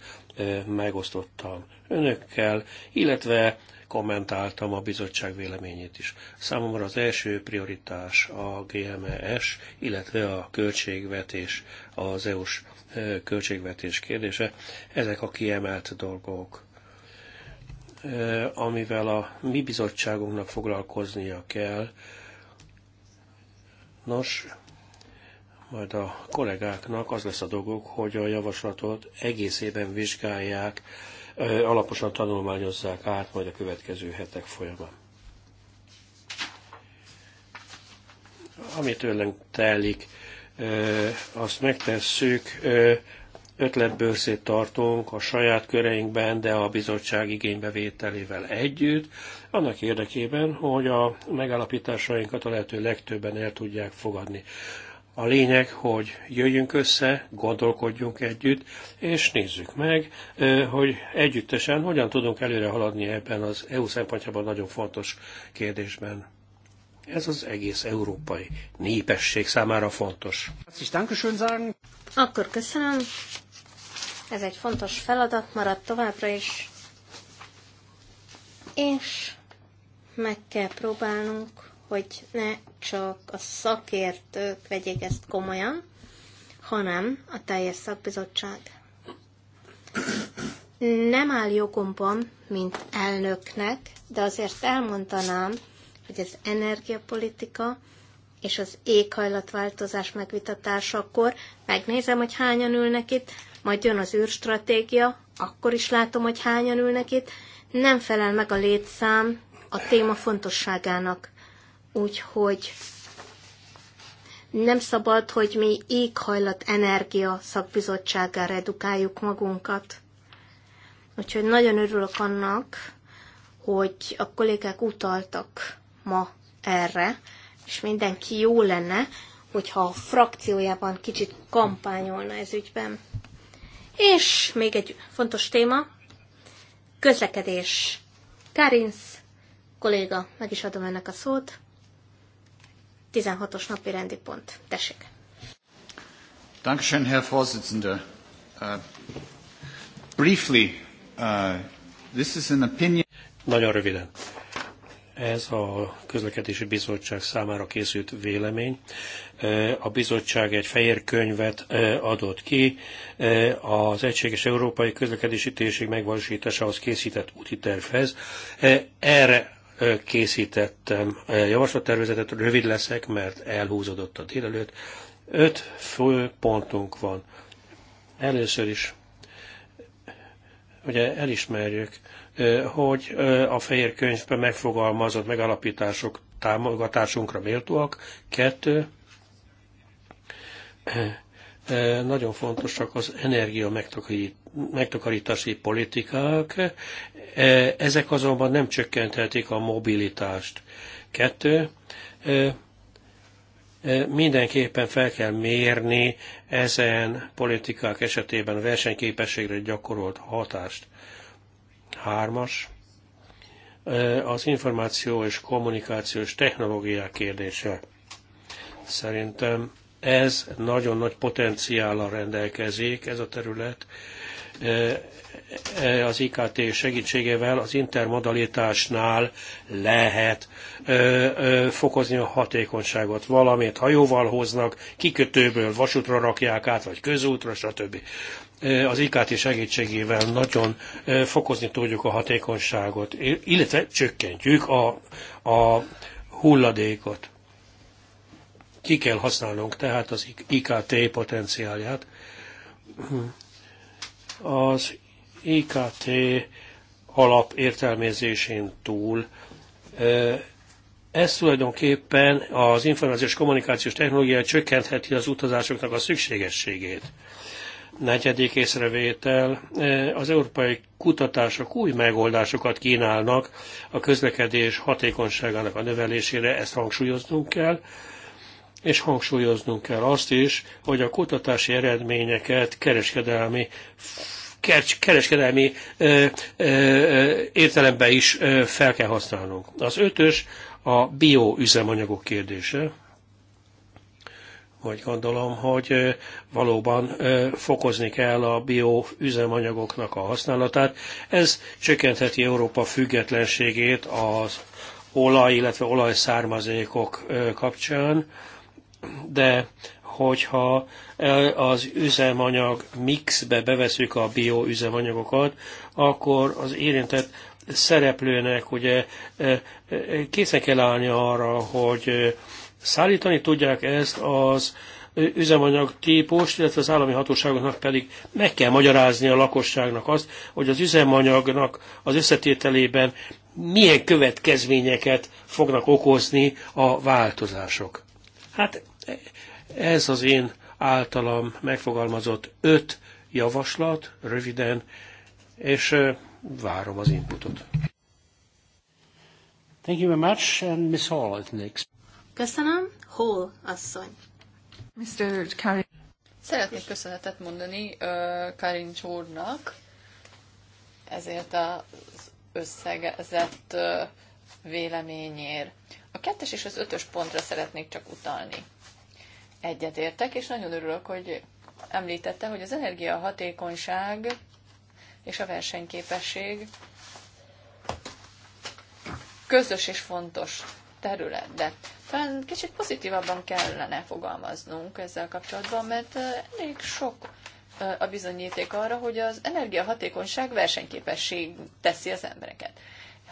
A: megosztottam önökkel, illetve kommentáltam a bizottság véleményét is. Számomra az első prioritás a GMES, illetve a költségvetés, az EU-s költségvetés kérdése. Ezek a kiemelt dolgok, amivel a mi bizottságunknak foglalkoznia kell, Nos, majd a kollégáknak az lesz a dolguk, hogy a javaslatot egészében vizsgálják, alaposan tanulmányozzák át majd a következő hetek folyamán. Ami tőlem telik, azt megtesszük ötletbőrszét tartunk a saját köreinkben, de a bizottság igénybevételével együtt, annak érdekében, hogy a megállapításainkat a lehető legtöbben el tudják fogadni. A lényeg, hogy jöjjünk össze, gondolkodjunk együtt, és nézzük meg, hogy együttesen hogyan tudunk előre haladni ebben az EU szempontjában nagyon fontos kérdésben. Ez az egész európai népesség számára fontos.
B: Akkor köszönöm. Ez egy fontos feladat marad továbbra is, és meg kell próbálnunk, hogy ne csak a szakértők vegyék ezt komolyan, hanem a teljes szakbizottság. Nem áll jogomban, mint elnöknek, de azért elmondanám, hogy az energiapolitika és az éghajlatváltozás megvitatásakor megnézem, hogy hányan ülnek itt, majd jön az űrstratégia, akkor is látom, hogy hányan ülnek itt, nem felel meg a létszám a téma fontosságának. Úgyhogy nem szabad, hogy mi éghajlat energia szakbizottságára edukáljuk magunkat. Úgyhogy nagyon örülök annak, hogy a kollégák utaltak ma erre, és mindenki jó lenne, hogyha a frakciójában kicsit kampányolna ez ügyben. És még egy fontos téma, közlekedés. Karinsz kolléga, meg is adom ennek a szót. 16-os napi rendi pont. Tessék.
C: Dankeschön, Herr Vorsitzender. Uh,
A: briefly, uh, this is an opinion. Nagyon röviden. Ez a közlekedési bizottság számára készült vélemény. E, a bizottság egy fehér könyvet e, adott ki, e, az Egységes Európai Közlekedési Térség megvalósításához készített úti tervhez. Erre készítettem javaslattervezetet, rövid leszek, mert elhúzódott a délelőtt. Öt fő pontunk van. Először is, ugye elismerjük, hogy a fehér könyvben megfogalmazott megalapítások támogatásunkra méltóak. Kettő, nagyon fontosak az energia megtakarítási politikák, ezek azonban nem csökkenthetik a mobilitást. Kettő, mindenképpen fel kell mérni ezen politikák esetében a versenyképességre gyakorolt hatást. Hármas, az információ és kommunikációs technológiák kérdése. Szerintem ez nagyon nagy potenciállal rendelkezik, ez a terület. E, az IKT segítségével az intermodalitásnál lehet fokozni a hatékonyságot. Valamit hajóval hoznak, kikötőből vasútra rakják át, vagy közútra, stb az IKT segítségével nagyon fokozni tudjuk a hatékonyságot, illetve csökkentjük a, a hulladékot. Ki kell használnunk tehát az IKT potenciálját. Az IKT alap értelmezésén túl ez tulajdonképpen az információs kommunikációs technológia csökkentheti az utazásoknak a szükségességét Negyedik észrevétel, e, az európai kutatások új megoldásokat kínálnak a közlekedés hatékonyságának a növelésére, ezt hangsúlyoznunk kell, és hangsúlyoznunk kell azt is, hogy a kutatási eredményeket kereskedelmi kereskedelmi ö, e, ö, e, értelemben is fel kell használnunk. Az ötös a bioüzemanyagok kérdése hogy gondolom, hogy valóban fokozni kell a bioüzemanyagoknak a használatát. Ez csökkentheti Európa függetlenségét az olaj, illetve olajszármazékok kapcsán, de hogyha az üzemanyag mixbe beveszük a bioüzemanyagokat, akkor az érintett szereplőnek ugye készen kell állni arra, hogy Szállítani tudják ezt az üzemanyag típust, illetve az állami hatóságoknak pedig meg kell magyarázni a lakosságnak azt, hogy az üzemanyagnak az összetételében milyen következményeket fognak okozni a változások. Hát ez az én általam megfogalmazott öt javaslat, röviden, és várom az inputot. Thank you very much, and Ms. Hall is next.
C: Köszönöm. Hol asszony. Mr. Karin. Szeretnék köszönetet mondani uh, Karin Csórnak ezért az összegezett uh, véleményért. A kettes és az ötös pontra szeretnék csak utalni. Egyetértek, és nagyon örülök, hogy említette, hogy az energiahatékonyság és a versenyképesség közös és fontos terület. De talán kicsit pozitívabban kellene fogalmaznunk ezzel kapcsolatban, mert elég sok a bizonyíték arra, hogy az energiahatékonyság versenyképesség teszi az embereket.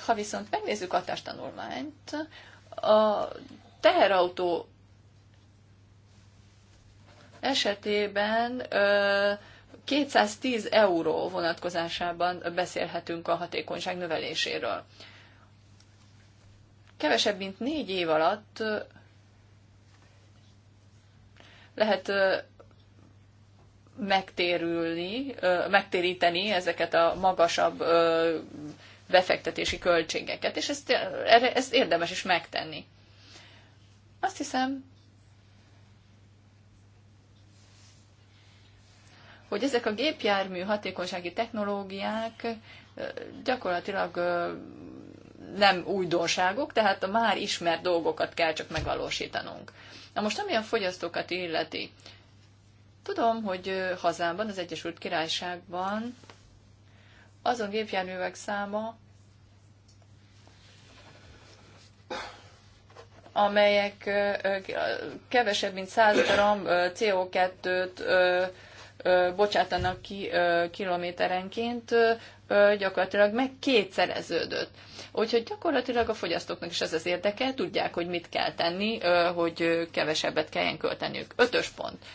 C: Ha viszont megnézzük a tanulmányt, a teherautó esetében 210 euró vonatkozásában beszélhetünk a hatékonyság növeléséről kevesebb, mint négy év alatt lehet megtérülni, megtéríteni ezeket a magasabb befektetési költségeket, és ezt, ezt érdemes is megtenni. Azt hiszem, hogy ezek a gépjármű hatékonysági technológiák gyakorlatilag nem újdonságok, tehát a már ismert dolgokat kell csak megvalósítanunk. Na most, ami a fogyasztókat illeti, tudom, hogy hazámban, az Egyesült Királyságban azon gépjárművek száma, amelyek kevesebb, mint 100 gram CO2-t bocsátanak ki kilométerenként, gyakorlatilag meg kétszereződött. Úgyhogy gyakorlatilag a fogyasztóknak is ez az érdeke, tudják, hogy mit kell tenni, hogy kevesebbet kelljen költeniük. Ötös pont.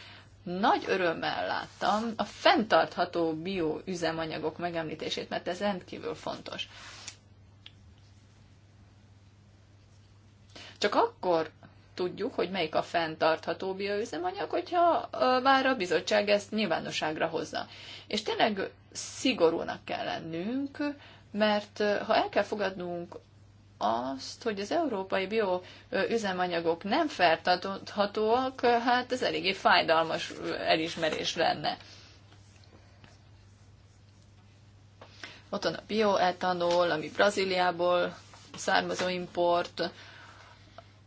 C: Nagy örömmel láttam a fenntartható bioüzemanyagok megemlítését, mert ez rendkívül fontos. Csak akkor tudjuk, hogy melyik a fenntartható bioüzemanyag, hogyha már a bizottság ezt nyilvánosságra hozza. És tényleg szigorúnak kell lennünk, mert ha el kell fogadnunk azt, hogy az európai bioüzemanyagok nem fertőthatóak, hát ez eléggé fájdalmas elismerés lenne. Ott van a bioetanol, ami Brazíliából származó import,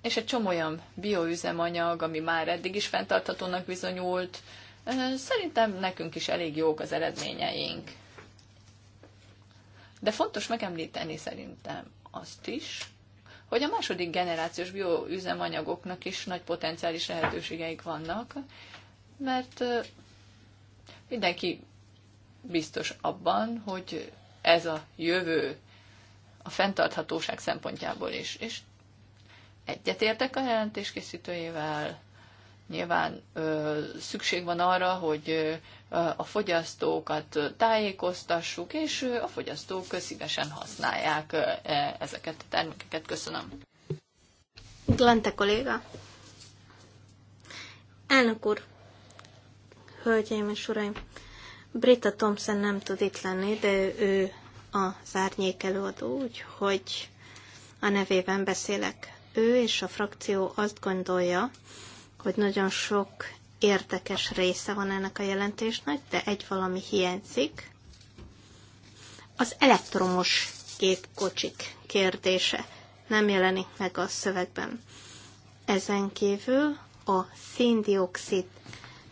C: és egy csomó olyan bioüzemanyag, ami már eddig is fenntarthatónak bizonyult, szerintem nekünk is elég jók az eredményeink. De fontos megemlíteni szerintem azt is, hogy a második generációs bioüzemanyagoknak is nagy potenciális lehetőségeik vannak, mert mindenki biztos abban, hogy ez a jövő a fenntarthatóság szempontjából is. És Egyetértek a jelentés készítőjével. Nyilván ö, szükség van arra, hogy ö, a fogyasztókat tájékoztassuk, és ö, a fogyasztók szívesen használják ö, e, ezeket a termékeket. Köszönöm.
B: Glente kolléga. Elnök úr, hölgyeim és uraim, Brita Thompson nem tud itt lenni, de ő a árnyék előadó, úgyhogy a nevében beszélek ő és a frakció azt gondolja, hogy nagyon sok érdekes része van ennek a jelentésnek, de egy valami hiányzik. Az elektromos gépkocsik kérdése nem jelenik meg a szövegben. Ezen kívül a széndiokszid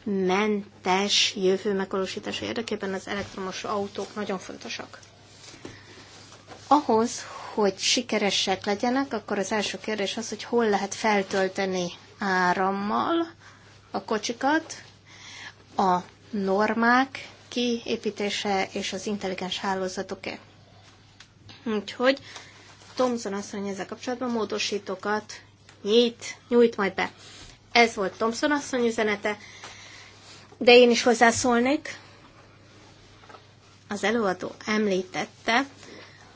B: mentes jövő megvalósítása érdekében az elektromos autók nagyon fontosak. Ahhoz, hogy sikeresek legyenek, akkor az első kérdés az, hogy hol lehet feltölteni árammal a kocsikat, a normák kiépítése és az intelligens hálózatoké. Úgyhogy Thomson asszony ezzel kapcsolatban módosítókat nyit, nyújt majd be. Ez volt Thomson asszony üzenete, de én is hozzászólnék. Az előadó említette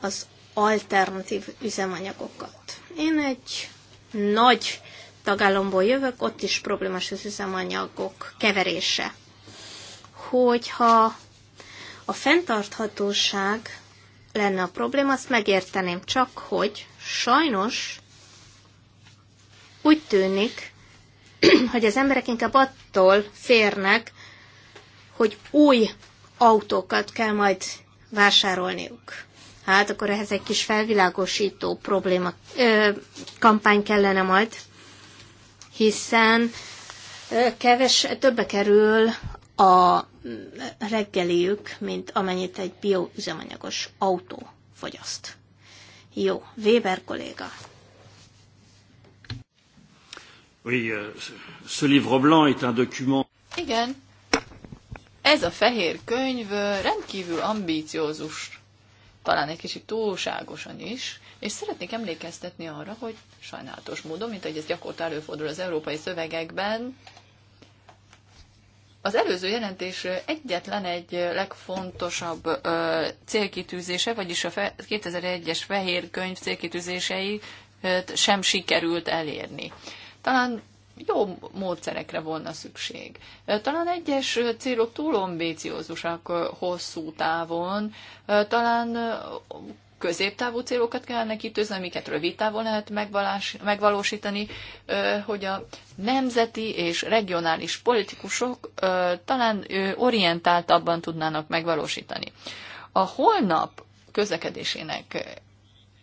B: az alternatív üzemanyagokat. Én egy nagy tagállamból jövök, ott is problémás az üzemanyagok keverése. Hogyha a fenntarthatóság lenne a probléma, azt megérteném csak, hogy sajnos úgy tűnik, hogy az emberek inkább attól férnek, hogy új autókat kell majd vásárolniuk hát akkor ehhez egy kis felvilágosító probléma ö, kampány kellene majd, hiszen ö, keves, többe kerül a reggeliük, mint amennyit egy bioüzemanyagos autó fogyaszt. Jó, Weber kolléga.
A: Oui, euh, ce livre blanc est un document.
C: Igen, ez a fehér könyv rendkívül ambíciózust talán egy kicsit túlságosan is, és szeretnék emlékeztetni arra, hogy sajnálatos módon, mint ahogy ez gyakorta előfordul az európai szövegekben, az előző jelentés egyetlen egy legfontosabb ö, célkitűzése, vagyis a 2001-es fehér könyv célkitűzései sem sikerült elérni. Talán jó módszerekre volna szükség. Talán egyes célok túl ambíciózusak hosszú távon, talán középtávú célokat kellene kitűzni, amiket rövid távon lehet megvalósítani, hogy a nemzeti és regionális politikusok talán orientáltabban tudnának megvalósítani. A holnap közlekedésének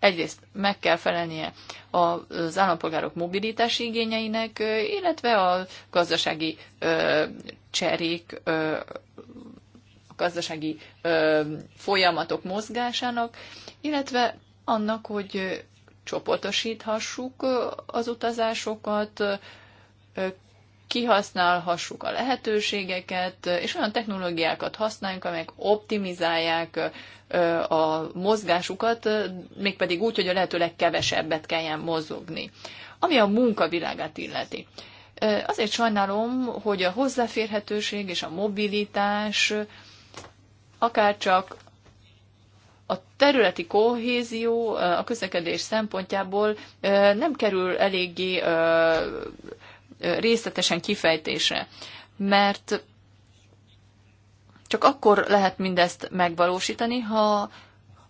C: Egyrészt meg kell felelnie az állampolgárok mobilitási igényeinek, illetve a gazdasági cserék, a gazdasági folyamatok mozgásának, illetve annak, hogy csoportosíthassuk az utazásokat, kihasználhassuk a lehetőségeket, és olyan technológiákat használjunk, amelyek optimizálják a mozgásukat, mégpedig úgy, hogy a lehető legkevesebbet kelljen mozogni. Ami a munkavilágát illeti. Azért sajnálom, hogy a hozzáférhetőség és a mobilitás akárcsak a területi kohézió a közlekedés szempontjából nem kerül eléggé részletesen kifejtése, mert csak akkor lehet mindezt megvalósítani, ha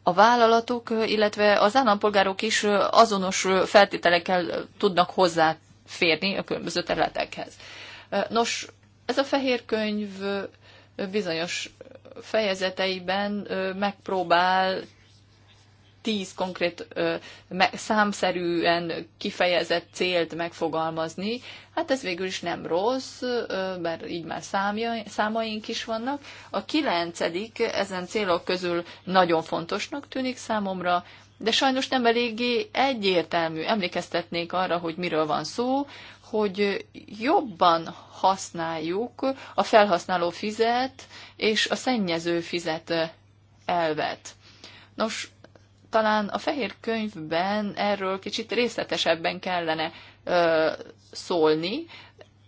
C: a vállalatok, illetve az állampolgárok is azonos feltételekkel tudnak hozzáférni a különböző területekhez. Nos, ez a fehér könyv bizonyos fejezeteiben megpróbál tíz konkrét számszerűen kifejezett célt megfogalmazni, hát ez végül is nem rossz, mert így már számja, számaink is vannak. A kilencedik ezen célok közül nagyon fontosnak tűnik számomra, de sajnos nem eléggé egyértelmű. Emlékeztetnék arra, hogy miről van szó, hogy jobban használjuk a felhasználó fizet és a szennyező fizet elvet. Nos, talán a fehér könyvben erről kicsit részletesebben kellene ö, szólni,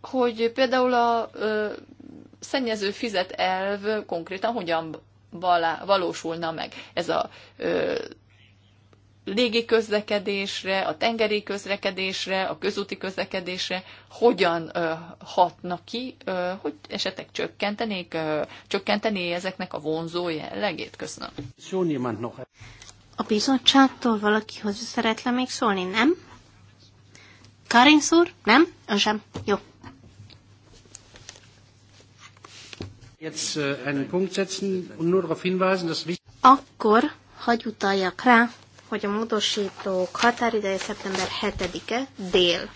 C: hogy például a ö, szennyező fizet elv konkrétan hogyan valá, valósulna meg. Ez a ö, légi közlekedésre, a tengeri közlekedésre, a közúti közlekedésre hogyan ö, hatna ki, ö, hogy esetleg csökkentenék, ö, csökkentené ezeknek a vonzó jellegét? Köszönöm.
B: A bizottságtól valaki hozzá szeretne még szólni, nem? Karin szúr? Nem? Ön sem. Jó.
A: Äh,
B: Akkor hagy utaljak rá, hogy a módosítók határideje szeptember 7-e dél.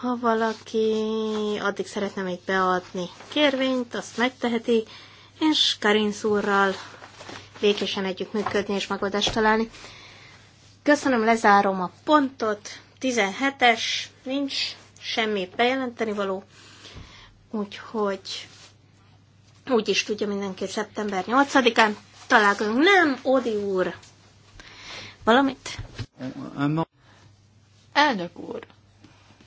B: Ha valaki addig szeretne még beadni kérvényt, azt megteheti, és Karin úrral békésen együttműködni és megoldást találni. Köszönöm, lezárom a pontot. 17-es, nincs semmi bejelenteni való, úgyhogy úgy is tudja mindenki szeptember 8-án. Találkozunk. Nem, Odi úr! Valamit?
C: Elnök úr!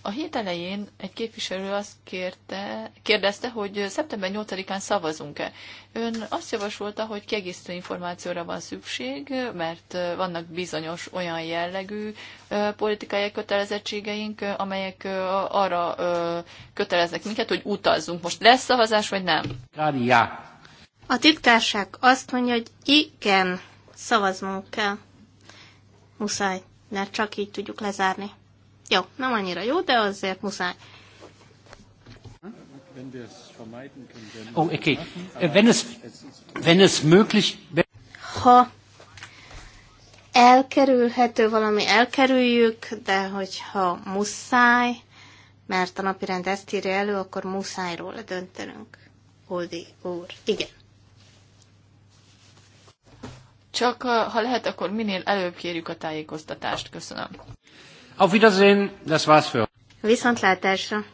C: A hét elején egy képviselő azt kérte, kérdezte, hogy szeptember 8-án szavazunk-e. Ön azt javasolta, hogy kiegészítő információra van szükség, mert vannak bizonyos olyan jellegű politikai kötelezettségeink, amelyek arra köteleznek minket, hogy utazzunk. Most lesz szavazás, vagy nem?
A: Kária.
C: A titkárság azt mondja, hogy igen, szavaznunk kell.
B: Muszáj, mert csak így tudjuk lezárni. Jó, nem annyira jó, de azért
A: muszáj. Oh, okay. Äh, wenn es, wenn es möglich...
B: Ha elkerülhető valami, elkerüljük, de hogyha muszáj, mert a napirend ezt írja elő, akkor muszáj róla döntenünk. Oldi úr,
C: igen. Csak ha lehet, akkor minél előbb kérjük a tájékoztatást. Köszönöm.
A: Auf Wiedersehen, das war's für.
C: Viszontlátásra.